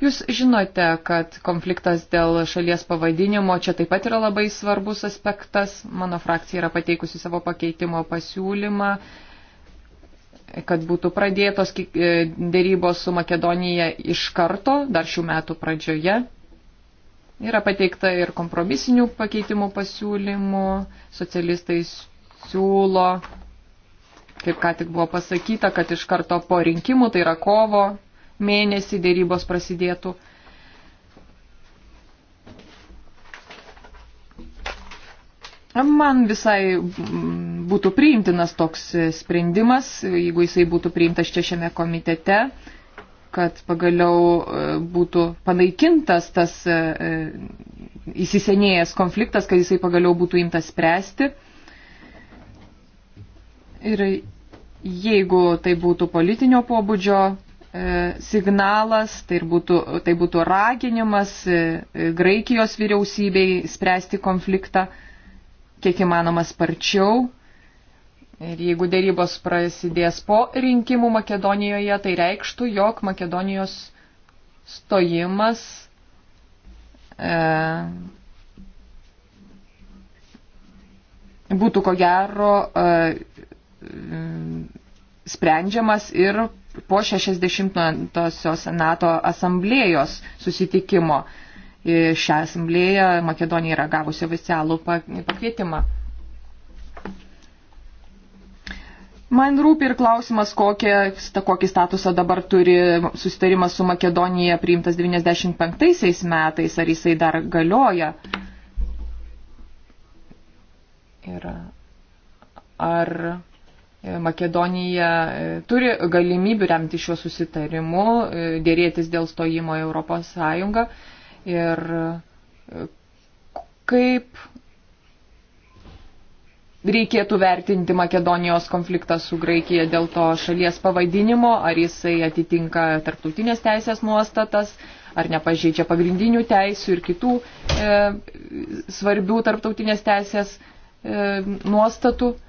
Jūs žinote, kad konfliktas dėl šalies pavadinimo čia taip pat yra labai svarbus aspektas. Mano frakcija yra pateikusi savo pakeitimo pasiūlymą, kad būtų pradėtos e, dėrybos su Makedonija iš karto, dar šių metų pradžioje. Yra pateikta ir kompromisinių pakeitimų pasiūlymų, socialistai siūlo, kaip ką tik buvo pasakyta, kad iš karto po rinkimų, tai yra kovo mėnesį dėrybos prasidėtų. Man visai būtų priimtinas toks sprendimas, jeigu jisai būtų priimtas čia šiame komitete, kad pagaliau e, būtų panaikintas tas e, įsisenėjęs konfliktas, kad jisai pagaliau būtų imtas spręsti. Ir jeigu tai būtų politinio pobūdžio E, signalas, tai būtų, tai būtų raginimas e, e, Graikijos vyriausybei spręsti konfliktą kiek įmanoma sparčiau. Ir jeigu dėrybos prasidės po rinkimų Makedonijoje, tai reikštų, jog Makedonijos stojimas e, būtų ko gero e, sprendžiamas ir po 60-osios NATO asamblėjos susitikimo. E, šią asamblėją Makedonija yra gavusi oficialų pakvietimą. Man rūpi ir klausimas, kokie, kokį statusą dabar turi susitarimas su Makedonija priimtas 95 metais, ar jisai dar galioja. Ir ar E, Makedonija e, turi galimybių remti šiuo susitarimu, e, dėrėtis dėl stojimo į Europos Sąjungą ir kaip reikėtų vertinti Makedonijos konfliktą su Graikija dėl to šalies pavadinimo, ar jisai atitinka tarptautinės teisės nuostatas, ar nepažeidžia pagrindinių teisų ir kitų e, svarbių tarptautinės teisės e, nuostatų. E,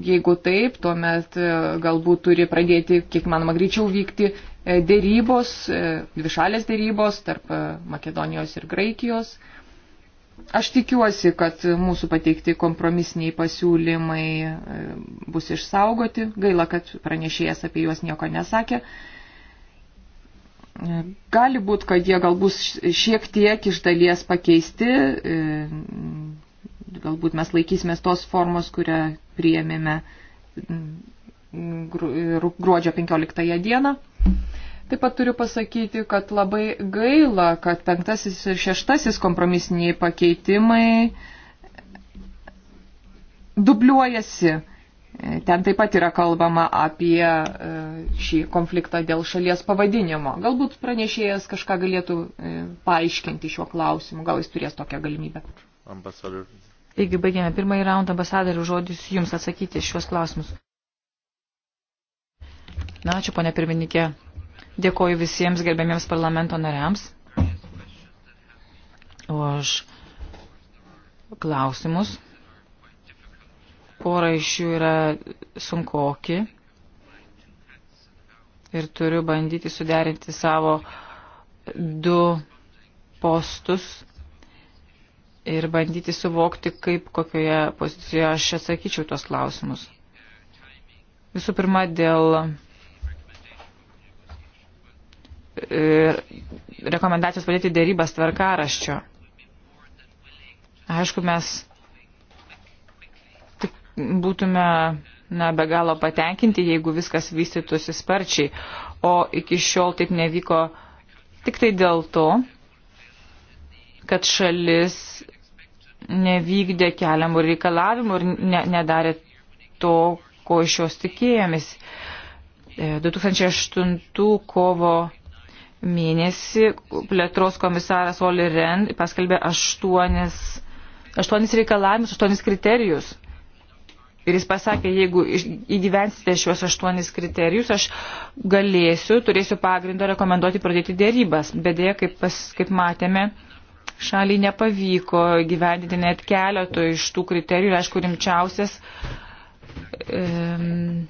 Jeigu taip, tuomet e, galbūt turi pradėti, kiek manoma, greičiau vykti e, dėrybos, e, dvišalės dėrybos tarp Makedonijos ir Graikijos. Aš tikiuosi, kad mūsų pateikti kompromisiniai pasiūlymai bus išsaugoti. Gaila, kad pranešėjas apie juos nieko nesakė. Gali būti, kad jie galbūt šiek tiek iš dalies pakeisti. Galbūt mes laikysimės tos formos, kurią priėmėme mm, gruodžio 15 dieną. Taip pat turiu pasakyti, kad labai gaila, kad penktasis ir šeštasis kompromisiniai pakeitimai dubliuojasi. Ten taip pat yra kalbama apie e, šį konfliktą dėl šalies pavadinimo. Galbūt pranešėjas kažką galėtų e, paaiškinti šiuo klausimu, gal jis turės tokią galimybę. Ambasadorius. Taigi baigėme pirmąjį raundą ambasadorių žodis jums atsakyti šiuos klausimus. Na, ačiū, ponė pirmininkė. Dėkoju visiems gerbėmiems parlamento nariams už klausimus. Pora iš jų yra sunkoki ir turiu bandyti suderinti savo du postus ir bandyti suvokti, kaip kokioje pozicijoje aš atsakyčiau tos klausimus. Visų pirma, dėl e, rekomendacijos padėti dėrybas tvarkaraščio. Aišku, mes tik būtume na, be galo patenkinti, jeigu viskas vystytųsi sparčiai, o iki šiol taip nevyko tik tai dėl to, kad šalis nevykdė keliamų reikalavimų ir ne, nedarė to, ko iš jos tikėjomės. 2008 e, kovo mėnesį plėtros komisaras Oli Ren paskelbė aštuonis, aštuonis reikalavimus, aštuonis kriterijus. Ir jis pasakė, jeigu įgyvensite šiuos aštuonis kriterijus, aš galėsiu, turėsiu pagrindo rekomenduoti pradėti dėrybas. Bet dėja, kaip, pas, kaip matėme, šaliai nepavyko gyvendinti net keletų iš tų kriterijų, aišku, rimčiausias um,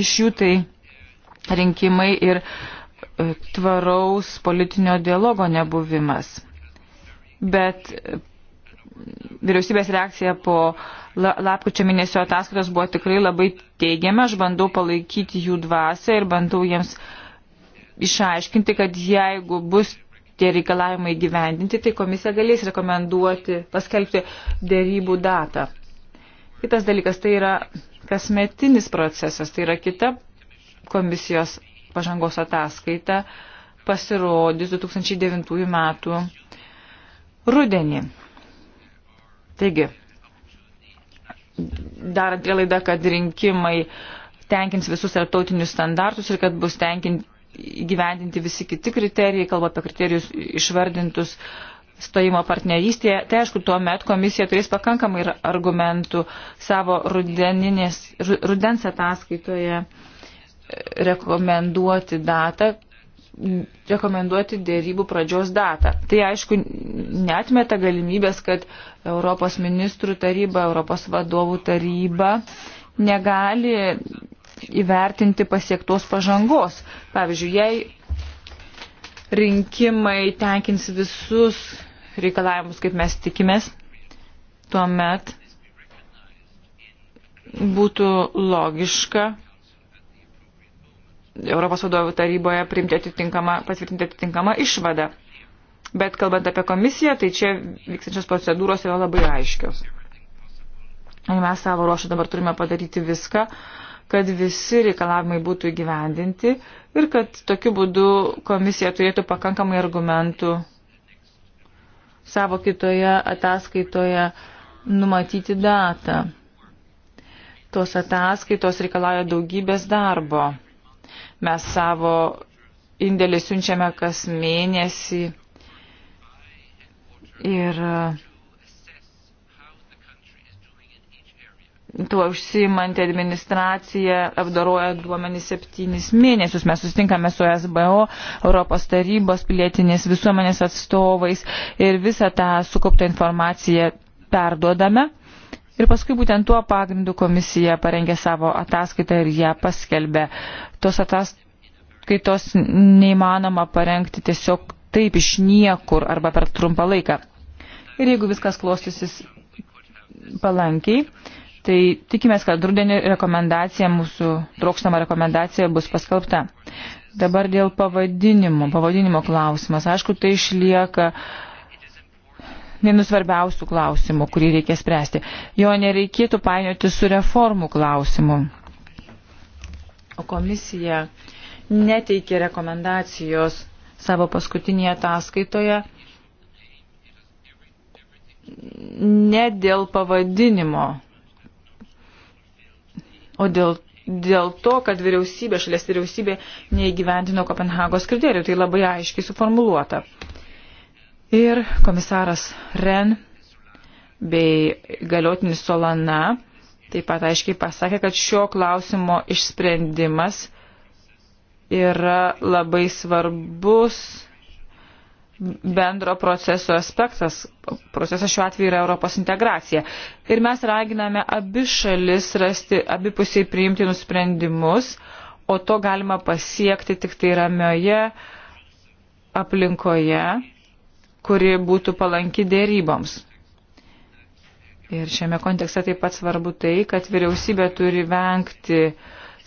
iš jų tai rinkimai ir e, tvaraus politinio dialogo nebuvimas. Bet e, vyriausybės reakcija po lapkričio mėnesio ataskaitos buvo tikrai labai teigiama. Aš bandau palaikyti jų dvasę ir bandau jiems išaiškinti, kad jeigu bus tie reikalavimai gyvendinti, tai komisija galės rekomenduoti paskelbti dėrybų datą. Kitas dalykas tai yra kasmetinis procesas, tai yra kita komisijos pažangos ataskaita pasirodys 2009 metų rudenį. Taigi, darant prielaidą, kad rinkimai tenkins visus tarptautinius standartus ir kad bus tenkinti įgyvendinti visi kiti kriterijai, kalba apie kriterijus išvardintus stojimo partnerystėje. Tai aišku, tuo met komisija turės pakankamai argumentų savo rudens ataskaitoje e, rekomenduoti datą, rekomenduoti dėrybų pradžios datą. Tai aišku, netmeta galimybės, kad Europos ministrų taryba, Europos vadovų taryba negali įvertinti pasiektos pažangos. Pavyzdžiui, jei rinkimai tenkins visus reikalavimus, kaip mes tikimės, tuomet būtų logiška Europos vadovų taryboje priimti atitinkamą, patvirtinti atitinkamą išvadą. Bet kalbant apie komisiją, tai čia vykstančios procedūros yra labai aiškios. Ir mes savo ruošą dabar turime padaryti viską, kad visi reikalavimai būtų įgyvendinti ir kad tokiu būdu komisija turėtų pakankamai argumentų savo kitoje ataskaitoje numatyti datą. Tos ataskaitos reikalauja daugybės darbo. Mes savo indėlį siunčiame kas mėnesį ir tuo užsiimanti administracija apdaroja duomenį septynis mėnesius. Mes sustinkame su SBO, Europos tarybos, pilietinės visuomenės atstovais ir visą tą sukauptą informaciją perduodame. Ir paskui būtent tuo pagrindu komisija parengė savo ataskaitą ir ją paskelbė. Tos ataskaitos neįmanoma parengti tiesiog taip iš niekur arba per trumpą laiką. Ir jeigu viskas klostysis palankiai, Tai tikimės, kad rudenį rekomendacija, mūsų trokštama rekomendacija bus paskelbta. Dabar dėl pavadinimo, pavadinimo klausimas. Aišku, tai išlieka vienu svarbiausių klausimų, kurį reikia spręsti. Jo nereikėtų painioti su reformų klausimu. O komisija neteikė rekomendacijos savo paskutinėje ataskaitoje ne dėl pavadinimo o dėl, dėl to, kad vyriausybė, šalies vyriausybė neįgyvendino Kopenhagos kriterijų. Tai labai aiškiai suformuluota. Ir komisaras Ren bei galiotinis Solana taip pat aiškiai pasakė, kad šio klausimo išsprendimas yra labai svarbus bendro proceso aspektas. Procesas šiuo atveju yra Europos integracija. Ir mes raginame abi šalis rasti abipusiai priimtinus sprendimus, o to galima pasiekti tik tai ramioje aplinkoje, kuri būtų palanki dėryboms. Ir šiame kontekste taip pat svarbu tai, kad vyriausybė turi vengti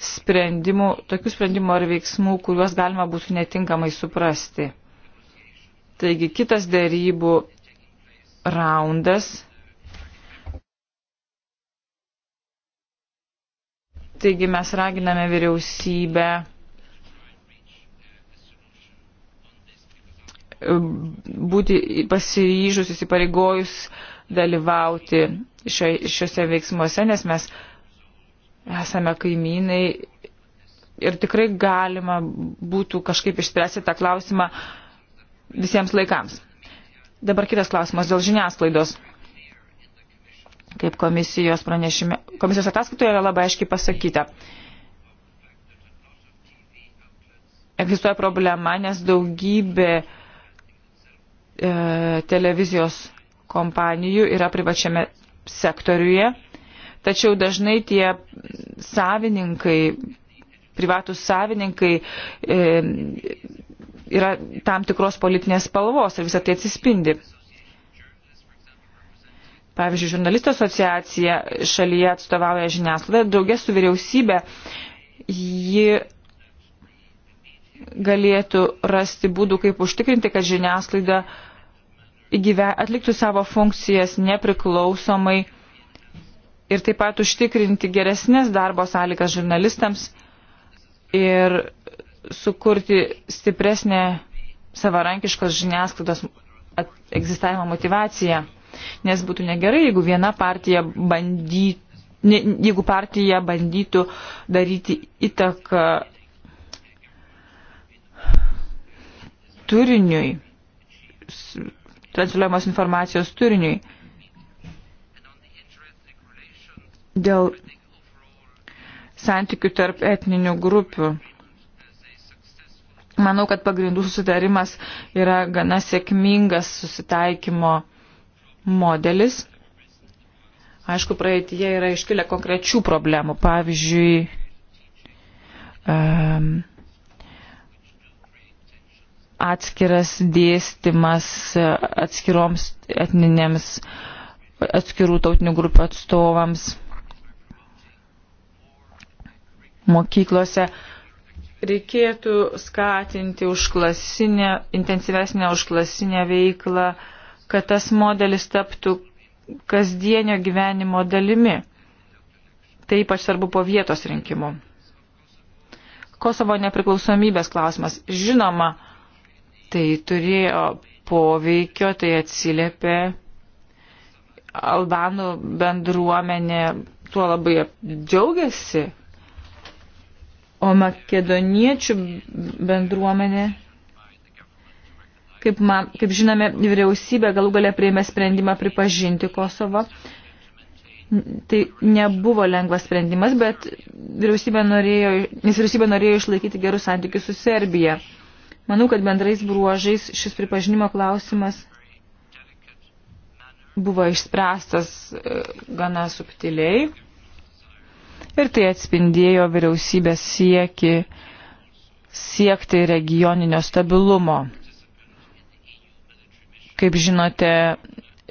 sprendimų, tokių sprendimų ar veiksmų, kuriuos galima būtų netinkamai suprasti. Taigi kitas dėrybų raundas. Taigi mes raginame vyriausybę būti pasiryžus, įsipareigojus dalyvauti šiuose veiksmuose, nes mes esame kaimynai ir tikrai galima būtų kažkaip išspręsti tą klausimą visiems laikams. Dabar kitas klausimas dėl žiniasklaidos. Kaip komisijos pranešime, komisijos ataskaitoje yra labai aiškiai pasakyta. Egzistuoja problema, nes daugybė e, televizijos kompanijų yra privačiame sektoriuje, tačiau dažnai tie savininkai, privatus savininkai e, yra tam tikros politinės spalvos ir visą tai atsispindi. Pavyzdžiui, žurnalistų asociacija šalyje atstovauja žiniasklaidą, draugės su vyriausybė ji galėtų rasti būdų, kaip užtikrinti, kad žiniasklaida atliktų savo funkcijas nepriklausomai ir taip pat užtikrinti geresnės darbo sąlygas žurnalistams ir sukurti stipresnę savarankiškos žiniasklaidos egzistavimo motivaciją. Nes būtų negerai, jeigu viena partija bandytų jeigu partija bandytų daryti įtaką turiniui, transliuojamos informacijos turiniui. Dėl santykių tarp etninių grupių. Manau, kad pagrindų susitarimas yra gana sėkmingas susitaikymo modelis. Aišku, praeitie yra iškilę konkrečių problemų. Pavyzdžiui, um, atskiras dėstymas atskiroms etninėms, atskirų tautinių grupių atstovams mokyklose. Uh, reikėtų skatinti užklasinę, intensyvesnę užklasinę veiklą, kad tas modelis taptų kasdienio gyvenimo dalimi. Tai ypač svarbu po vietos rinkimų. Kosovo nepriklausomybės klausimas. Žinoma, tai turėjo poveikio, tai atsiliepė Albanų bendruomenė, tuo labai džiaugiasi, O makedoniečių bendruomenė, kaip, man, kaip žinome, vyriausybė galų galę prieimė sprendimą pripažinti Kosovą. Tai nebuvo lengvas sprendimas, bet vyriausybė norėjo, nes vyriausybė norėjo išlaikyti gerus santykius su Serbija. Manau, kad bendrais bruožais šis pripažinimo klausimas buvo išspręstas e, gana subtiliai ir tai atspindėjo vyriausybės sieki siekti regioninio stabilumo. Kaip žinote,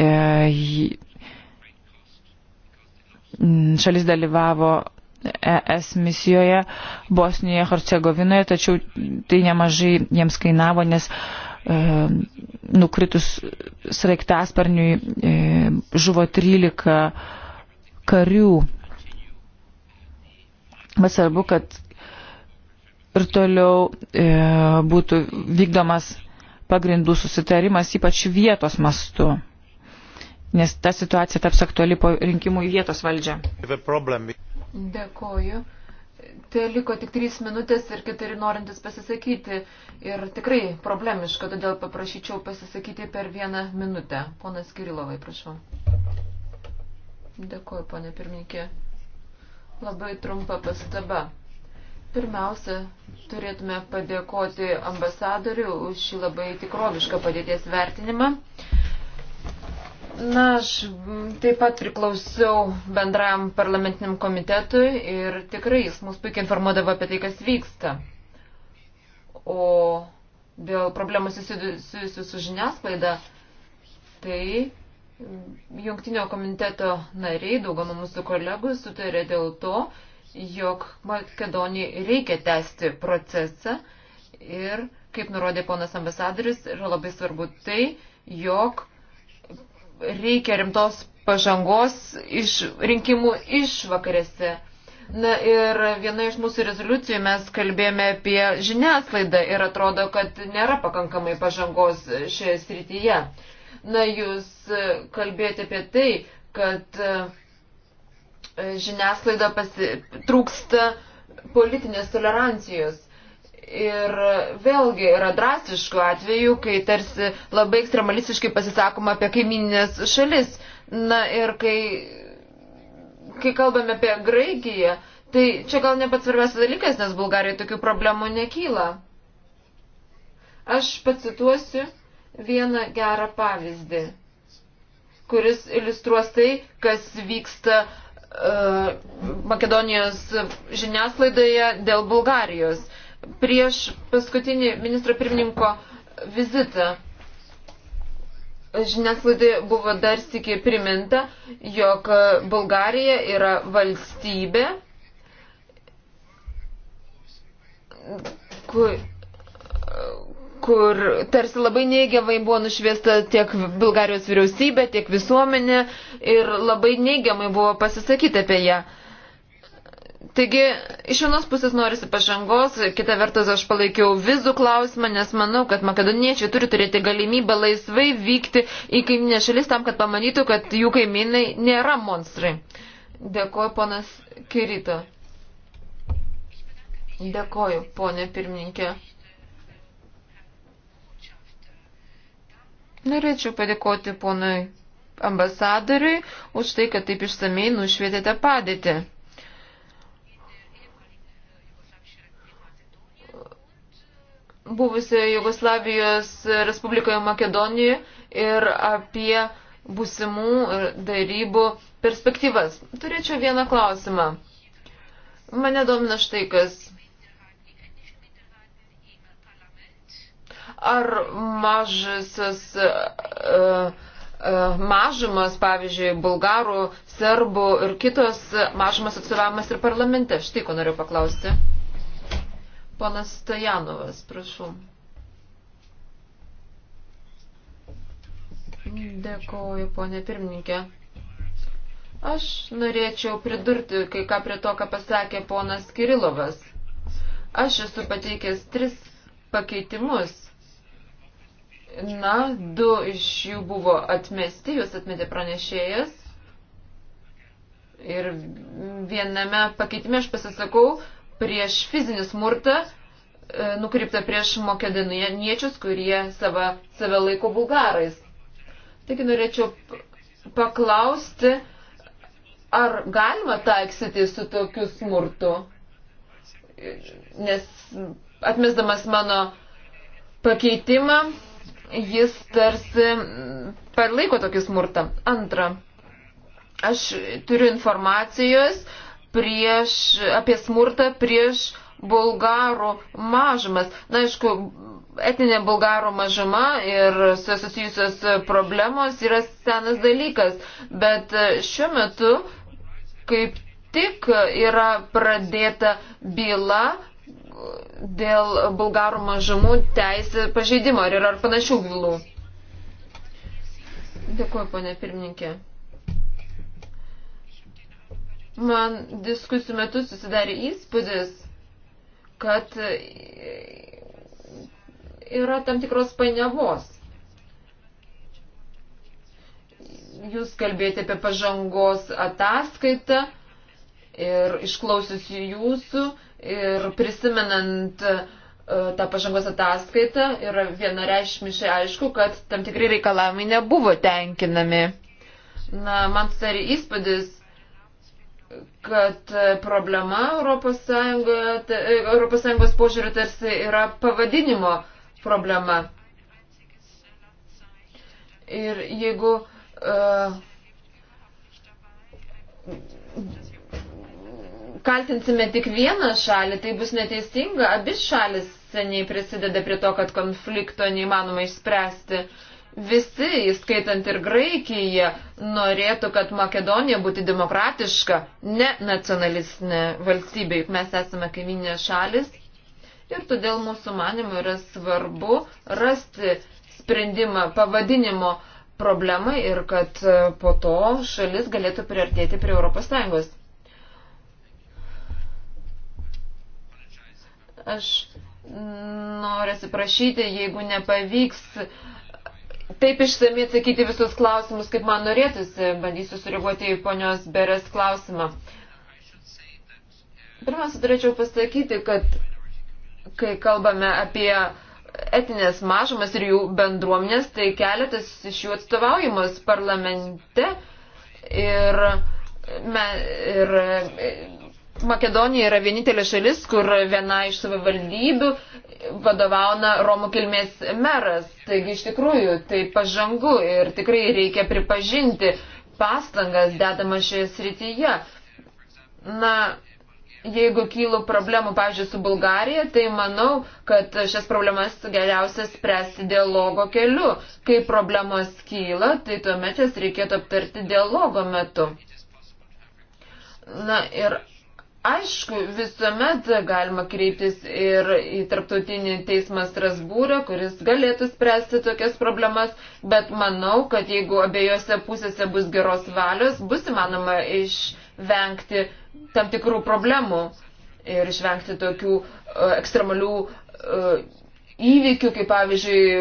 e, šalis dalyvavo ES misijoje Bosnijoje, Hercegovinoje, tačiau tai nemažai jiems kainavo, nes e, nukritus sraigtasparniui e, žuvo 13 karių Bet svarbu, kad ir toliau e, būtų vykdomas pagrindų susitarimas, ypač vietos mastu. Nes ta situacija taps aktuali po rinkimų į vietos valdžią. Dėkoju. Tai liko tik trys minutės ir keturi norintis pasisakyti. Ir tikrai problemiška, todėl paprašyčiau pasisakyti per vieną minutę. Ponas Kirilovai, prašau. Dėkoju, ponė pirmininkė. Labai trumpa pastaba. Pirmiausia, turėtume padėkoti ambasadoriu už šį labai tikrovišką padėties vertinimą. Na, aš taip pat priklausiau bendram parlamentiniam komitetui ir tikrai jis mus puikiai informuodavo apie tai, kas vyksta. O dėl problemų susijusių su žiniasklaida, tai jungtinio komiteto nariai, daugama mūsų kolegų sutarė dėl to, jog Makedonijai reikia tęsti procesą ir, kaip nurodė ponas ambasadoris, yra labai svarbu tai, jog reikia rimtos pažangos iš rinkimų išvakarėse. Na ir viena iš mūsų rezoliucijų mes kalbėjome apie žiniasklaidą ir atrodo, kad nėra pakankamai pažangos šioje srityje. Na, jūs e, kalbėjote apie tai, kad e, žiniasklaida pasi... trūksta politinės tolerancijos. Ir vėlgi yra drastiškų atvejų, kai tarsi labai ekstremalistiškai pasisakoma apie kaimininės šalis. Na ir kai, kai kalbame apie Graikiją, tai čia gal ne pats svarbiausias dalykas, nes Bulgarijai tokių problemų nekyla. Aš pacituosiu vieną gerą pavyzdį, kuris iliustruos tai, kas vyksta uh, Makedonijos žiniasklaidoje dėl Bulgarijos. Prieš paskutinį ministro pirmininko vizitą žiniasklaidai buvo dar sėkiai priminta, jog Bulgarija yra valstybė, kur, kur tarsi labai neigiamai buvo nušviesta tiek Bulgarijos vyriausybė, tiek visuomenė ir labai neigiamai buvo pasisakyti apie ją. Taigi, iš vienos pusės norisi pažangos, kita vertus aš palaikiau vizų klausimą, nes manau, kad makedoniečiai turi turėti galimybę laisvai vykti į kaiminę šalis tam, kad pamanytų, kad jų kaimynai nėra monstrai. Dėkoju, ponas Kirito. Dėkoju, ponė pirmininkė. Norėčiau padėkoti ponui ambasadoriui už tai, kad taip išsamei nušvietėte padėtį. buvusioje Jugoslavijos Respublikoje Makedonijoje ir apie būsimų darybų perspektyvas. Turėčiau vieną klausimą. Mane domina štai kas. ar mažasis e, e, mažumas, pavyzdžiui, bulgarų, serbų ir kitos mažumas atstovavimas ir parlamente. Štai ko noriu paklausti. Ponas Stajanovas, prašau. Dėkoju, ponė pirmininkė. Aš norėčiau pridurti kai ką prie to, ką pasakė ponas Kirilovas. Aš esu pateikęs tris pakeitimus Na, du iš jų buvo atmesti, juos atmetė pranešėjas. Ir viename pakeitime aš pasisakau prieš fizinį smurtą, e, nukreiptą prieš mokedeniečius, kurie save, save laiko bulgarais. Taigi norėčiau paklausti, ar galima taiksyti su tokiu smurtu, nes atmesdamas mano pakeitimą, jis tarsi palaiko tokį smurtą. Antra, aš turiu informacijos prieš, apie smurtą prieš bulgarų mažumas. Na, aišku, etinė bulgarų mažuma ir su susijusios problemos yra senas dalykas, bet šiuo metu kaip tik yra pradėta byla dėl bulgarų mažumų teisė pažeidimo ir ar panašių bylų. Dėkuoju, ponė pirmininkė. Man diskusijų metu susidarė įspūdis, kad yra tam tikros painiavos. Jūs kalbėjote apie pažangos ataskaitą ir išklausius jūsų, Ir prisimenant e, tą pažangos ataskaitą yra vienareišmiškai aišku, kad tam tikrai reikalavimai nebuvo tenkinami. Na, man susidarė įspūdis, kad e, problema Europos, Sąjungoje, e, Europos Sąjungos požiūrių tarsi yra pavadinimo problema. Ir jeigu uh, kaltinsime tik vieną šalį, tai bus neteisinga. Abi šalis seniai prisideda prie to, kad konflikto neįmanoma išspręsti. Visi, įskaitant ir Graikiją, norėtų, kad Makedonija būtų demokratiška, ne nacionalistinė valstybė, juk mes esame kaiminė šalis. Ir todėl mūsų manimų yra svarbu rasti sprendimą pavadinimo problemai ir kad po to šalis galėtų priartėti prie Europos Sąjungos. Aš noriu atsiprašyti, jeigu nepavyks taip išsami atsakyti visus klausimus, kaip man norėtųsi. Bandysiu sureaguoti į ponios Beres klausimą. Pirmiausia, turėčiau pasakyti, kad kai kalbame apie etinės mažumas ir jų bendruomenės, tai keletas iš jų atstovaujamas parlamente ir, me, ir Makedonija yra vienintelė šalis, kur viena iš savivaldybių vadovauna Romų kilmės meras. Taigi iš tikrųjų tai pažangu ir tikrai reikia pripažinti pastangas dedama šioje srityje. Na, jeigu kyla problemų, pavyzdžiui, su Bulgarija, tai manau, kad šias problemas geriausia spręsti dialogo keliu. Kai problemos kyla, tai tuomet jas reikėtų aptarti dialogo metu. Na ir Aišku, visuomet galima kreiptis ir į tarptautinį teismą Strasbūrą, kuris galėtų spręsti tokias problemas, bet manau, kad jeigu abiejose pusėse bus geros valios, bus įmanoma išvengti tam tikrų problemų ir išvengti tokių uh, ekstremalių uh, įvykių, kaip pavyzdžiui,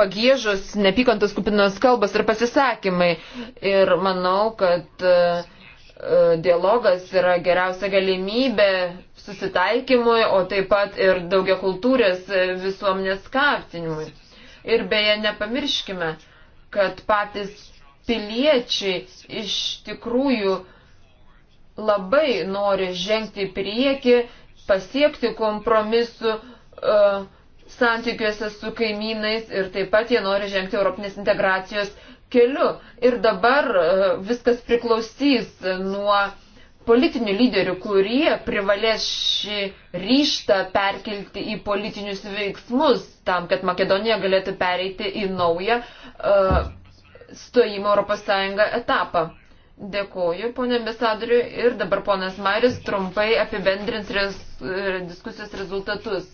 pagėžus, nepykantos kupinos kalbas ir pasisakymai. Ir manau, kad uh, E, dialogas yra geriausia galimybė susitaikymui, o taip pat ir daugia kultūrės visuomenės skaptinimui. Ir beje, nepamirškime, kad patys piliečiai iš tikrųjų labai nori žengti į priekį, pasiekti kompromisu uh, santykiuose su kaimynais ir taip pat jie nori žengti Europinės integracijos uh, keliu. Ir dabar e, viskas priklausys nuo politinių lyderių, kurie privalės šį ryštą perkelti į politinius veiksmus tam, kad Makedonija galėtų pereiti į naują uh, stojimo Europos Sąjungą etapą. Dėkuoju, ponė ambasadoriui. Ir dabar ponas Maris trumpai apibendrins res, e, diskusijos rezultatus.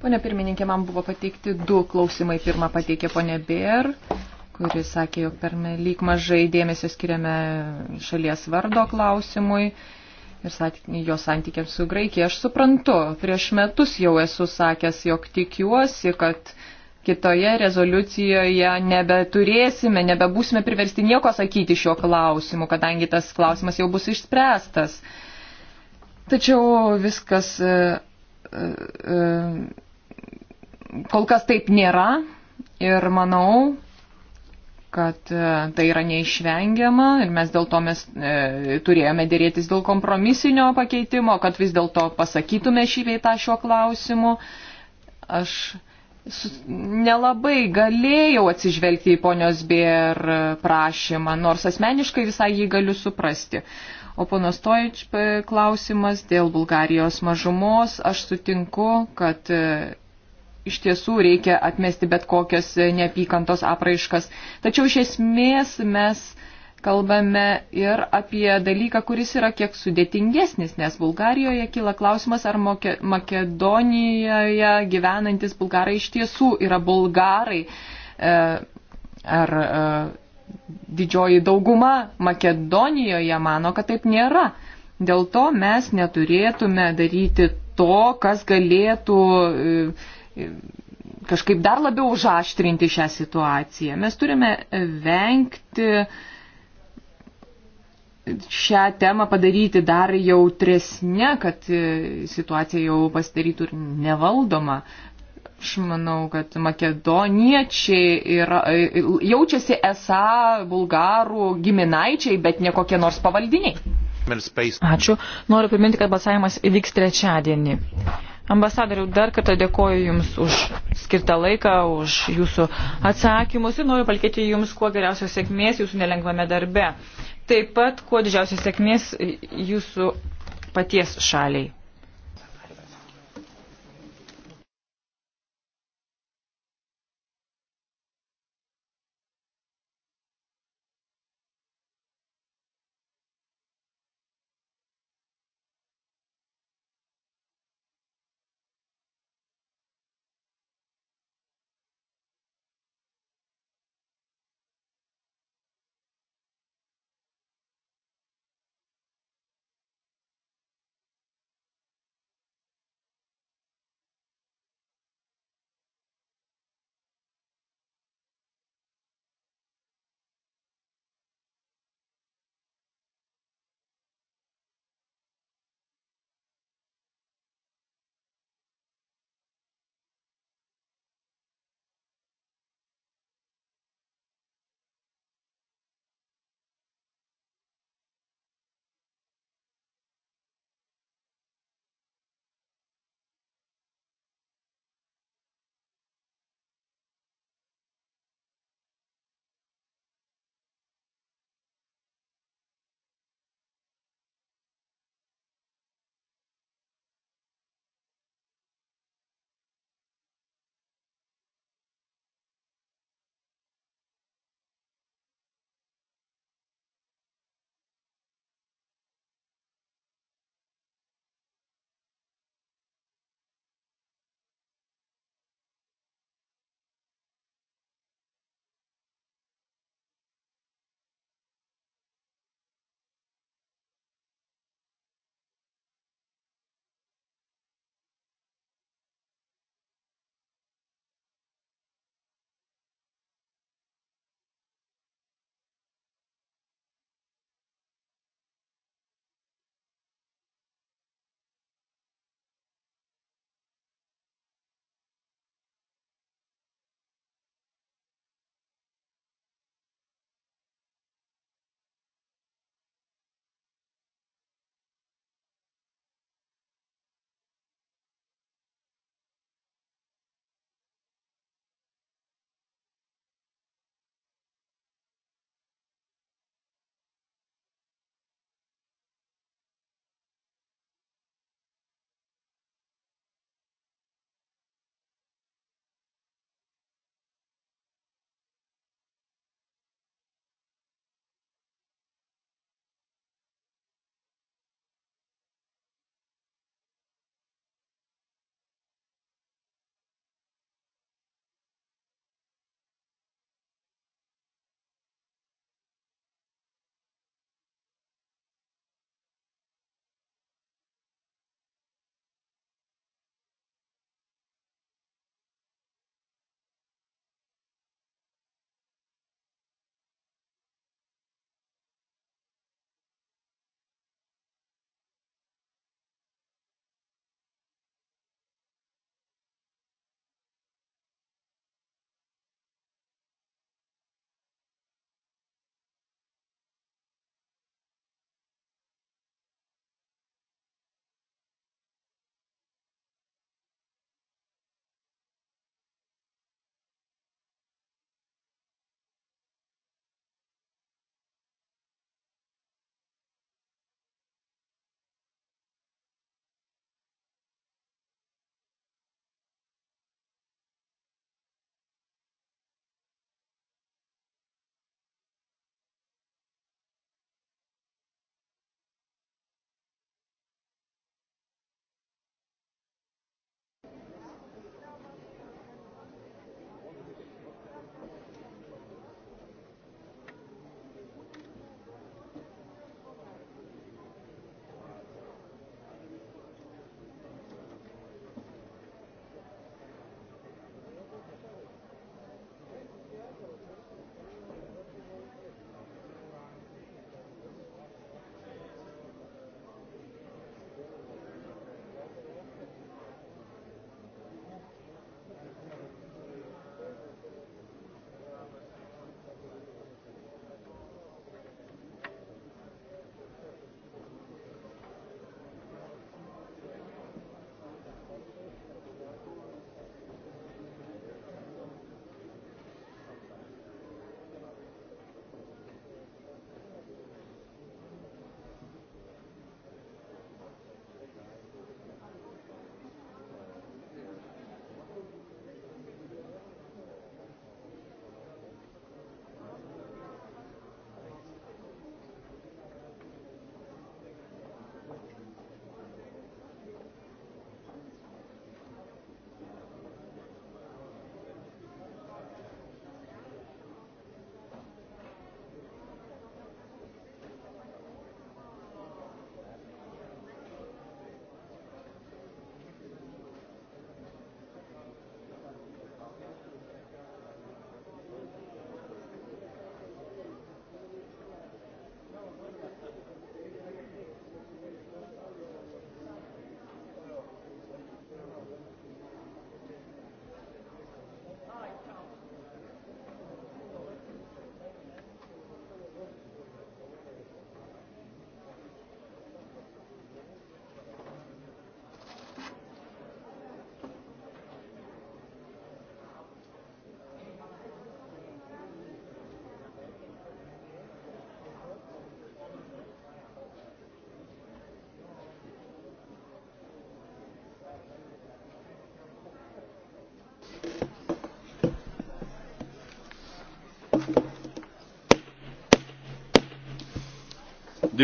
Pone pirmininkė, man buvo pateikti du klausimai. Pirmą pateikė ponė Bėr, kuris sakė, jog per lyg mažai dėmesio skiriame šalies vardo klausimui ir jo santykiams su Graikija. Aš suprantu, prieš metus jau esu sakęs, jog tikiuosi, kad kitoje rezoliucijoje nebeturėsime, nebebūsime priversti nieko sakyti šiuo klausimu, kadangi tas klausimas jau bus išspręstas. Tačiau viskas. Uh, uh, uh kol kas taip nėra ir manau, kad e, tai yra neišvengiama ir mes dėl to mes e, turėjome dėrėtis dėl kompromisinio pakeitimo, kad vis dėlto pasakytume šį veitą šiuo klausimu. Aš nelabai galėjau atsižvelgti į ponios Bėr prašymą, nors asmeniškai visai jį galiu suprasti. O pono Stojič e, klausimas dėl Bulgarijos mažumos, aš sutinku, kad e, iš tiesų reikia atmesti bet kokias e, neapykantos apraiškas. Tačiau iš esmės mes kalbame ir apie dalyką, kuris yra kiek sudėtingesnis, nes Bulgarijoje kyla klausimas, ar Moke Makedonijoje gyvenantis bulgarai iš tiesų yra bulgarai. E, ar e, didžioji dauguma Makedonijoje mano, kad taip nėra. Dėl to mes neturėtume daryti to, kas galėtų e, kažkaip dar labiau užaštrinti šią situaciją. Mes turime vengti šią temą padaryti dar jautresnė, kad situacija jau pasidarytų ir nevaldoma. Aš manau, kad makedoniečiai yra, jaučiasi esą bulgarų giminaičiai, bet ne kokie nors pavaldiniai. Ačiū. Noriu priminti, kad balsavimas įvyks trečiadienį. Ambasadoriau, dar kartą dėkoju Jums už skirtą laiką, už Jūsų atsakymus ir noriu palikėti Jums kuo geriausios sėkmės Jūsų nelengvame darbe. Taip pat kuo didžiausios sėkmės Jūsų paties šaliai.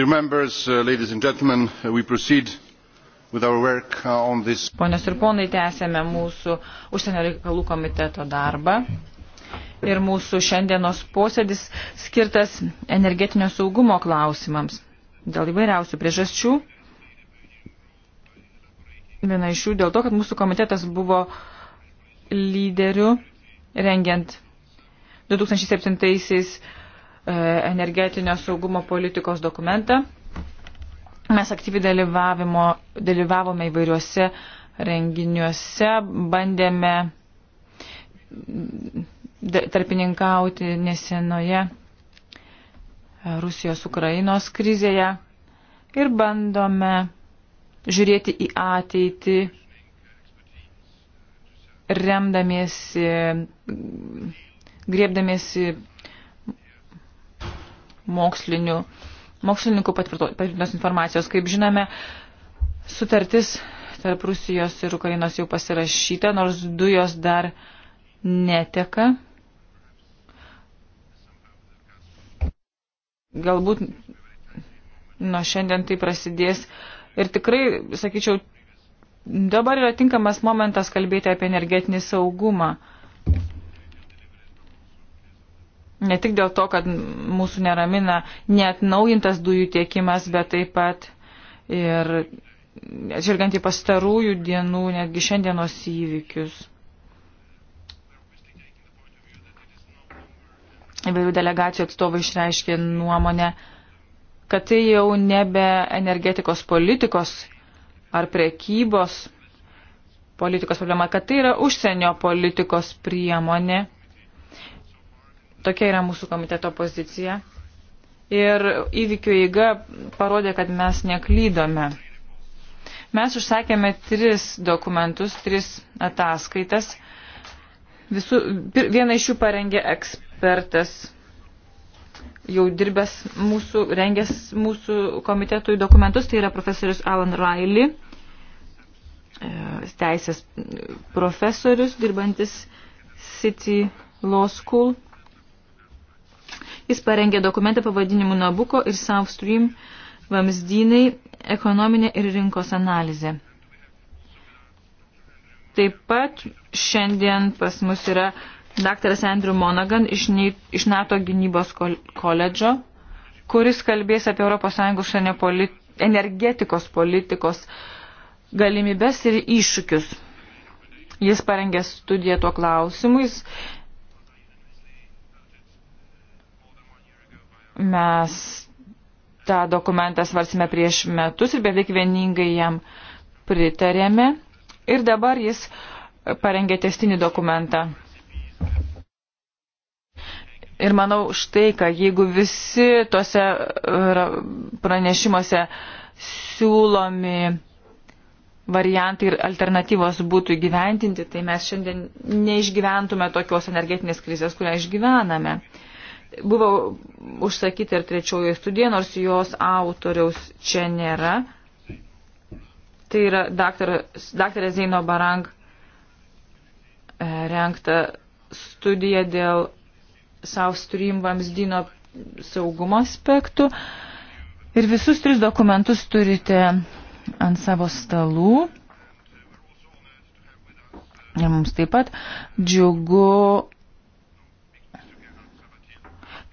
Members, uh, uh, uh, this... Ponios ir ponai, tęsėme mūsų užsienio reikalų komiteto darbą. Ir mūsų šiandienos posėdis skirtas energetinio saugumo klausimams. Dėl įvairiausių priežasčių. Viena iš jų dėl to, kad mūsų komitetas buvo lyderių rengiant 2007 E, energetinio saugumo politikos dokumentą. Mes aktyviai dalyvavome įvairiuose renginiuose, bandėme tarpininkauti nesenoje Rusijos-Ukrainos krizėje ir bandome žiūrėti į ateitį, remdamiesi, griebdamiesi mokslinių, mokslininkų patvirtintos informacijos. Kaip žinome, sutartis tarp Rusijos ir Ukrainos jau pasirašyta, nors dujos dar neteka. Galbūt nuo šiandien tai prasidės. Ir tikrai, sakyčiau, dabar yra tinkamas momentas kalbėti apie energetinį saugumą. Ne tik dėl to, kad mūsų neramina net naujintas dujų tiekimas, bet taip pat ir žvelgiant į pastarųjų dienų, netgi šiandienos įvykius. Įvairių delegacijų atstovai išreiškė nuomonę, kad tai jau nebe energetikos politikos ar prekybos politikos problema, kad tai yra užsienio politikos priemonė Tokia yra mūsų komiteto pozicija. Ir įvykių eiga parodė, kad mes neklydome. Mes užsakėme tris dokumentus, tris ataskaitas. Visų, vieną iš jų parengė ekspertas, jau dirbęs mūsų, rengęs mūsų komitetui dokumentus, tai yra profesorius Alan Riley, e, teisės profesorius, dirbantis City Law School Jis parengė dokumentą pavadinimu Nabuko ir South Stream vamzdynai ekonominė ir rinkos analizė. Taip pat šiandien pas mus yra daktaras Andrew Monaghan iš NATO gynybos koledžo, kuris kalbės apie ES polit energetikos politikos galimybes ir iššūkius. Jis parengė studiją tuo klausimu, jis Mes tą dokumentą svarsime prieš metus ir beveik vieningai jam pritarėme. Ir dabar jis parengė testinį dokumentą. Ir manau štai, kad jeigu visi tose e, pranešimuose siūlomi variantai ir alternatyvos būtų įgyventinti, tai mes šiandien neišgyventume tokios energetinės krizės, kurią išgyvename. Buvo užsakyta ir trečioji studija, nors jos autoriaus čia nėra. Tai yra daktarė Zeino Barang e, renkta studija dėl South Stream vamzdyno saugumo aspektų. Ir visus tris dokumentus turite ant savo stalų. Ir mums taip pat džiugu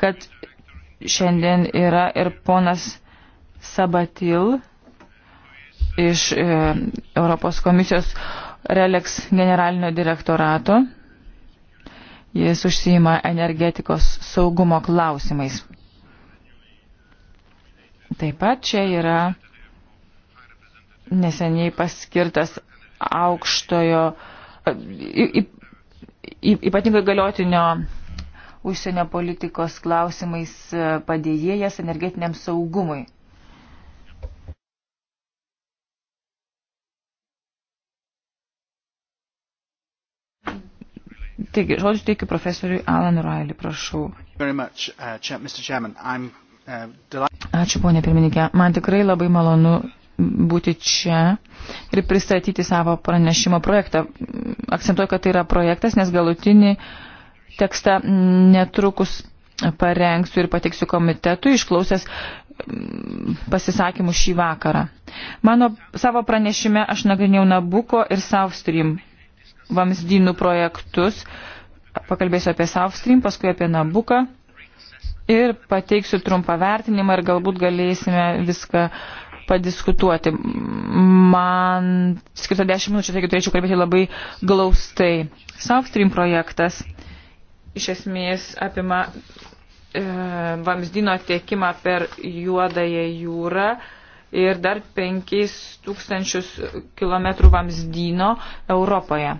kad šiandien yra ir ponas Sabatil iš e, Europos komisijos Relex generalinio direktorato. Jis užsijima energetikos saugumo klausimais. Taip pat čia yra neseniai paskirtas aukštojo e, ypatingai galiotinio užsienio politikos klausimais e, padėjėjas energetiniam saugumui. Taigi, žodžiu teikiu profesoriui Alan Riley, prašau. Much, uh, Chairman, uh, Ačiū, ponė pirmininkė. Man tikrai labai malonu būti čia ir pristatyti savo pranešimo projektą. Akcentuoju, kad tai yra projektas, nes galutinį uh, tekstą netrukus parengsiu ir pateiksiu komitetui, išklausęs mm, pasisakymų šį vakarą. Mano savo pranešime aš nagrinėjau Nabuko ir South Stream vamzdynų projektus. Pakalbėsiu apie South Stream, paskui apie Nabuką ir pateiksiu trumpą vertinimą ir galbūt galėsime viską padiskutuoti. Man skirta 10 minučių, taigi turėčiau kalbėti labai glaustai. South Stream projektas iš esmės apima e, vamzdino tiekimą per juodąją jūrą ir dar 5000 km vamzdyno Europoje.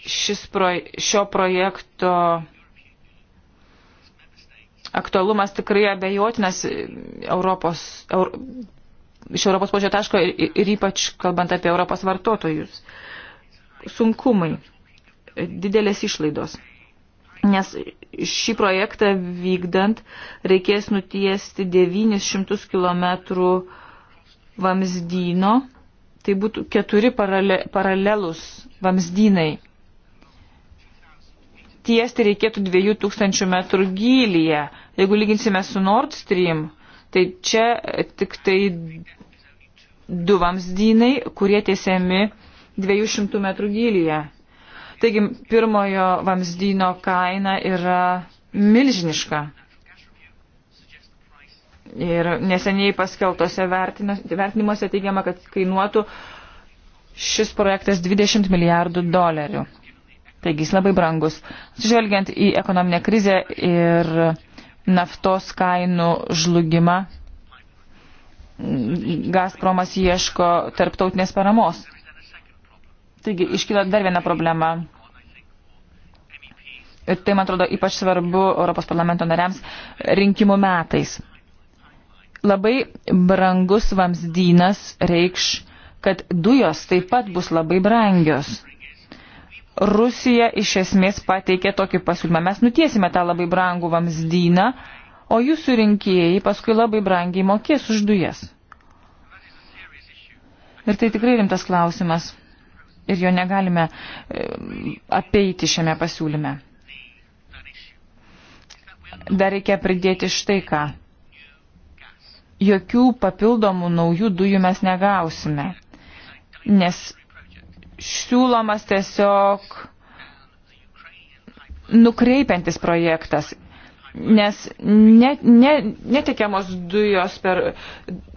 Šis pro, šio projekto aktualumas tikrai abejotinas Europos, Eur, iš Europos požiūrio taško ir, ir ypač kalbant apie Europos vartotojus. Sunkumai didelės išlaidos. Nes šį projektą vykdant reikės nutiesti 900 km vamzdyno, tai būtų keturi parale, paralelus vamzdynai. Tiesti reikėtų 2000 metrų gylyje. Jeigu lyginsime su Nord Stream, tai čia tik tai du vamzdynai, kurie tiesiami 200 metrų gylyje. Taigi pirmojo vamzdyno kaina yra milžiniška. Ir neseniai paskeltose vertinimuose teigiama, kad kainuotų šis projektas 20 milijardų dolerių. Taigi jis labai brangus. Žvelgiant į ekonominę krizę ir naftos kainų žlugimą, Gazpromas ieško tarptautinės paramos. Taigi iškyla dar viena problema. Ir tai, man atrodo, ypač svarbu Europos parlamento nariams rinkimų metais. Labai brangus vamsdynas reikš, kad dujos taip pat bus labai brangios. Rusija iš esmės pateikė tokį pasiūlymą. Mes nutiesime tą labai brangų vamzdyną, o jūsų rinkėjai paskui labai brangiai mokės už dujas. Ir tai tikrai rimtas klausimas ir jo negalime e, apeiti šiame pasiūlyme. Dar reikia pridėti štai ką. Jokių papildomų naujų dujų mes negausime, nes siūlomas tiesiog nukreipiantis projektas nes ne, ne, netikiamos dujos per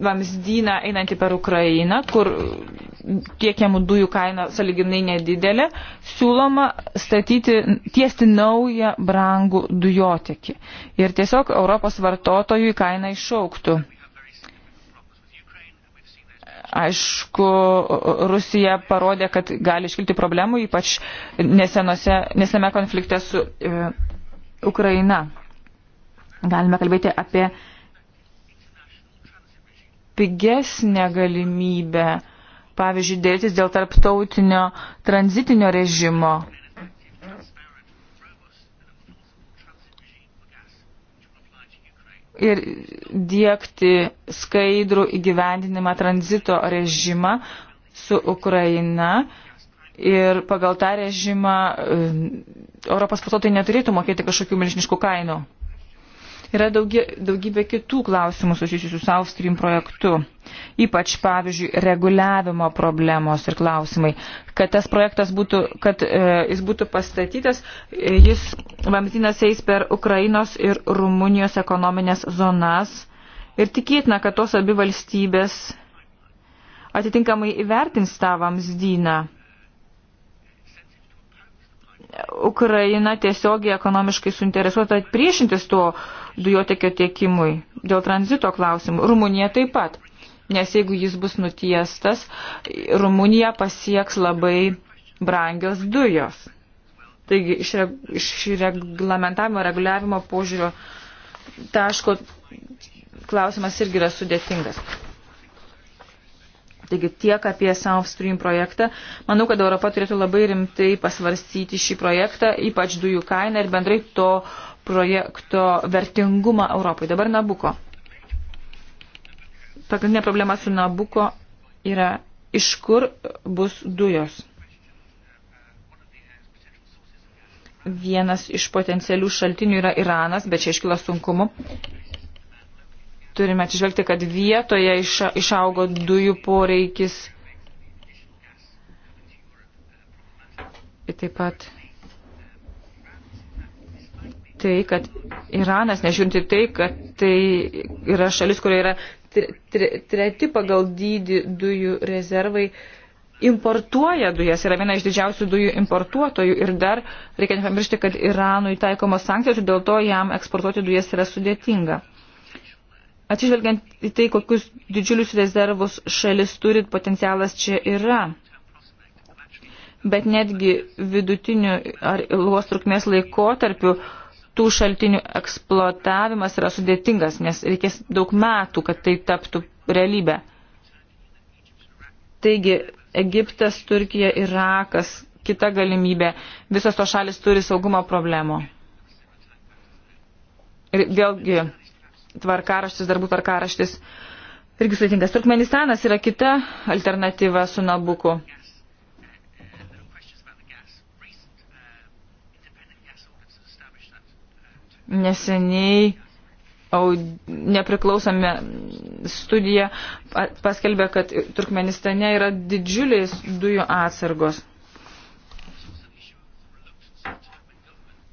vamzdyną einantį per Ukrainą, kur tiekiamų dujų kaina saliginai nedidelė, siūloma statyti, tiesti naują brangų dujotekį. Ir tiesiog Europos vartotojui kaina išauktų. Aišku, Rusija parodė, kad gali iškilti problemų, ypač nesenose, nesame konflikte su e, Ukraina. Galime kalbėti apie pigesnę galimybę, pavyzdžiui, dėtis dėl tarptautinio tranzitinio režimo. ir dėkti skaidrų įgyvendinimą tranzito režimą su Ukraina. Ir pagal tą režimą e, Europos vartotojai neturėtų mokėti kažkokių milžiniškų kainų. Yra daugie, daugybė kitų klausimų susijusių su South Stream projektu. Ypač, pavyzdžiui, reguliavimo problemos ir klausimai. Kad tas projektas būtų, kad e, jis būtų pastatytas, e, jis vamzdynas eis per Ukrainos ir Rumunijos ekonominės zonas. Ir tikėtina, kad tos abi valstybės atitinkamai įvertins tą vamzdyną. Ukraina tiesiogiai ekonomiškai suinteresuota priešintis tuo dujotekio tiekimui, dėl tranzito klausimų. Rumunija taip pat, nes jeigu jis bus nutiestas, Rumunija pasieks labai brangios dujos. Taigi iš, re, iš reglamentavimo, reguliavimo požiūrio taško klausimas irgi yra sudėtingas. Taigi tiek apie South Stream projektą. Manau, kad Europa turėtų labai rimtai pasvarstyti šį projektą, ypač dujų kainą ir bendrai to projekto vertingumą Europai. Dabar Nabuko. Pagrindinė problema su Nabuko yra iš kur bus dujos. Vienas iš potencialių šaltinių yra Iranas, bet čia iškilo sunkumu. Turime atsižvelgti, kad vietoje išaugo dujų poreikis. Ir taip pat tai, kad Iranas, nežiūrinti tai, kad tai yra šalis, kurioje yra treti pagal dydį dujų rezervai, importuoja dujas, yra viena iš didžiausių dujų importuotojų ir dar reikia nepamiršti, kad Iranui taikomos sankcijos, dėl to jam eksportuoti dujas yra sudėtinga. Atsižvelgiant į tai, kokius didžiulius rezervus šalis turi, potencialas čia yra. Bet netgi vidutiniu ar ilgos trukmės laikotarpiu tų šaltinių eksploatavimas yra sudėtingas, nes reikės daug metų, kad tai taptų realybę. Taigi, Egiptas, Turkija, Irakas, kita galimybė, visos to šalis turi saugumo problemų. Ir vėlgi, tvarkaraštis, darbų tvarkaraštis irgi sudėtingas. Turkmenistanas yra kita alternatyva su Nabuku. Neseniai nepriklausomė studija paskelbė, kad Turkmenistane yra didžiulės dujų atsargos.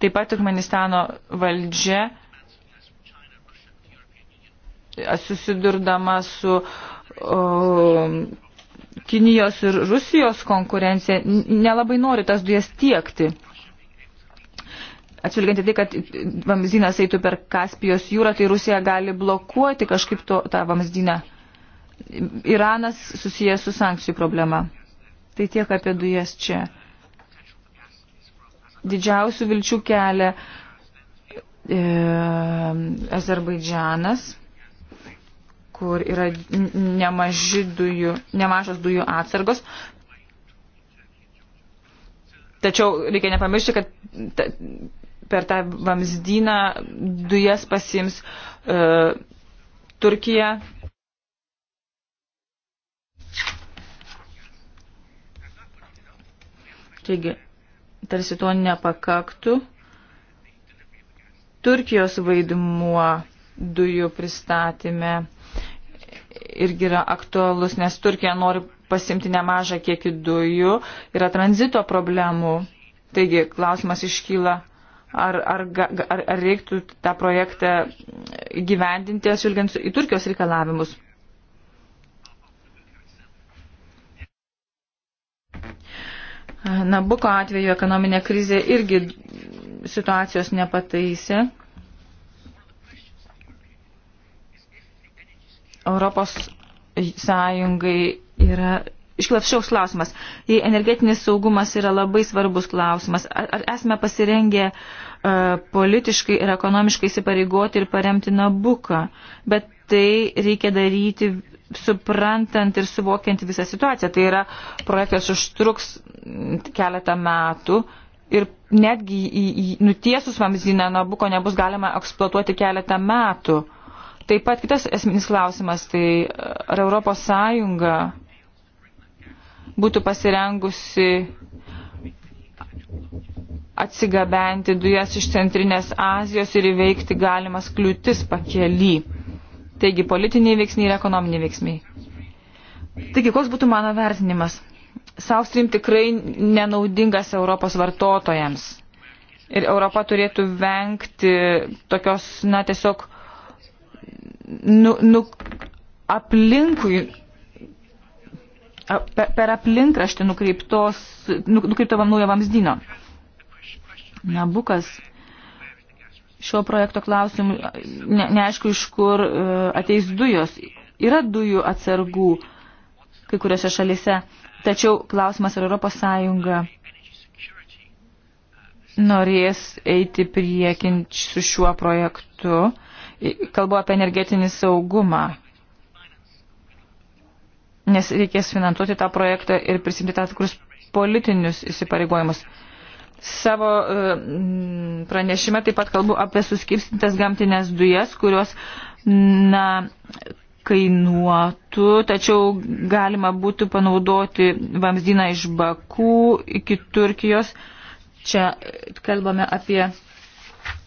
Taip pat Turkmenistano valdžia susidurdama su o, um, Kinijos ir Rusijos konkurencija nelabai nori tas dujas tiekti atsižvelgiant į tai, kad vamzdynas eitų per Kaspijos jūrą, tai Rusija gali blokuoti kažkaip to, tą vamzdyną. Iranas susijęs su sankcijų problema. Tai tiek apie dujas čia. Didžiausių vilčių kelia e, Azerbaidžianas, kur yra nemaži dujų, nemažos dujų atsargos. Tačiau reikia nepamiršti, kad ta, per tą vamzdyną dujas pasims e, Turkija. Taigi, tarsi to nepakaktų. Turkijos vaidmuo dujų pristatymė irgi yra aktualus, nes Turkija nori pasimti nemažą kiekį dujų, yra tranzito problemų. Taigi klausimas iškyla, ar, ar, ar, ar reiktų tą projektą gyvendinti, atsižvelgiant į Turkijos reikalavimus. Nabuko atveju ekonominė krizė irgi situacijos nepataisė. Europos sąjungai yra iškila šioks klausimas. Jei energetinis saugumas yra labai svarbus klausimas, ar, ar esame pasirengę e, politiškai ir ekonomiškai įsipareigoti ir paremti nabuką, bet tai reikia daryti suprantant ir suvokiant visą situaciją. Tai yra, projektas užtruks keletą metų ir netgi į, į, nutiesus vamzdyną nabuko nebus galima eksploatuoti keletą metų. Taip pat kitas esminis klausimas, tai ar Europos Sąjunga būtų pasirengusi atsigabenti dujas iš Centrinės Azijos ir įveikti galimas kliūtis pakely. Taigi politiniai veiksniai ir ekonominiai veiksmiai. Taigi, koks būtų mano vertinimas? South Stream tikrai nenaudingas Europos vartotojams. Ir Europa turėtų vengti tokios, na, tiesiog nu, nu, aplinkui per aplinkraštį nu, nukreipto naujo vamzdyno. Nabukas šio projekto klausimų, ne, neaišku, iš kur e, ateis dujos. Yra dujų atsargų kai kuriuose šalise, tačiau klausimas, ar Europos Sąjunga norės eiti priekin su šiuo projektu. Kalbu apie energetinį saugumą nes reikės finansuoti tą projektą ir prisimti tam tikrus politinius įsipareigojimus. Savo e, pranešime taip pat kalbu apie suskirstintas gamtinės dujas, kurios na, kainuotų, tačiau galima būtų panaudoti vamzdyną iš Bakų iki Turkijos. Čia kalbame apie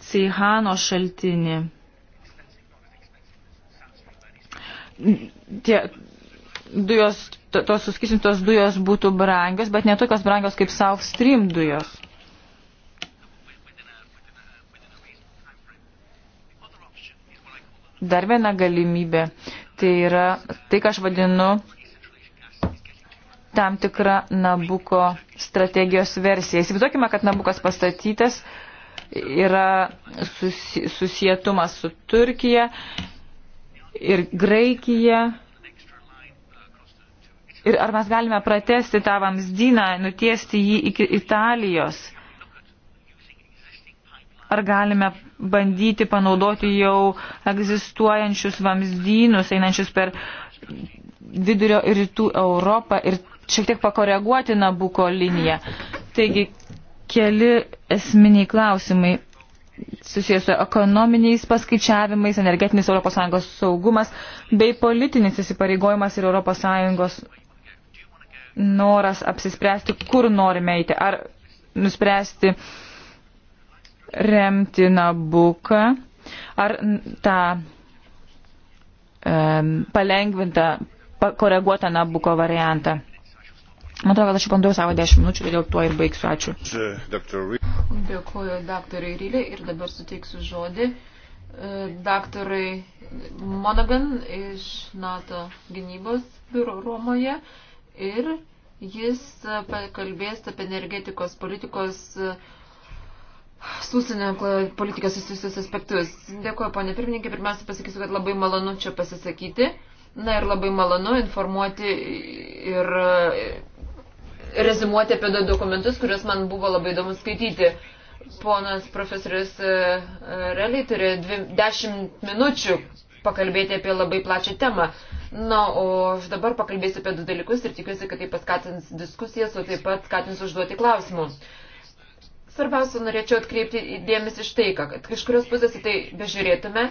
Seihano šaltinį. Tie, dujos, tos suskisintos dujos būtų brangios, bet ne tokios brangios kaip South Stream dujos. Dar viena galimybė, tai yra tai, ką aš vadinu tam tikrą Nabuko strategijos versiją. Įsivaizduokime, kad Nabukas pastatytas yra susi, susietumas su Turkija ir Graikija Ir ar mes galime pratesti tą vamzdyną, nutiesti jį iki Italijos? Ar galime bandyti panaudoti jau egzistuojančius vamzdynus, einančius per vidurio ir rytų Europą ir šiek tiek pakoreguoti Nabuko liniją? Taigi, keli esminiai klausimai susijęs su ekonominiais paskaičiavimais, energetinis ES saugumas bei politinis įsipareigojimas ir ES noras apsispręsti, kur norime eiti. Ar nuspręsti remti nabuką, ar tą um, palengvintą, pakoreguotą nabuko variantą. Man atrodo, kad aš bandau savo 10 minučių, todėl tuo ir baigsiu. Ačiū. Dėkuoju daktarai Rylė ir dabar suteiksiu žodį e, daktarai Monaghan iš NATO gynybos biuro Romoje ir jis kalbės apie energetikos politikos Sūsinė politikos susijusius aspektus. Dėkuoju, ponė pirmininkė. Pirmiausia, pasakysiu, kad labai malonu čia pasisakyti. Na ir labai malonu informuoti ir rezimuoti apie du dokumentus, kuriuos man buvo labai įdomu skaityti ponas profesorius e, realiai turi 10 minučių pakalbėti apie labai plačią temą. Na, o aš dabar pakalbėsiu apie du dalykus ir tikiuosi, kad tai paskatins diskusijas, o taip pat skatins užduoti klausimų. Svarbiausia, norėčiau atkreipti dėmesį iš tai, kad iš kurios pusės tai bežiūrėtume,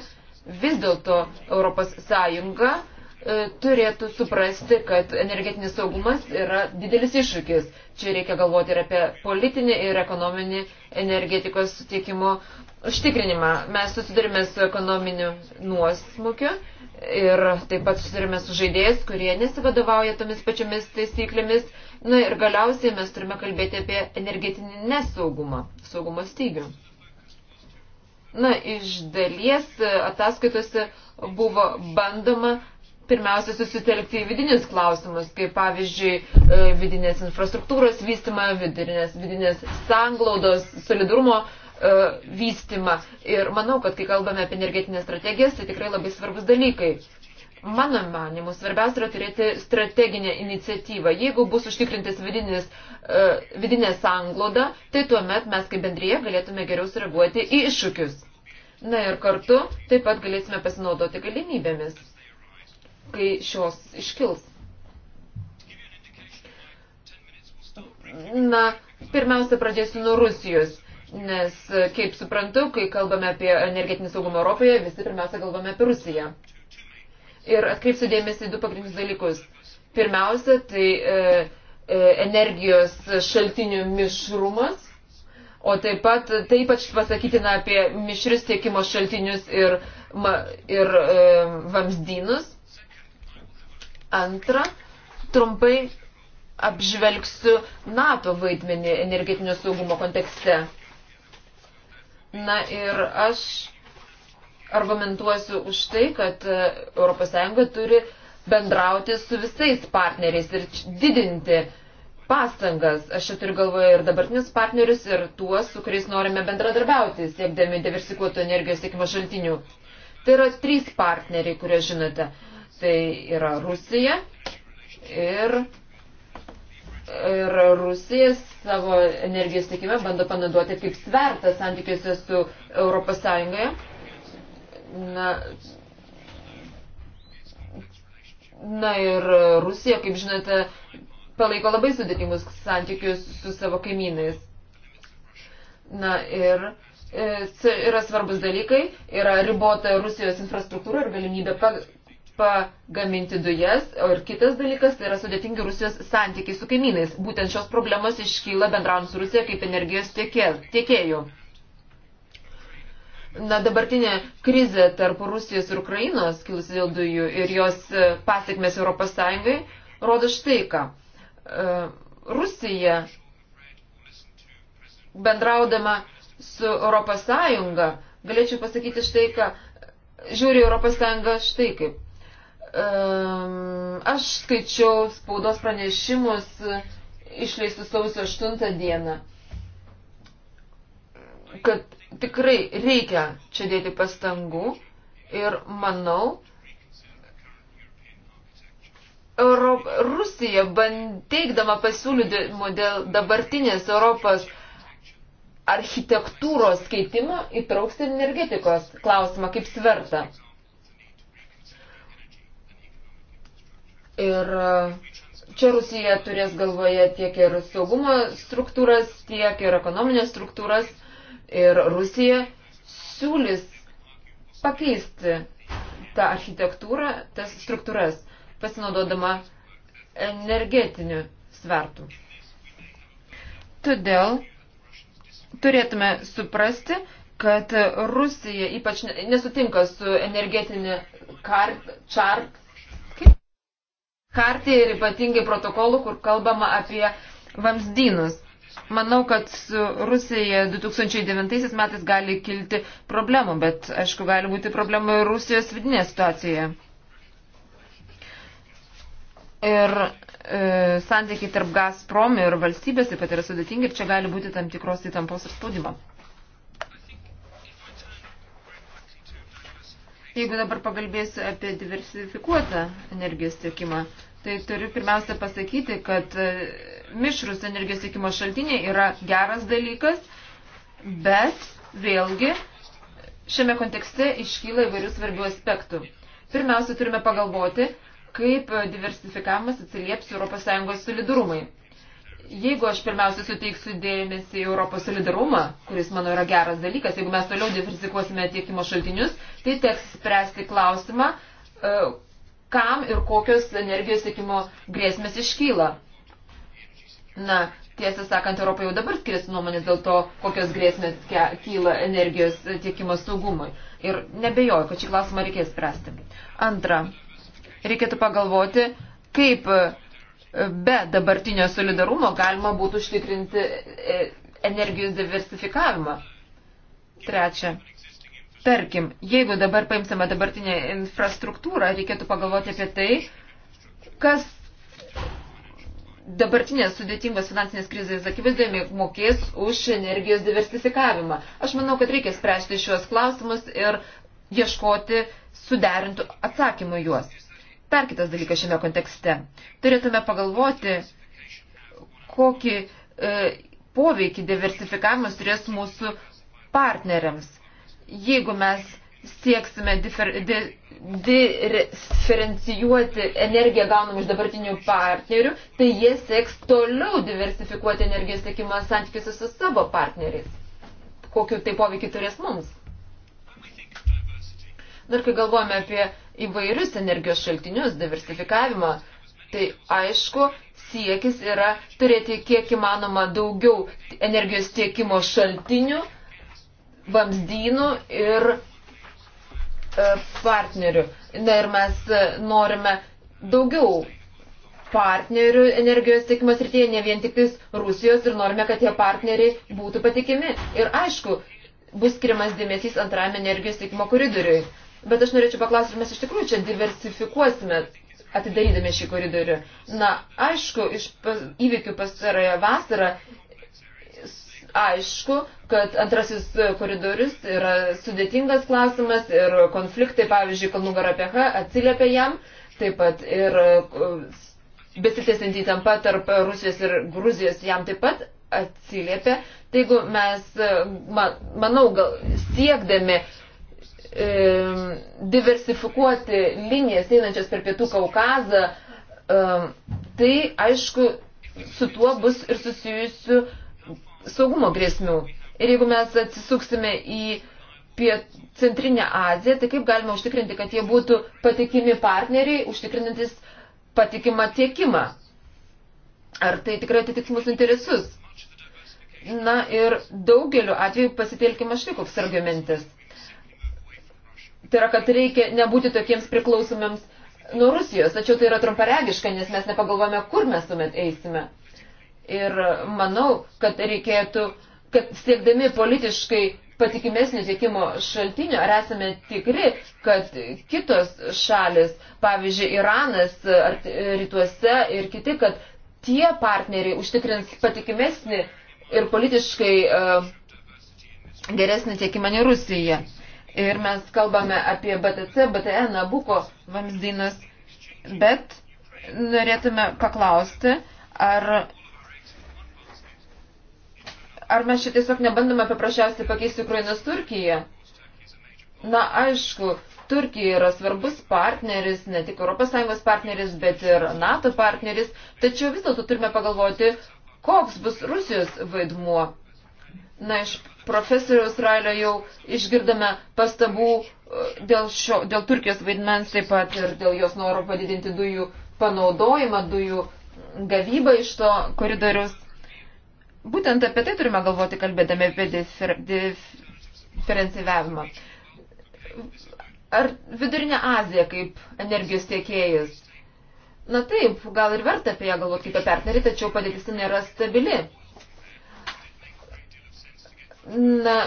vis dėlto Europos Sąjunga e, turėtų suprasti, kad energetinis saugumas yra didelis iššūkis. Čia reikia galvoti ir apie politinį, ir ekonominį energetikos sutiekimo užtikrinimą. Mes susidurime su ekonominiu nuosmukiu ir taip pat susidurime su žaidėjais, kurie nesivadovauja tomis pačiomis taisyklėmis. Na ir galiausiai mes turime kalbėti apie energetinį nesaugumą, saugumo stygių. Na, iš dalies ataskaitose buvo bandoma pirmiausia susitelkti į vidinius klausimus, kaip pavyzdžiui e, vidinės infrastruktūros vystimą, vidinės, vidinės sanglaudos, solidarumo E, vystimą. Ir manau, kad kai kalbame apie energetinės strategijas, tai tikrai labai svarbus dalykai. Mano manimu, svarbiausia yra turėti strateginę iniciatyvą. Jeigu bus užtikrintis vidinis, e, vidinė sangloda, tai tuomet mes kaip bendryje galėtume geriau sureaguoti į iššūkius. Na ir kartu taip pat galėsime pasinaudoti galimybėmis, kai šios iškils. Na, pirmiausia, pradėsiu nuo Rusijos. Nes, kaip suprantu, kai kalbame apie energetinį saugumą Europoje, visi pirmiausia kalbame apie Rusiją. Ir atkreipsiu dėmesį į du pagrindinius dalykus. Pirmiausia, tai e, e, energijos šaltinių mišrumas, o taip pat tai ypač pasakytina apie mišrius tiekimo šaltinius ir, ma, ir e, vamzdynus. Antra, trumpai apžvelgsiu NATO vaidmenį energetinio saugumo kontekste. Na ir aš argumentuosiu už tai, kad ES turi bendrauti su visais partneriais ir didinti pastangas. Aš čia turiu galvoje ir dabartinius partnerius, ir tuos, su kuriais norime bendradarbiauti, siekdami diversifikuotų energijos tiekimo šaltinių. Tai yra trys partneriai, kurie žinote. Tai yra Rusija ir ir Rusija savo energijos tikime bando panaduoti kaip svertą santykiuose su Europos Sąjungoje. Na, na ir Rusija, kaip žinote, palaiko labai sudėtingus santykius su savo kaimynais. Na ir e, yra svarbus dalykai, yra ribota Rusijos infrastruktūra ir galimybė pagaminti dujas, o ir kitas dalykas tai yra sudėtingi Rusijos santykiai su kaimynais. Būtent šios problemos iškyla bendraujant su Rusija kaip energijos tiekėjų. Na, dabartinė krizė tarp Rusijos ir Ukrainos, kilusi dėl dujų ir jos e, pasiekmes Europos Sąjungai, rodo štai ką. E, Rusija bendraudama su Europos Sąjunga, galėčiau pasakyti štai ką, žiūri Europos Sąjunga štai kaip Ehm, aš skaičiau spaudos pranešimus išleistus sausio 8 dieną, kad tikrai reikia čia dėti pastangų ir manau, Euro, Rusija, teikdama pasiūlymų dėl dabartinės Europos architektūros keitimo, įtrauks energetikos klausimą kaip svertą. Ir e, čia Rusija turės galvoje tiek ir saugumo struktūras, tiek ir ekonominės struktūras. Ir Rusija siūlys pakeisti tą architektūrą, tas struktūras, pasinaudodama energetiniu svertu. Todėl turėtume suprasti, kad Rusija ypač nesutinka su energetinė kart, čart kartį ir ypatingai protokolų, kur kalbama apie vamsdynus. Manau, kad su Rusija 2009 metais gali kilti problemų, bet aišku, gali būti problemų ir Rusijos vidinėje situacijoje. Ir e, santykiai tarp Gazprom ir valstybės taip pat yra sudėtingi ir čia gali būti tam tikros įtampos ir spaudimo. Jeigu dabar pagalbėsiu apie diversifikuotą energijos tiekimą, tai turiu pirmiausia pasakyti, kad e, mišrus energijos tiekimo šaltiniai yra geras dalykas, bet vėlgi šiame kontekste iškyla įvairių svarbių aspektų. Pirmiausia, turime pagalvoti, kaip diversifikavimas atsilieps ES solidarumui jeigu aš pirmiausia suteiksiu dėmesį į Europos solidarumą, kuris, manau, yra geras dalykas, jeigu mes toliau diversifikuosime tiekimo šaltinius, tai teks spręsti klausimą, e, kam ir kokios energijos tiekimo grėsmės iškyla. Na, tiesą sakant, Europoje jau dabar skiriasi nuomonės dėl to, kokios grėsmės kyla energijos tiekimo saugumui. Ir nebejoju, kad šį klausimą reikės spręsti. Antra, reikėtų pagalvoti, kaip be dabartinio solidarumo galima būtų užtikrinti e, energijos diversifikavimą. Trečia. Tarkim, jeigu dabar paimsime dabartinę infrastruktūrą, reikėtų pagalvoti apie tai, kas dabartinės sudėtingos finansinės krizės akivaizdoje mokės už energijos diversifikavimą. Aš manau, kad reikia spręsti šiuos klausimus ir ieškoti suderintų atsakymų juos dar kitas dalykas šiame kontekste. Turėtume pagalvoti, kokį e, poveikį diversifikavimas turės mūsų partneriams. Jeigu mes sieksime difer, di, diferencijuoti energiją gaunamą iš dabartinių partnerių, tai jie sieks toliau diversifikuoti energijos tiekimą santykiuose su savo partneriais. Kokiu tai poveikį turės mums? Dar kai galvojame apie įvairius energijos šaltinius, diversifikavimą. Tai aišku, siekis yra turėti kiek įmanoma daugiau energijos tiekimo šaltinių, vamzdynų ir e, partnerių. Na ir mes e, norime daugiau partnerių energijos tiekimo srityje, ne vien tik Rusijos ir norime, kad tie partneriai būtų patikimi. Ir aišku, bus skiriamas dėmesys antrajam energijos tiekimo koridoriui. Bet aš norėčiau paklausti, mes iš tikrųjų čia diversifikuosime atidarydami šį koridorių. Na, aišku, iš įvykių pastarąją vasarą aišku, kad antrasis koridorius yra sudėtingas klausimas ir konfliktai, pavyzdžiui, Kalnugarapeha atsiliepia jam, taip pat ir besitėsinti įtampa tarp Rusijos ir Gruzijos jam taip pat atsiliepia. Taigi mes, manau, gal, siekdami uh, e, diversifikuoti linijas einančias per Pietų Kaukazą, e, tai aišku, su tuo bus ir susijusių saugumo grėsmių. Ir jeigu mes atsisuksime į piet, Centrinę Aziją, tai kaip galima užtikrinti, kad jie būtų patikimi partneriai, užtikrinantis patikimą tiekimą? Ar tai tikrai atitiks mūsų interesus? Na ir daugeliu atveju pasitelkimas štai koks argumentas. Tai yra, kad reikia nebūti tokiems priklausomiams nuo Rusijos, tačiau tai yra trumparegiška, nes mes nepagalvojame, kur mes tuomet eisime. Ir manau, kad reikėtų, kad siekdami politiškai patikimesnio tiekimo šaltinio, ar esame tikri, kad kitos šalis, pavyzdžiui, Iranas ar rytuose ir kiti, kad tie partneriai užtikrins patikimesnį ir politiškai uh, geresnį tiekimą nei Rusija ir mes kalbame apie BTC, BTE, Nabuko vamzdynus, bet norėtume paklausti, ar, ar mes čia tiesiog nebandome paprasčiausiai pakeisti Ukrainos Turkiją. Na, aišku, Turkija yra svarbus partneris, ne tik ES partneris, bet ir NATO partneris, tačiau vis dėlto turime pagalvoti, koks bus Rusijos vaidmuo. Na, iš profesoriaus Railio jau išgirdome pastabų e, dėl, šio, dėl Turkijos vaidmens, taip pat ir dėl jos noro padidinti dujų panaudojimą, dujų gavybą iš to koridorius. Būtent apie tai turime galvoti, kalbėdami apie difer, diferencijavimą. Ar Vidurinė Azija kaip energijos tiekėjas? Na taip, gal ir verta apie ją galvoti kaip partnerį, tačiau padėtis nėra stabili. Na,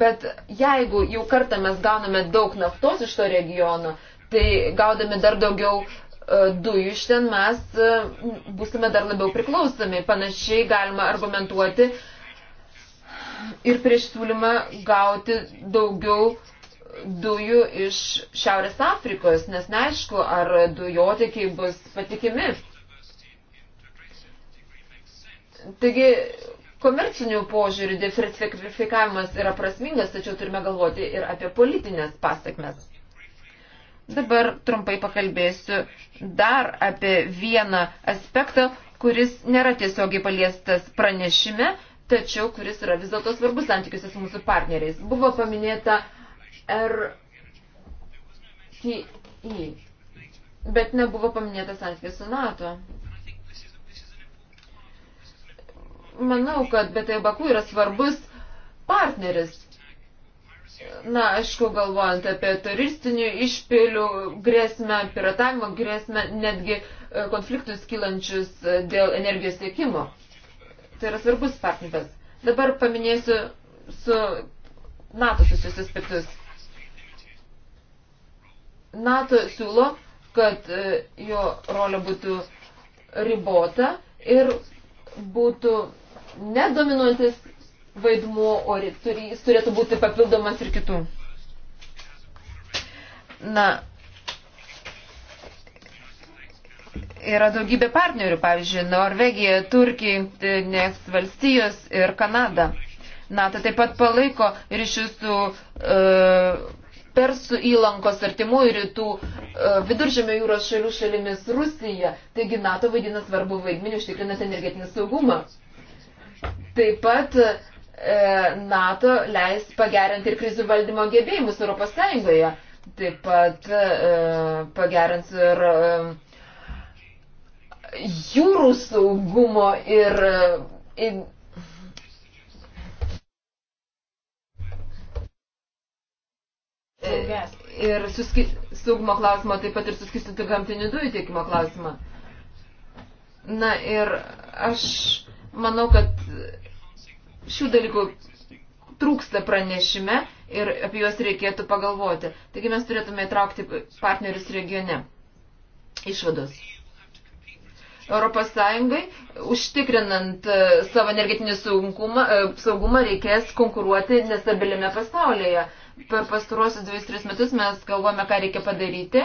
bet jeigu jau kartą mes gauname daug naftos iš to regiono, tai gaudami dar daugiau e, dujų iš ten mes e, būsime dar labiau priklausomi. Panašiai galima argumentuoti ir prieš siūlymą gauti daugiau dujų iš Šiaurės Afrikos, nes neaišku, ar dujotikiai bus patikimi. Taigi, komercinių požiūrių diversifikavimas yra prasmingas, tačiau turime galvoti ir apie politinės pasiekmes. Dabar trumpai pakalbėsiu dar apie vieną aspektą, kuris nėra tiesiogiai paliestas pranešime, tačiau kuris yra vis dėlto svarbus santykiuose su mūsų partneriais. Buvo paminėta RTI, bet nebuvo paminėta santykiuose su NATO. manau, kad BT Baku yra svarbus partneris. Na, aišku, galvojant apie turistinių išpilių grėsmę, piratavimo grėsmę, netgi e, konfliktus kylančius e, dėl energijos tiekimo. Tai yra svarbus partneris. Dabar paminėsiu su NATO susijusius aspektus. NATO siūlo, kad e, jo rolė būtų ribota ir būtų nedominuojantis vaidmuo, o turi, jis turėtų būti papildomas ir kitų. Na, yra daugybė partnerių, pavyzdžiui, Norvegija, Turkija, Nes valstijos ir Kanada. NATO taip pat palaiko ryšius su uh, Persų įlankos artimųjų rytų uh, viduržėmio jūros šalių šalimis Rusija. Taigi NATO vaidina svarbu vaidmenį užtikrinant energetinį saugumą. Uh, Taip pat e, NATO leis pagerinti ir krizių valdymo gebėjimus Europos Sąjungoje. Taip pat e, pagerins ir e, jūrų saugumo ir, ir ir suski, saugumo klausimą, taip pat ir suskistintų gamtinių dujų tiekimo klausimą. Na ir aš Manau, kad šių dalykų trūksta pranešime ir apie juos reikėtų pagalvoti. Taigi mes turėtume įtraukti partnerius regione. Išvados. Europos Sąjungai, užtikrinant e, savo energetinį saugumą, e, saugumą reikės konkuruoti nestabilime pasaulyje. Per pastaruosius 2-3 metus mes galvojame, ką reikia padaryti,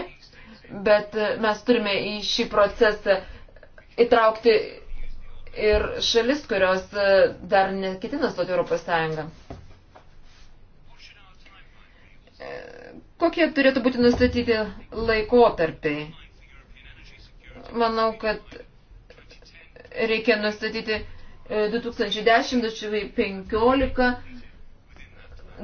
bet e, mes turime į šį procesą įtraukti ir šalis, kurios e, dar neketina stoti Europos Sąjungą. E, kokie turėtų būti nustatyti laikotarpiai? Manau, kad reikia nustatyti 2010, 2015,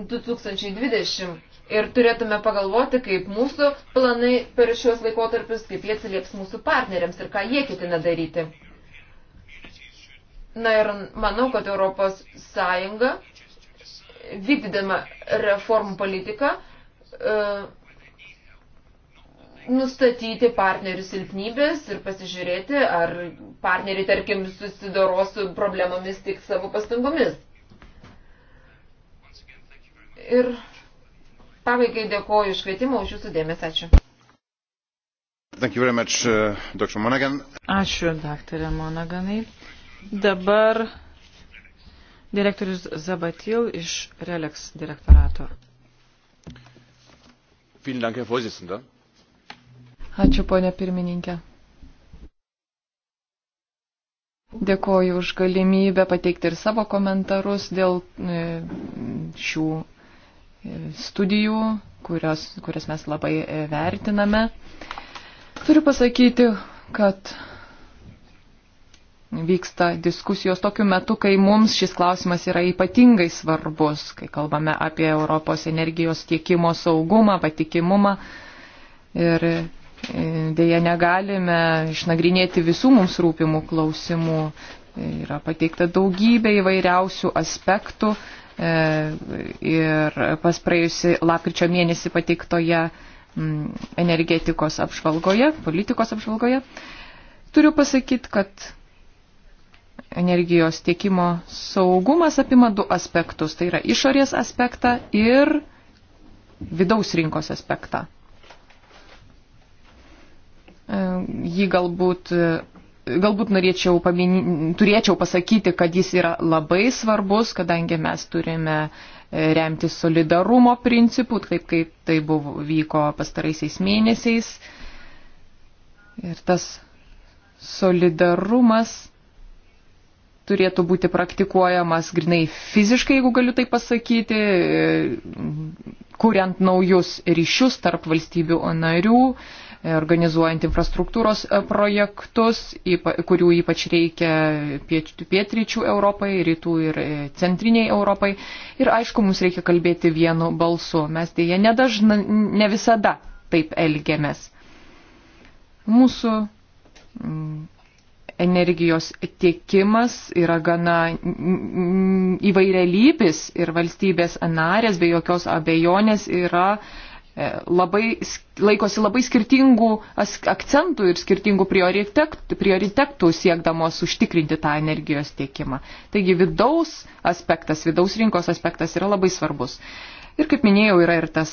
2020 ir turėtume pagalvoti, kaip mūsų planai per šios laikotarpius, kaip jie atsilieps mūsų partneriams ir ką jie ketina daryti. Na ir manau, kad Europos Sąjunga, vykdydama reformų politiką, e, nustatyti partnerių silpnybės ir pasižiūrėti, ar partneriai, tarkim, susidoro su problemomis tik savo pastangomis. Ir pabaigai dėkoju iš kvietimą už jūsų dėmesį. Ačiū. Much, uh, Dr. Ačiū, daktarė Monaganai. Dabar direktorius Zabatil iš Relex direktorato. Ačiū, ponė pirmininkė. Dėkoju už galimybę pateikti ir savo komentarus dėl e, šių e, studijų, kurios, kurias mes labai e, vertiname. Turiu pasakyti, kad vyksta diskusijos tokiu metu, kai mums šis klausimas yra ypatingai svarbus, kai kalbame apie Europos energijos tiekimo saugumą, patikimumą. Ir e, dėja negalime išnagrinėti visų mums rūpimų klausimų. E, yra pateikta daugybė įvairiausių aspektų e, ir pas praėjusi lapkričio mėnesį pateiktoje energetikos apžvalgoje, politikos apžvalgoje. Turiu pasakyti, kad energijos tiekimo saugumas apima du aspektus. Tai yra išorės aspektą ir vidaus rinkos aspektą. E, jį galbūt, e, galbūt norėčiau paminį, turėčiau pasakyti, kad jis yra labai svarbus, kadangi mes turime e, remti solidarumo principų, taip kaip tai buvo, vyko pastaraisiais mėnesiais. Ir tas solidarumas turėtų būti praktikuojamas grinai fiziškai, jeigu galiu tai pasakyti, kuriant naujus ryšius tarp valstybių narių, organizuojant infrastruktūros e, projektus, kurių ypač reikia pietryčių Europai, rytų ir e, centriniai Europai. Ir aišku, mums reikia kalbėti vienu balsu. Mes dėje nedažna, ne visada taip elgiamės. Mūsų energijos tiekimas yra gana įvairialypis ir valstybės narės be jokios abejonės yra e, labai, laikosi labai skirtingų akcentų ir skirtingų prioritetų, prioritetų siekdamos užtikrinti tą energijos tiekimą. Taigi vidaus aspektas, vidaus rinkos aspektas yra labai svarbus. Uh, Ir kaip minėjau, yra ir tas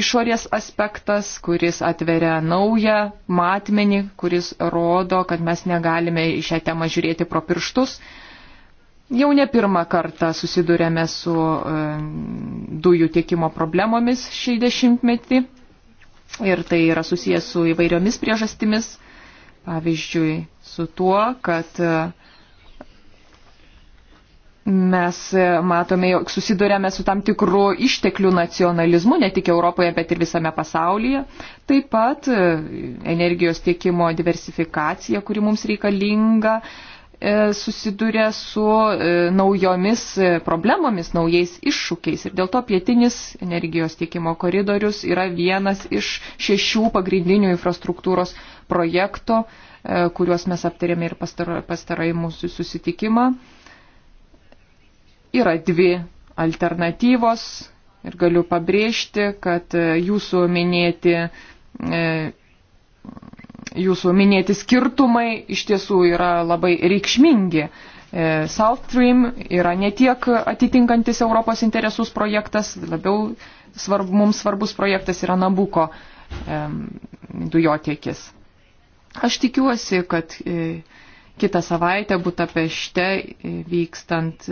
išorės aspektas, kuris atveria naują matmenį, kuris rodo, kad mes negalime į šią temą žiūrėti pro pirštus. Jau ne pirmą kartą susidurėme su e, dujų tiekimo problemomis šį dešimtmetį ir tai yra susijęs su įvairiomis priežastimis, pavyzdžiui, su tuo, kad e, mes e, matome, jog susidurėme su tam tikru išteklių nacionalizmu, ne tik Europoje, bet ir visame pasaulyje. Taip pat e, energijos tiekimo diversifikacija, kuri mums reikalinga, e, susiduria su naujomis problemomis, naujais iššūkiais. Ir dėl to pietinis energijos tiekimo koridorius yra vienas iš šešių pagrindinių infrastruktūros projektų, kuriuos mes aptarėme ir pastarai mūsų susitikimą. Yra dvi alternatyvos ir galiu pabrėžti, kad e, jūsų minėti, e, jūsų minėti skirtumai iš tiesų yra labai reikšmingi. E, South Stream yra ne tiek atitinkantis Europos interesus projektas, labiau svarb, mums svarbus projektas yra Nabuko dujotiekis. Aš tikiuosi, kad kitą savaitę Butapešte vykstant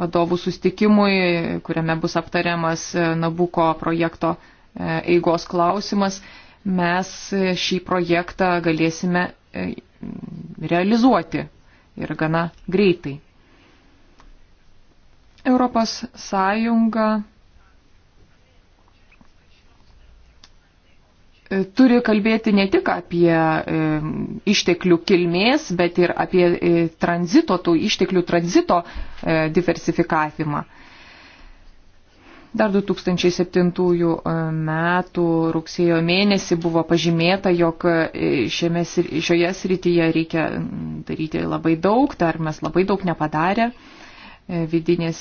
vadovų sustikimui, kuriame bus aptariamas e, Nabuko projekto e, eigos klausimas, mes e, šį projektą galėsime realizuoti ir gana greitai. Europos Sąjunga E, turi kalbėti ne tik apie e, išteklių kilmės, bet ir apie e, tranzito, tų išteklių tranzito diversifikavimą. Dar 2007 metų rugsėjo mėnesį buvo pažymėta, jog šiame, šioje srityje reikia daryti labai daug, dar mes labai daug nepadarę vidinės,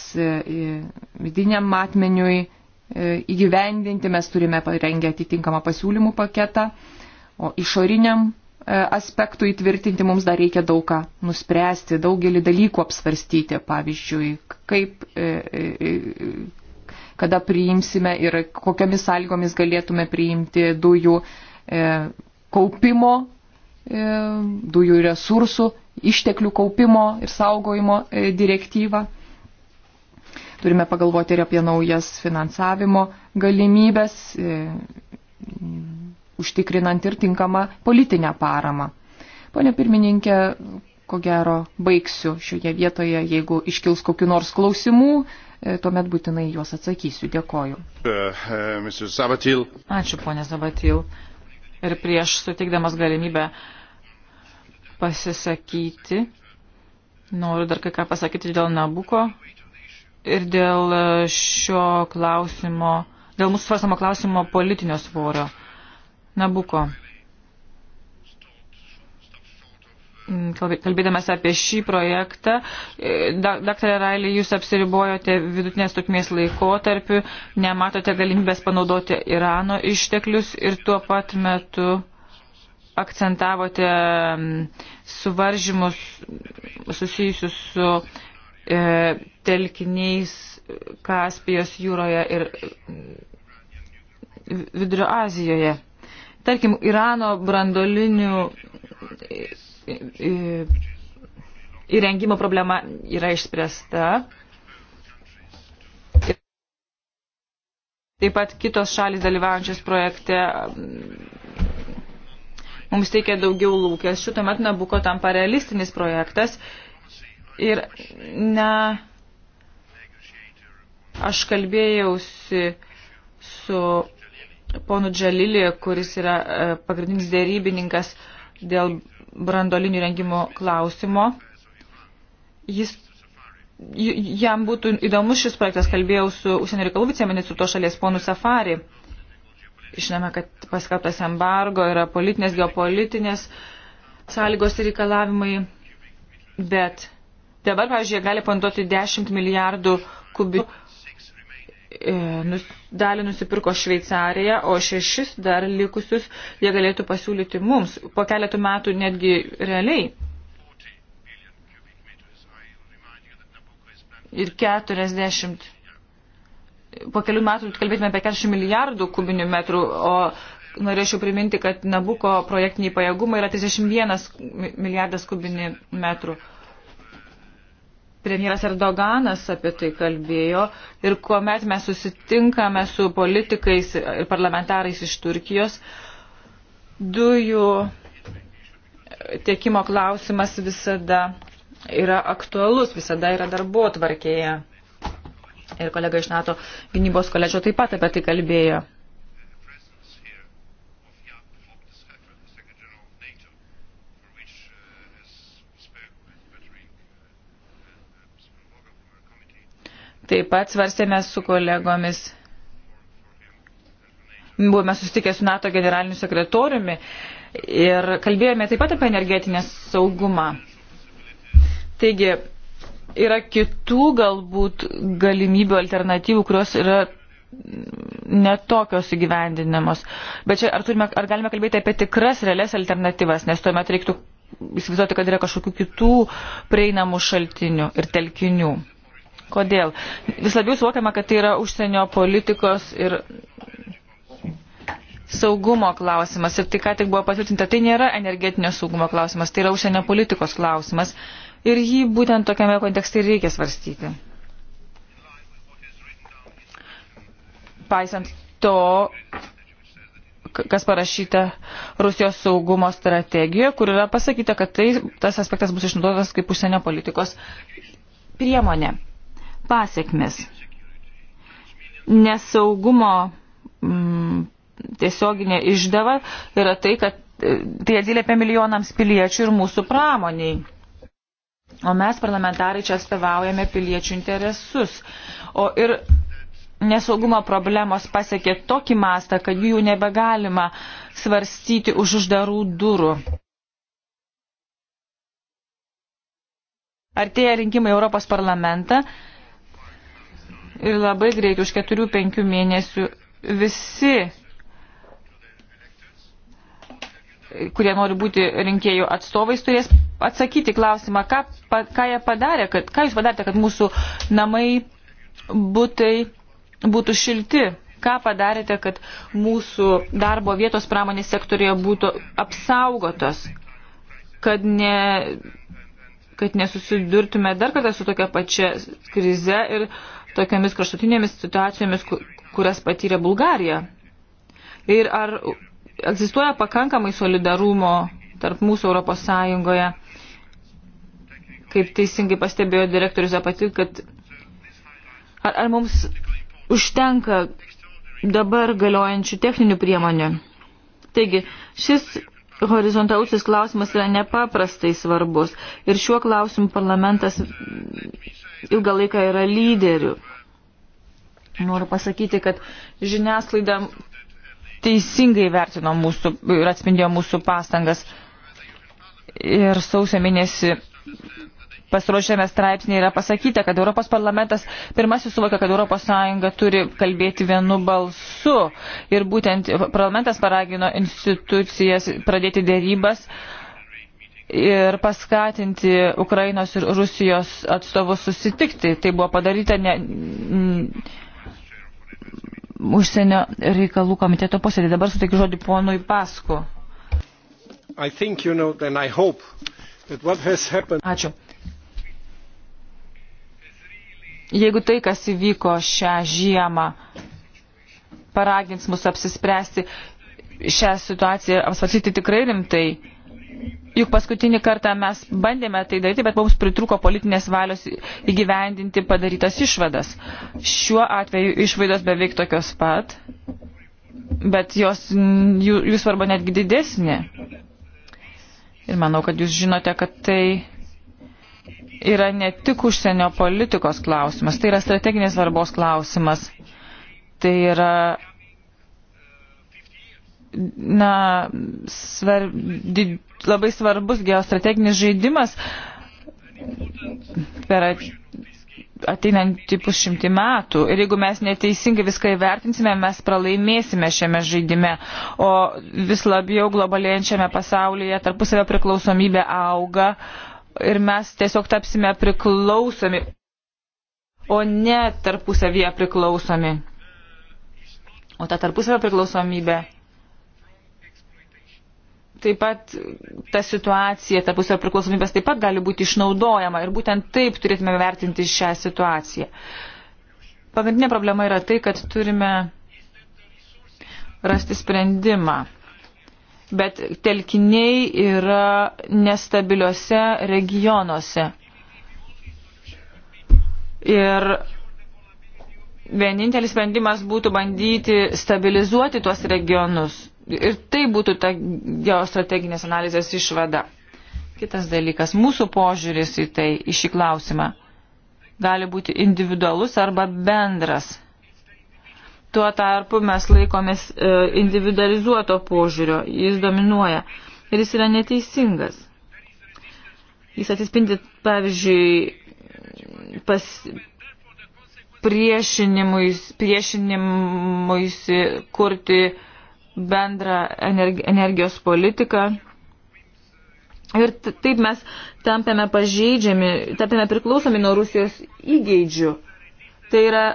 vidiniam matmeniui E, įgyvendinti, mes turime parengę atitinkamą pasiūlymų paketą, o išoriniam e, aspektų įtvirtinti mums dar reikia daug ką nuspręsti, daugelį dalykų apsvarstyti, pavyzdžiui, kaip, e, kada priimsime ir kokiamis sąlygomis galėtume priimti dujų kaupimo, dujų resursų, išteklių kaupimo ir saugojimo direktyvą Turime pagalvoti ir apie naujas finansavimo galimybės, e, užtikrinant ir tinkamą politinę paramą. Pone pirmininkė, ko gero baigsiu šioje vietoje, jeigu iškils kokiu nors klausimų, e, tuomet būtinai juos atsakysiu. Dėkoju. Uh, uh, Ačiū, ponė Zabatil. Ir prieš suteikdamas galimybę pasisakyti, noriu dar kai ką pasakyti dėl Nabuko ir dėl e, šio klausimo, dėl mūsų svarstamo klausimo politinio svorio. Nabuko. Mm, kalbėdamas apie šį projektą, e, daktarė Railė, jūs apsiribojote vidutinės trukmės laikotarpiu, nematote galimybės panaudoti Irano išteklius ir tuo pat metu akcentavote mm, suvaržymus susijusius su E, telkiniais Kaspijos jūroje ir e, Vidurio Azijoje. Tarkim, Irano brandolinių e, įrengimo problema yra išspręsta. Taip pat kitos šalis dalyvaujančios projekte mm, mums teikia daugiau lūkesčių, tuomet Nabuko tampa realistinis projektas Ir ne, aš kalbėjausi su ponu Džalilį, kuris yra e, pagrindinis dėrybininkas dėl brandolinių rengimo klausimo. Jis, jam būtų įdomus šis projektas, kalbėjau su užsienio reikalų viceministru to šalies ponu Safari. Žinome, kad paskelbtas embargo yra politinės, geopolitinės sąlygos ir reikalavimai, bet Dabar, pavyzdžiui, jie gali panduoti 10 milijardų kubių. E, dalį nusipirko Šveicarija, o šešis dar likusius jie galėtų pasiūlyti mums po keletų metų netgi realiai. Ir 40 po kelių metų kalbėtume apie 40 milijardų kubinių metrų, o norėčiau priminti, kad Nabuko projektiniai pajėgumai yra 31 milijardas kubinių metrų premjeras Erdoganas apie tai kalbėjo ir kuomet mes susitinkame su politikais ir parlamentarais iš Turkijos, dujų tiekimo klausimas visada yra aktualus, visada yra darbo tvarkėje. Ir kolega iš NATO gynybos koledžio taip pat apie tai kalbėjo. Taip pat svarstėme su kolegomis. Buvome susitikę su NATO generaliniu sekretoriumi ir kalbėjome taip pat apie energetinę saugumą. Taigi, yra kitų galbūt galimybių alternatyvų, kurios yra netokios įgyvendinamos. Bet čia ar, turime, ar galime kalbėti apie tikras realias alternatyvas, nes tuomet reiktų įsivaizduoti, kad yra kažkokių kitų prieinamų šaltinių ir telkinių. Kodėl? Vis labiau suvokiama, kad tai yra užsienio politikos ir saugumo klausimas. Ir tai, ką tik buvo patvirtinta, tai nėra energetinio saugumo klausimas, tai yra užsienio politikos klausimas. Ir jį būtent tokiame kontekste ir reikia svarstyti. Paisant to, kas parašyta Rusijos saugumo strategijoje, kur yra pasakyta, kad tai, tas aspektas bus išnaudotas kaip užsienio politikos priemonė pasiekmes. Nesaugumo mm, tiesioginė išdava yra tai, kad e, tai atsiliepia milijonams piliečių ir mūsų pramoniai. O mes, parlamentarai, čia atstovaujame piliečių interesus. O ir nesaugumo problemos pasiekė tokį mastą, kad jų nebegalima svarstyti už uždarų durų. Artėja rinkimai Europos parlamentą ir labai greitai už 4-5 mėnesių visi, kurie nori būti rinkėjų atstovais, turės atsakyti klausimą, ką, pa, ką, jie padarė, kad, ką jūs padarėte, kad mūsų namai būtai, būtų šilti, ką padarėte, kad mūsų darbo vietos pramonės sektorėje būtų apsaugotos, kad ne kad nesusidurtume dar kartą su tokia pačia krize ir uh, tokiamis kraštutinėmis situacijomis, kurias patyrė Bulgarija? Ir ar egzistuoja pakankamai solidarumo tarp mūsų Europos Sąjungoje? Kaip teisingai pastebėjo direktorius Apatik, kad ar, ar mums užtenka dabar galiojančių techninių priemonių? Taigi, šis horizontalusis klausimas yra nepaprastai svarbus ir šiuo klausimu parlamentas ilgą laiką yra lyderių. Noriu pasakyti, kad žiniasklaida teisingai vertino mūsų ir atspindėjo mūsų pastangas. Ir sausio mėnesį pasiruošėme straipsnį yra pasakyta, kad Europos parlamentas pirmasis suvokia, kad Europos Sąjunga turi kalbėti vienu balsu. Ir būtent parlamentas paragino institucijas pradėti dėrybas ir paskatinti Ukrainos ir Rusijos atstovus susitikti. Tai buvo padaryta ne, m, mm, užsienio reikalų komiteto posėdį. Dabar suteikiu žodį ponui Pasku. I think, you know, and I hope that what has happened... Ačiū. Jeigu tai, kas įvyko šią žiemą, paragins mus apsispręsti šią situaciją, apsvarstyti tikrai rimtai, Juk paskutinį kartą mes bandėme tai daryti, bet mums pritruko politinės valios įgyvendinti padarytas išvadas. Šiuo atveju išvaidos beveik tokios pat, bet jos, jų, jų svarba netgi didesnė. Ir manau, kad jūs žinote, kad tai yra ne tik užsienio politikos klausimas, tai yra strateginės svarbos klausimas. Tai yra na, svar, did, labai svarbus geostrateginis žaidimas per ateinantį pusšimtį metų. Ir jeigu mes neteisingai viską įvertinsime, mes pralaimėsime šiame žaidime. O vis labiau globalėjančiame pasaulyje tarpusavio priklausomybė auga ir mes tiesiog tapsime priklausomi, o ne tarpusavyje priklausomi. O ta tarpusavio priklausomybė taip pat ta situacija, ta pusė priklausomybės taip pat gali būti išnaudojama ir būtent taip turėtume vertinti šią situaciją. Pagrindinė problema yra tai, kad turime rasti sprendimą. Bet telkiniai yra nestabiliuose regionuose. Ir vienintelis sprendimas būtų bandyti stabilizuoti tuos regionus ir tai būtų ta geostrateginės analizės išvada. Kitas dalykas, mūsų požiūris į tai, į šį klausimą, gali būti individualus arba bendras. Tuo tarpu mes laikomės e, individualizuoto požiūrio, jis dominuoja ir jis yra neteisingas. Jis atsispindi, pavyzdžiui, pas priešinimui, priešinimui kurti bendrą energijos politiką. Ir taip mes tampame pažeidžiami, tampame priklausomi nuo Rusijos įgeidžių. Tai yra,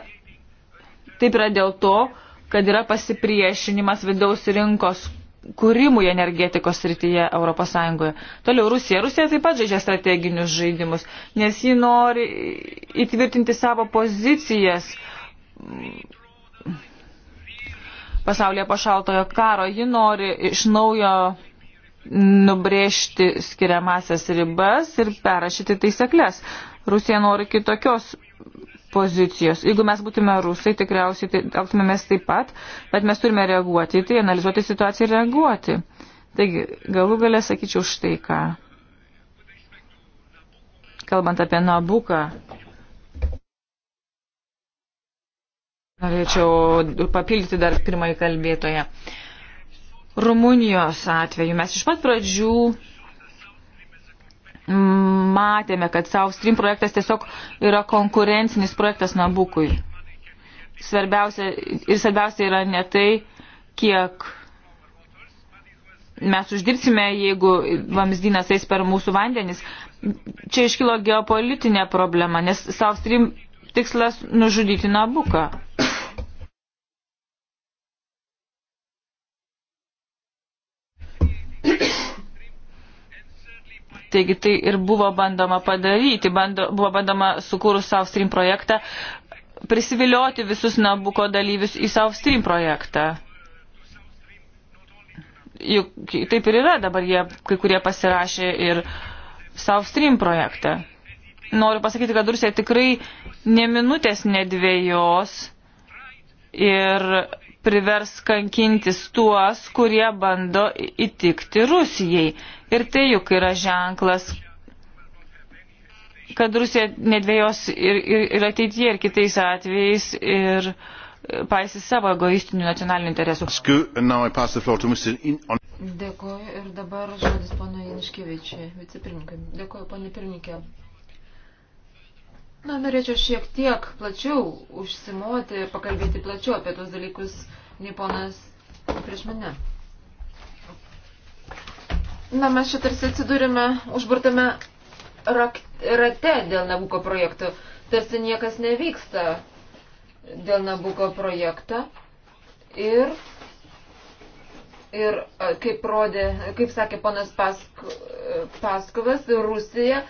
taip yra dėl to, kad yra pasipriešinimas vidaus rinkos kūrimui energetikos srityje ES. Toliau Rusija. Rusija taip pat žaidžia strateginius žaidimus, nes ji nori įtvirtinti savo pozicijas pasaulyje po šaltojo karo. Ji nori iš naujo nubrėžti skiriamasias ribas ir perrašyti taisyklės. Rusija nori kitokios pozicijos. Jeigu mes būtume rusai, tikriausiai tai, elgtumėmės taip pat, bet mes turime reaguoti į tai, analizuoti situaciją ir reaguoti. Taigi, galų galę sakyčiau štai ką. Kalbant apie Nabuką, Norėčiau papildyti dar pirmąjį kalbėtoją. Rumunijos atveju mes iš pat pradžių matėme, kad South Stream projektas tiesiog yra konkurencinis projektas Nabukui. Svarbiausia, ir svarbiausia yra ne tai, kiek mes uždirbsime, jeigu vamzdynas eis per mūsų vandenis. Čia iškilo geopolitinė problema, nes South Stream tikslas nužudyti Nabuką. Taigi tai ir buvo bandoma padaryti, bando, buvo bandoma sukūrus South Stream projektą prisivilioti visus Nabuko dalyvius į South Stream projektą. Juk taip ir yra, dabar jie, kai kurie pasirašė ir South Stream projektą noriu pasakyti, kad Rusija tikrai ne minutės nedvėjos ir privers kankintis tuos, kurie bando įtikti Rusijai. Ir tai juk yra ženklas, kad Rusija nedvėjos ir, ir, ir ateityje, ir kitais atvejais, ir e, paisys savo egoistinių nacionalinių interesų. Dėkuoju ir dabar žodis pono Janiškevičiai, vicepirmininkai. Dėkuoju, ponė pirmininkė. Na, norėčiau šiek tiek plačiau užsimoti ir pakalbėti plačiau apie tos dalykus, nei ponas prieš mane. Na, mes čia tarsi atsidūrime užburtame rate dėl Nabuko projektų. Tarsi niekas nevyksta dėl Nabuko projekto. Ir, ir kaip, rodė, kaip sakė ponas Pask, Paskovas, Rusija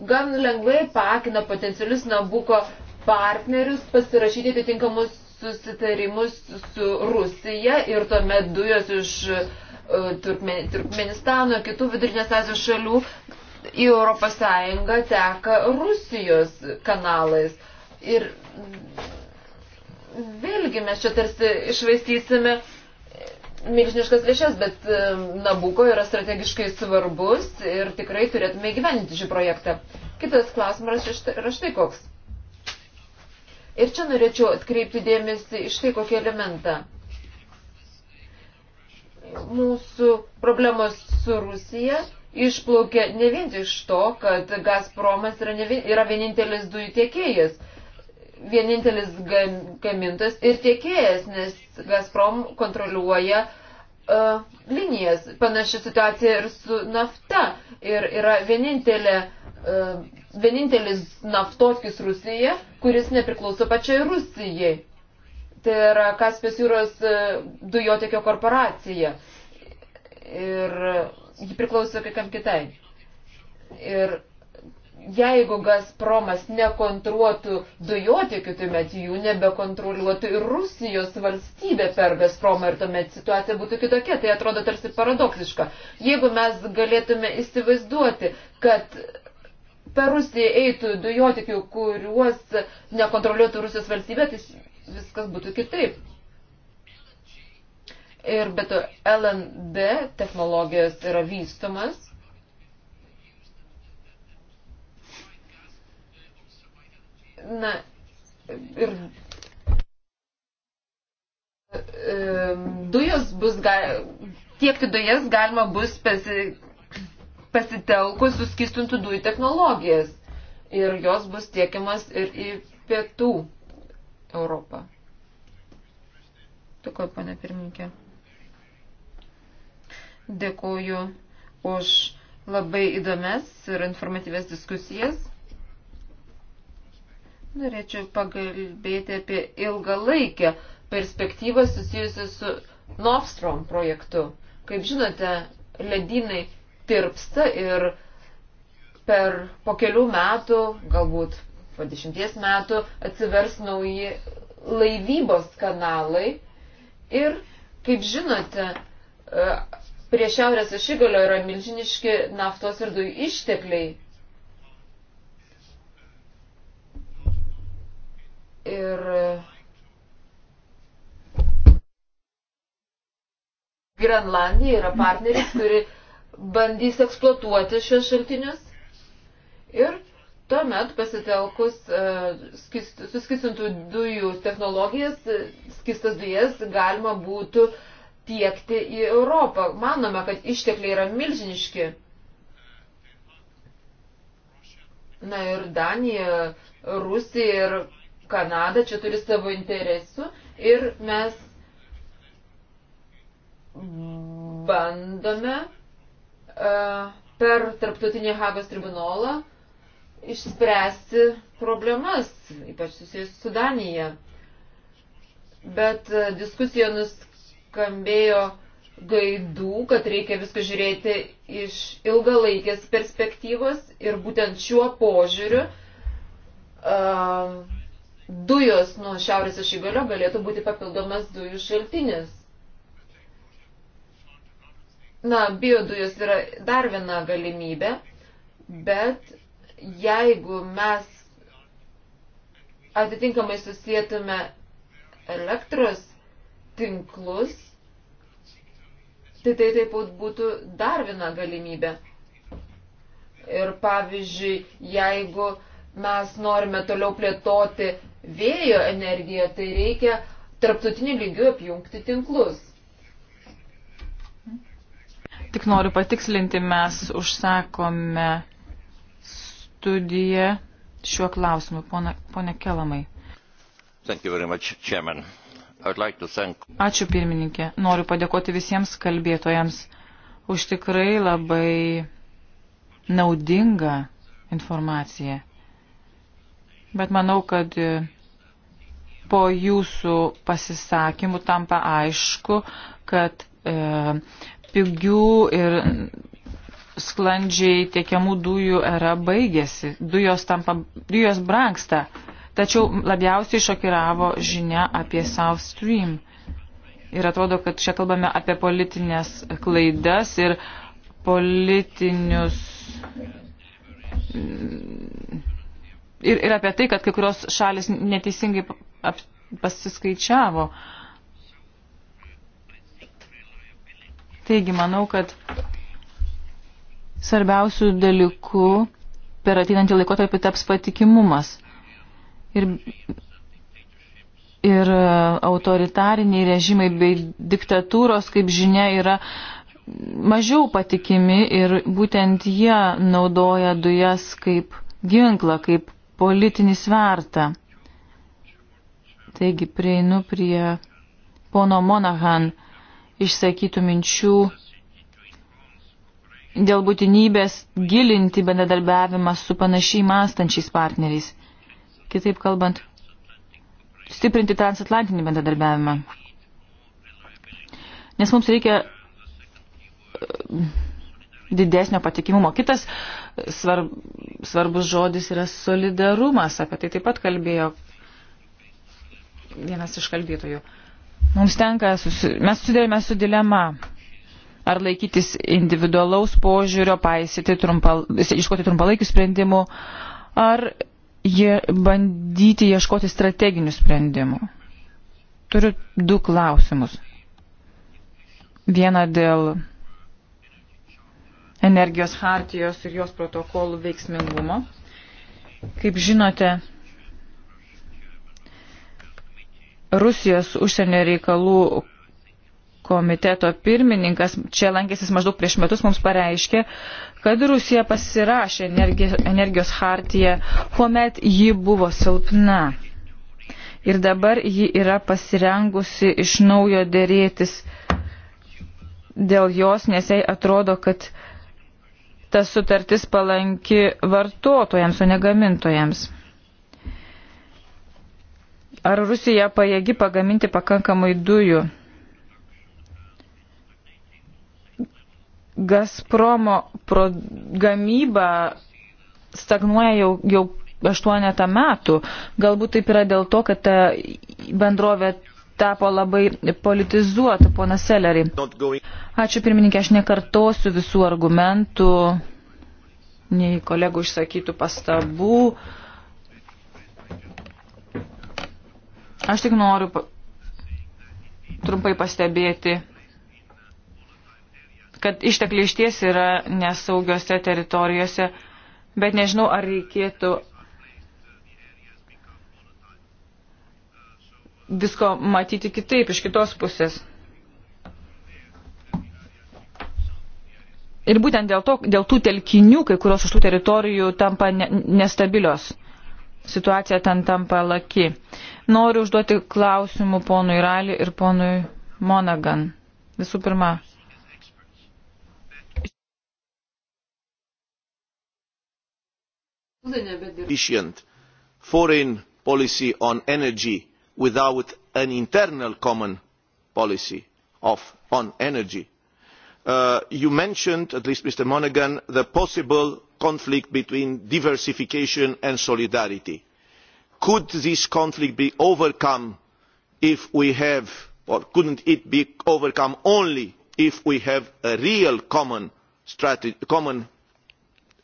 gan lengvai pakina potencialius Nabuko partnerius pasirašyti atitinkamus susitarimus su Rusija ir tuomet dujos iš e, Turkmenistano, kitų vidurinės Azijos šalių į Europos Sąjungą teka Rusijos kanalais. Ir vėlgi mes čia tarsi išvaistysime uh, milžiniškas lėšas, bet e, Nabuko yra strategiškai svarbus ir tikrai turėtume įgyvendinti šį projektą. Kitas klausimas yra štai koks. Ir čia norėčiau atkreipti dėmesį iš tai kokį elementą. Mūsų problemos su Rusija išplaukia ne vien iš to, kad Gazpromas yra, yra vienintelis dujų tiekėjas vienintelis gamintas ir tiekėjas, nes Gazprom kontroliuoja uh, linijas. Panaši situacija ir su nafta. Ir yra vienintelė, uh, vienintelis naftoskis Rusija, kuris nepriklauso pačiai Rusijai. Tai yra Kaspės jūros uh, e, dujotekio korporacija. Ir ji priklauso kai kam kitai. Ir jeigu Gazpromas nekontruotų dujotikių, tuomet jų nebekontroliuotų ir Rusijos valstybė per Gazpromą ir tuomet situacija būtų kitokia. Tai atrodo tarsi paradoksiška. Jeigu mes galėtume įsivaizduoti, kad per Rusiją eitų dujotikių, kuriuos nekontroliuotų Rusijos valstybė, tai viskas būtų kitaip. Ir be to LND technologijos yra vystomas Na, ir dujos bus, ga, tiekti dujas galima bus pasi, pasitelkus suskistintų dujų technologijas. Ir jos bus tiekiamas ir į pietų Europą. Dėkuoju, pane pirmininkė. Dėkuoju už labai įdomias ir informatyves diskusijas. Norėčiau pagalbėti apie ilgalaikę perspektyvą susijusią su Novstrom projektu. Kaip žinote, ledynai tirpsta ir per po kelių metų, galbūt po dešimties metų, atsivers nauji laivybos kanalai. Ir, kaip žinote, e, prie šiaurės ašigalio yra milžiniški naftos ir dujų ištekliai ir Grenlandija yra partneris, kuri bandys eksploatuoti šios šaltinius ir tuomet pasitelkus e, suskistintų dujų technologijas, skistas dujas galima būtų tiekti į Europą. Manome, kad ištekliai yra milžiniški. Na ir Danija, Rusija ir Kanada čia turi savo interesų ir mes bandome uh, per tarptautinį Hagos tribunolą išspręsti problemas, ypač susijęs su Danija. Bet uh, diskusija nuskambėjo gaidų, kad reikia viską žiūrėti iš ilgalaikės perspektyvos ir būtent šiuo požiūriu uh, dujos nuo šiaurės ašigalio galėtų būti papildomas dujų šaltinis. Na, biodujos yra dar viena galimybė, bet jeigu mes atitinkamai susijėtume elektros tinklus, tai tai taip pat būtų dar viena galimybė. Ir pavyzdžiui, jeigu mes norime toliau plėtoti vėjo energiją, tai reikia tarptautiniu lygiu apjungti tinklus. Tik noriu patikslinti, mes užsakome studiją šiuo klausimu, pone Kelamai. Much, like thank... Ačiū pirmininkė. Noriu padėkoti visiems kalbėtojams už tikrai labai naudingą informaciją. Bet manau, kad po jūsų pasisakymų tampa aišku, kad e, pigių ir sklandžiai tiekiamų dujų era baigėsi. Dujos, tampa, dujos branksta. Tačiau labiausiai šokiravo žinia apie South Stream. Ir atrodo, kad čia kalbame apie politinės klaidas ir politinius ir, ir apie tai, kad kai kurios šalis neteisingai ap, pasiskaičiavo. Taigi, manau, kad svarbiausių dalykų per ateinantį laikotarpį taps patikimumas. Ir, ir autoritariniai režimai bei diktatūros, kaip žinia, yra mažiau patikimi ir būtent jie naudoja dujas kaip ginklą, kaip politinį svertą. Taigi prieinu prie pono Monahan išsakytų minčių dėl būtinybės gilinti bendradarbiavimą su panašiai mąstančiais partneriais. Kitaip kalbant, stiprinti transatlantinį bendradarbiavimą. Nes mums reikia e, didesnio patikimumo. Kitas svarb, svarbus žodis yra solidarumas, apie tai taip pat kalbėjo vienas iš kalbėtojų. Mums tenka, susi... mes susidėrėme su dilema, ar laikytis individualaus požiūrio, paisyti trumpal... ieškoti trumpalaikių sprendimų, ar jie bandyti ieškoti strateginių sprendimų. Turiu du klausimus. Vieną dėl energijos hartijos ir jos protokolų veiksmingumo. Kaip žinote, Rusijos užsienio reikalų komiteto pirmininkas čia lankėsis maždaug prieš metus mums pareiškė, kad Rusija pasirašė energijos hartiją, kuomet ji buvo silpna. Ir dabar ji yra pasirengusi iš naujo dėrėtis dėl jos, nes jai atrodo, kad uh, ta sutartis palanki vartotojams, o ne gamintojams. Ar Rusija pajėgi pagaminti pakankamai dujų? Gazpromo pro, gamyba stagnuoja jau, jau aštuonetą metų. Galbūt taip yra dėl to, kad ta bendrovė tapo labai politizuotu, ponas Seleri. Ačiū pirmininkė, aš nekartosiu visų argumentų, nei kolegų išsakytų pastabų. Aš tik noriu trumpai pastebėti, kad ištekliai išties yra nesaugiose teritorijose, bet nežinau, ar reikėtų visko matyti kitaip iš kitos pusės. Ir būtent dėl, to, dėl tų telkinių, kai kurios iš tų teritorijų tampa ne, nestabilios. Situacija ten tampa laki. Noriu užduoti klausimų ponui Rali ir ponui Monagan. Visų pirma. Efficient foreign policy on energy without an internal common policy of, on energy. Uh, you mentioned at least mr monaghan the possible conflict between diversification and solidarity. could this conflict be overcome if we have or could it not be overcome only if we have a real common, strategy, common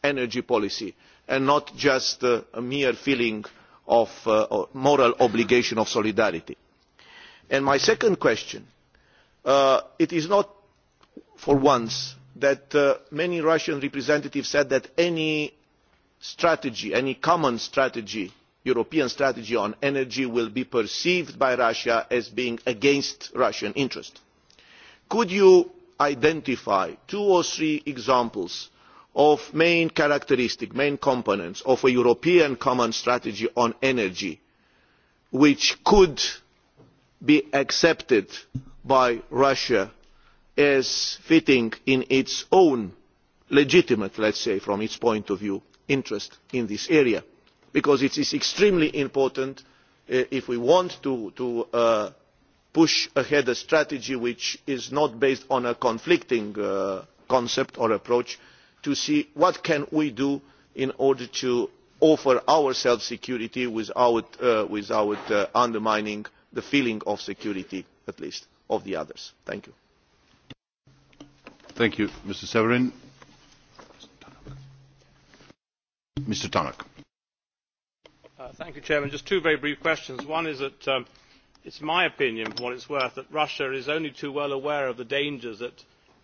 energy policy and not just uh, a mere feeling of uh, moral obligation of solidarity. And my second question uh, it is not for once that uh, many Russian representatives said that any strategy, any common strategy, European strategy on energy will be perceived by Russia as being against Russian interest. Could you identify two or three examples of main characteristics main components of a european common strategy on energy which could be accepted by russia as fitting in its own legitimate let us say from its point of view interest in this area because it is extremely important eh, if we want to, to uh, push ahead a strategy which is not based on a conflicting uh, concept or approach to see what can we do in order to offer ourselves security without, uh, without uh, undermining the feeling of security at least of the others. Thank you. Thank you, Mr. Severin. Mr. Tannock. Uh, thank you, Chairman. Just two very brief questions. One is that um, it's my opinion, for what it's worth, that Russia is only too well aware of the dangers that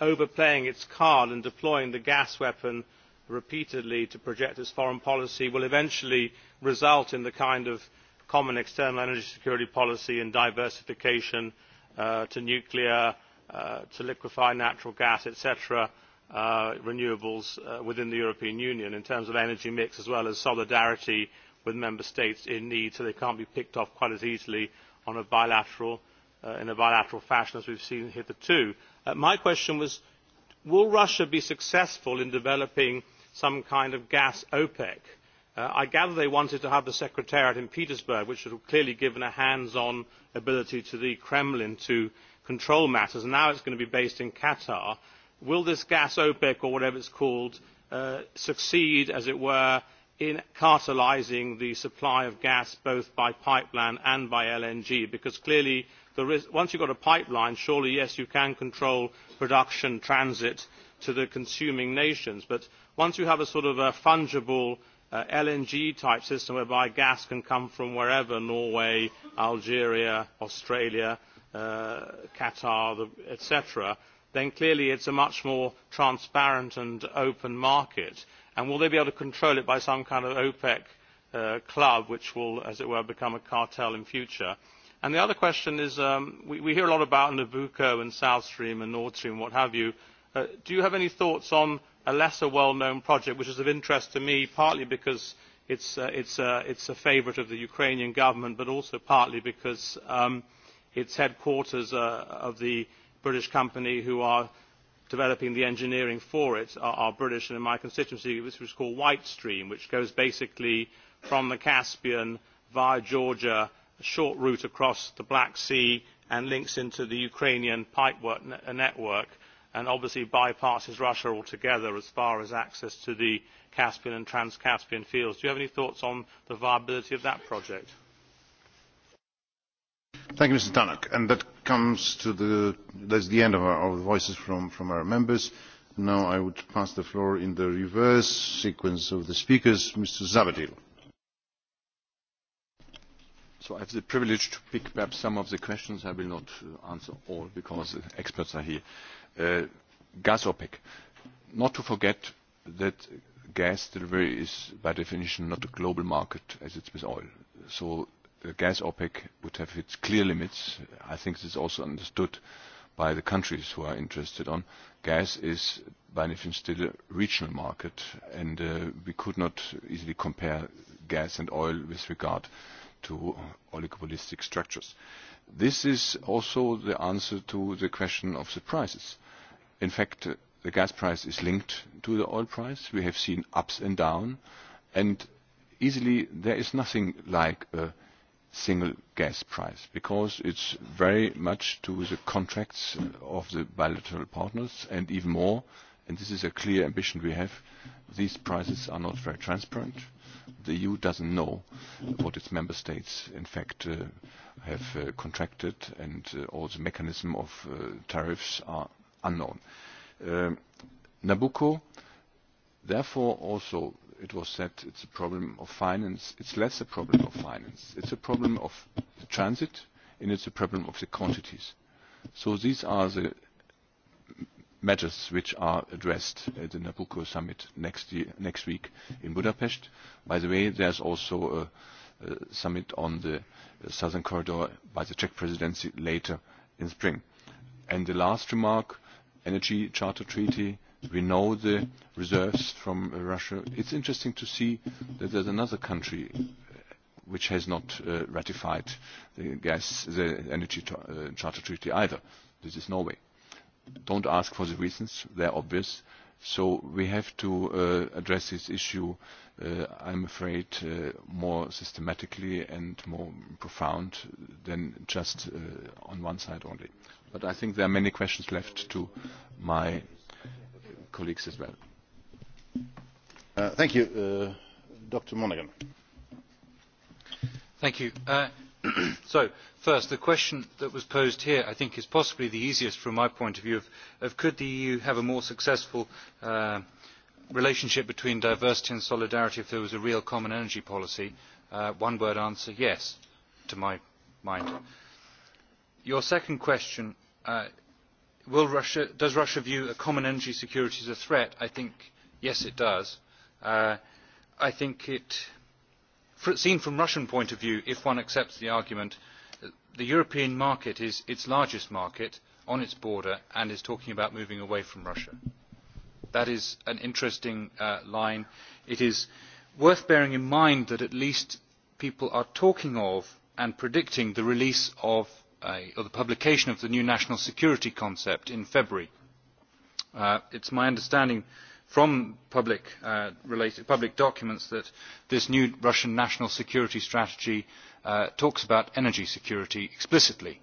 overplaying its card and deploying the gas weapon repeatedly to project its foreign policy will eventually result in the kind of common external energy security policy and diversification uh, to nuclear uh, to liquefied natural gas etc. Uh, renewables within the european union in terms of energy mix as well as solidarity with member states in need so they cannot be picked off quite as easily in a bilateral fashion as we have seen hitherto. Uh, my question was will russia be successful in developing some kind of gas opec? Uh, i gather they wanted to have the secretariat in petersburg which would have clearly given a hands on ability to the kremlin to control matters and now it is going to be based in qatar. will this gas opec or whatever it is called uh, succeed as it were in cartelising the supply of gas both by pipeline and by lng because clearly once you have got a pipeline surely yes you can control production transit to the consuming nations but once you have a sort of a fungible uh, lng type system whereby gas can come from wherever norway algeria australia uh, qatar etc. then clearly it is a much more transparent and open market and will they be able to control it by some kind of opec uh, club which will as it were become a cartel in future? And the other question is, um, we, we hear a lot about Nabucco and South Stream and Nord Stream, what have you. Uh, do you have any thoughts on a lesser well-known project, which is of interest to me, partly because it's, uh, it's, uh, it's a favourite of the Ukrainian government, but also partly because um, it's headquarters uh, of the British company who are developing the engineering for it are, are British, and in my constituency, which is called White Stream, which goes basically from the Caspian via Georgia short route across the black sea and links into the ukrainian pipe uh, network and obviously bypasses russia altogether as far as access to the caspian and trans caspian fields. do you have any thoughts on the viability of that project? thank you mr tannock and that comes to the that's the end of our of the voices from from our members now i would pass the floor in the reverse sequence of the speakers mr zavadil So I have the privilege to pick up some of the questions. I will not uh, answer all because the experts are here. Uh, gas OPEC. Not to forget that gas delivery is by definition not a global market as it's with oil. So uh, gas OPEC would have its clear limits. I think this is also understood by the countries who are interested on. Gas is by definition still a regional market and uh, we could not easily compare gas and oil with regard uh, to uh, oligopolistic structures. This is also the answer to the question of the prices. In fact, uh, the gas price is linked to the oil price. We have seen ups and downs, and easily there is nothing like a single gas price because it's very much to the contracts uh, of the bilateral partners and even more, and this is a clear ambition we have, these prices are not very transparent the EU doesn't know what its member states, in fact, uh, have uh, contracted, and uh, all the mechanism of uh, tariffs are unknown. Uh, Nabucco, therefore, also it was said it's a problem of finance. It's less a problem of finance. It's a problem of the transit, and it's a problem of the quantities. So these are the matters which are addressed at the Nabucco summit next, year, next week in Budapest. By the way, there's also a, a summit on the Southern Corridor by the Czech presidency later in spring. And the last remark, energy charter treaty. We know the reserves from Russia. It's interesting to see that there's another country uh, which has not uh, ratified the gas, the energy tra- uh, charter treaty either. This is Norway. Uh, don't ask for the reasons, they're obvious. So we have to uh, address this issue, uh, I'm afraid, uh, more systematically and more profound than just uh, on one side only. But I think there are many questions left to my colleagues as well. Uh, thank you. Uh, Dr. Monaghan. Thank you. Uh, so first the question that was posed here i think is possibly the easiest from my point of view of, of could the eu have a more successful uh, relationship between diversity and solidarity if there was a real common energy policy uh, one word answer yes to my mind your second question uh, will russia does russia view a common energy security as a threat i think yes it does uh, i think it seen from a russian point of view if one accepts the argument uh, the european market is its largest market on its border and is talking about moving away from russia. that is an interesting uh, line. it is worth bearing in mind that at least people are talking of and predicting the release of uh, or the publication of the new national security concept in february. Uh, it is my understanding from public, uh, related, public documents that this new Russian national security strategy uh, talks about energy security explicitly.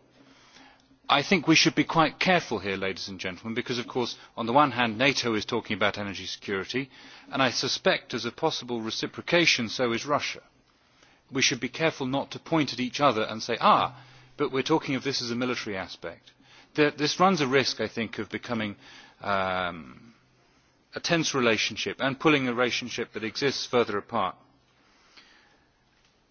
I think we should be quite careful here, ladies and gentlemen, because, of course, on the one hand, NATO is talking about energy security, and I suspect as a possible reciprocation, so is Russia. We should be careful not to point at each other and say, ah, but we're talking of this as a military aspect. There, this runs a risk, I think, of becoming um, a tense relationship and pulling a relationship that exists further apart.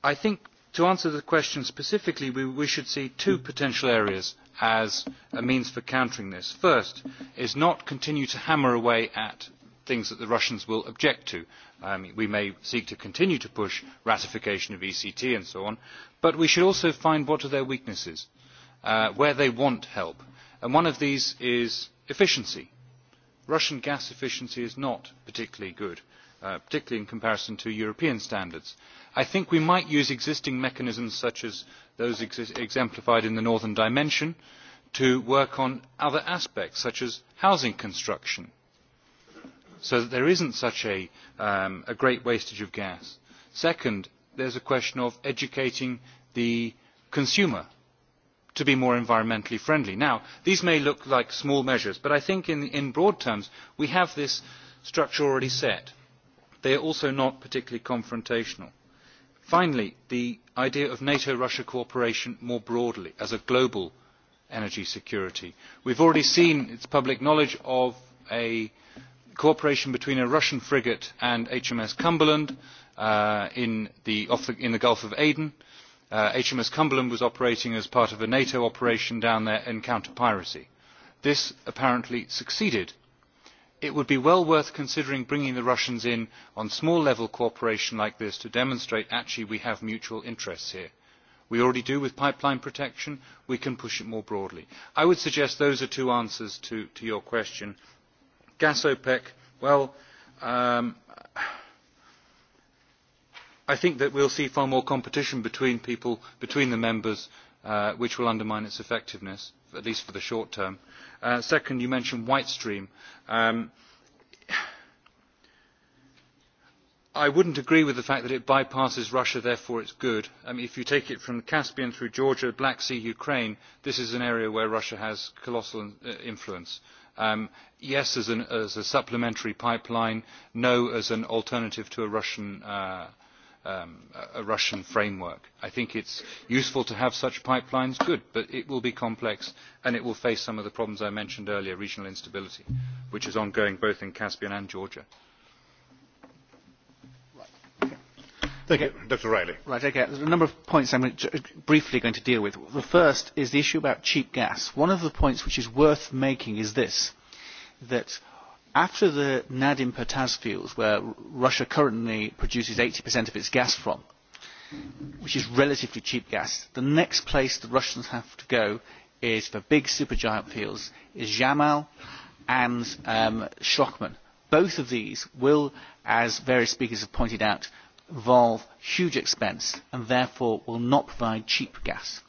I think to answer the question specifically, we, we should see two potential areas as a means for countering this. First is not continue to hammer away at things that the Russians will object to. Um, we may seek to continue to push ratification of ECT and so on, but we should also find what are their weaknesses, uh, where they want help. And one of these is efficiency russian gas efficiency is not particularly good uh, particularly in comparison to european standards. i think we might use existing mechanisms such as those ex exemplified in the northern dimension to work on other aspects such as housing construction so that there is not such a, um, a great wastage of gas. second there is a question of educating the consumer to be more environmentally friendly. Now, these may look like small measures, but I think in, in broad terms we have this structure already set. They are also not particularly confrontational. Finally, the idea of NATO-Russia cooperation more broadly as a global energy security. We've already seen, it's public knowledge, of a cooperation between a Russian frigate and HMS Cumberland uh, in, the, off the, in the Gulf of Aden. Uh, Uh, HMS Cumberland was operating as part of a NATO operation down there in counter-piracy. This apparently succeeded. It would be well worth considering bringing the Russians in on small-level cooperation like this to demonstrate actually we have mutual interests here. We already do with pipeline protection. We can push it more broadly. I would suggest those are two answers to, to your question. Gas OPEC, well, um, I think that we'll see far more competition between people, between the members, uh, which will undermine its effectiveness, at least for the short term. Uh, second, you mentioned Whitestream. Um, I wouldn't agree with the fact that it bypasses Russia, therefore it's good. I um, mean, if you take it from the Caspian through Georgia, Black Sea, Ukraine, this is an area where Russia has colossal uh, influence. Um, yes as, an, as a supplementary pipeline, no as an alternative to a Russian uh, um, a Russian framework. I think it's useful to have such pipelines, good, but it will be complex and it will face some of the problems I mentioned earlier, regional instability, which is ongoing both in Caspian and Georgia. Thank okay. you. Dr. Riley. Right, okay. There's a number of points I'm briefly going to deal with. The first is the issue about cheap gas. One of the points which is worth making is this, that after the Nadim Pertas fields, where Russia currently produces 80% of its gas from, which is relatively cheap gas, the next place the Russians have to go is for big supergiant fields, is Yamal and um, Shokman. Both of these will, as various speakers have pointed out, involve huge expense and therefore will not provide cheap gas.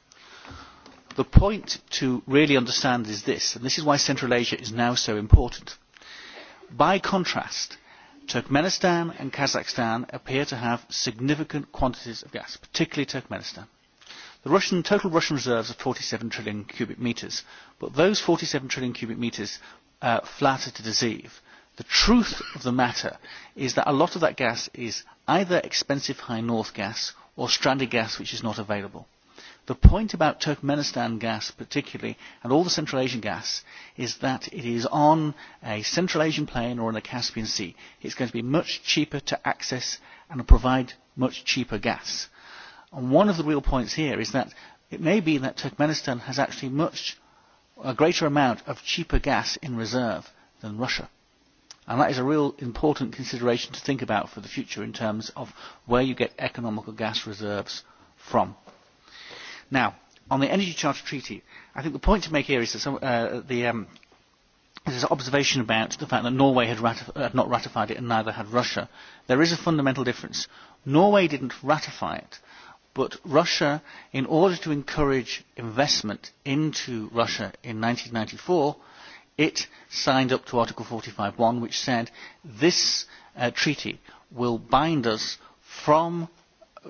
The point to really understand is this, and this is why Central Asia is now so important By contrast, Turkmenistan and Kazakhstan appear to have significant quantities of gas, particularly Turkmenistan. The Russian, total Russian reserves are 47 trillion cubic metres, but those 47 trillion cubic metres uh, flatter to deceive. The truth of the matter is that a lot of that gas is either expensive high north gas or stranded gas which is not available. The point about Turkmenistan gas particularly, and all the Central Asian gas, is that it is on a Central Asian plain or in the Caspian Sea. It's going to be much cheaper to access and provide much cheaper gas. And one of the real points here is that it may be that Turkmenistan has actually much a greater amount of cheaper gas in reserve than Russia. And that is a real important consideration to think about for the future in terms of where you get economical gas reserves from. Now, on the Energy Charter Treaty, I think the point to make here is that some, uh, the, um, there's an observation about the fact that Norway had, ratif- had not ratified it and neither had Russia. There is a fundamental difference. Norway didn't ratify it, but Russia, in order to encourage investment into Russia in 1994, it signed up to Article 45.1, which said this uh, treaty will bind us from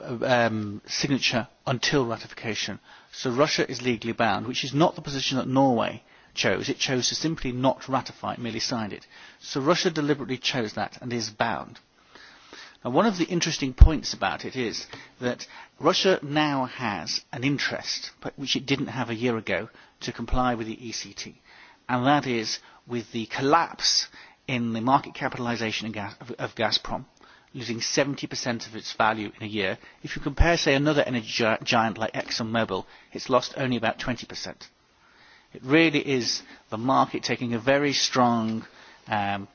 um, signature until ratification. So Russia is legally bound, which is not the position that Norway chose. It chose to simply not ratify it, merely signed it. So Russia deliberately chose that and is bound. Now, one of the interesting points about it is that Russia now has an interest, but which it didn't have a year ago, to comply with the ECT. And that is with the collapse in the market capitalization of, Gaz- of, of Gazprom losing 70% of its value in a year. If you compare, say, another energy giant like ExxonMobil, it's lost only about 20%. It really is the market taking a very strong um,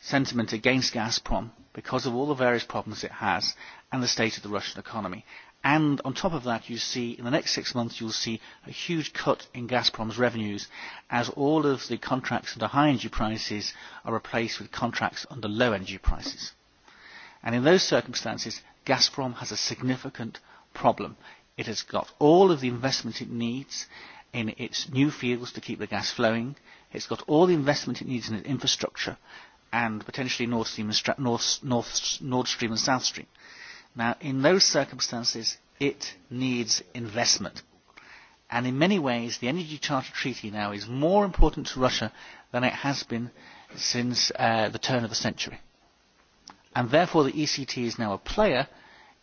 sentiment against Gazprom because of all the various problems it has and the state of the Russian economy. And on top of that, you see in the next six months, you'll see a huge cut in Gazprom's revenues as all of the contracts under high energy prices are replaced with contracts under low energy prices. And in those circumstances, Gazprom has a significant problem. It has got all of the investment it needs in its new fields to keep the gas flowing. It's got all the investment it needs in its infrastructure and potentially Nord Stream and North, North, Nord Stream and South Stream. Now, in those circumstances, it needs investment. And in many ways, the Energy Charter Treaty now is more important to Russia than it has been since uh, the turn of the century and therefore the ECT is now a player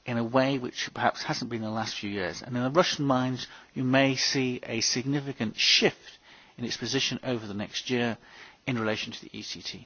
in a way which perhaps hasn't been in the last few years. And in the Russian minds, you may see a significant shift in its position over the next year in relation to the ECT.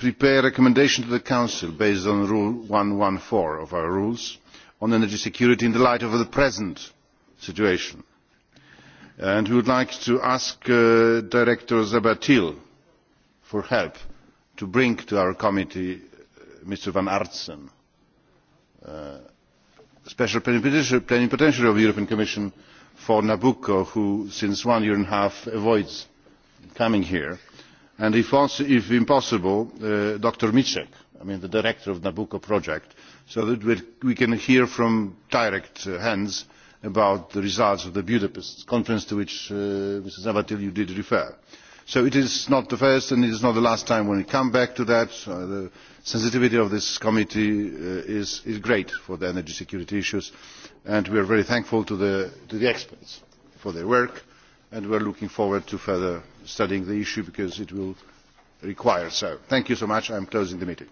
prepare a recommendation to the council based on rule one hundred and fourteen of our rules on energy security in the light of the present situation and we would like to ask uh, director zahbatil for help to bring to our committee uh, mr van artsen uh, special plenipotentiary of the european commission for nabucco who for one year and a half avoids coming here and if possible uh, dr micek the director of the nabucco project so that we can hear from direct uh, hands about the results of the budapest conference to which uh, mr zavatil you did refer. so it is not the first and it is not the last time we come back to that. the sensitivity of this committee is great for the energy security issues and we are very thankful to the experts for their work and we are looking forward to further studying the issue because it will require so. thank you so much i am closing the meeting.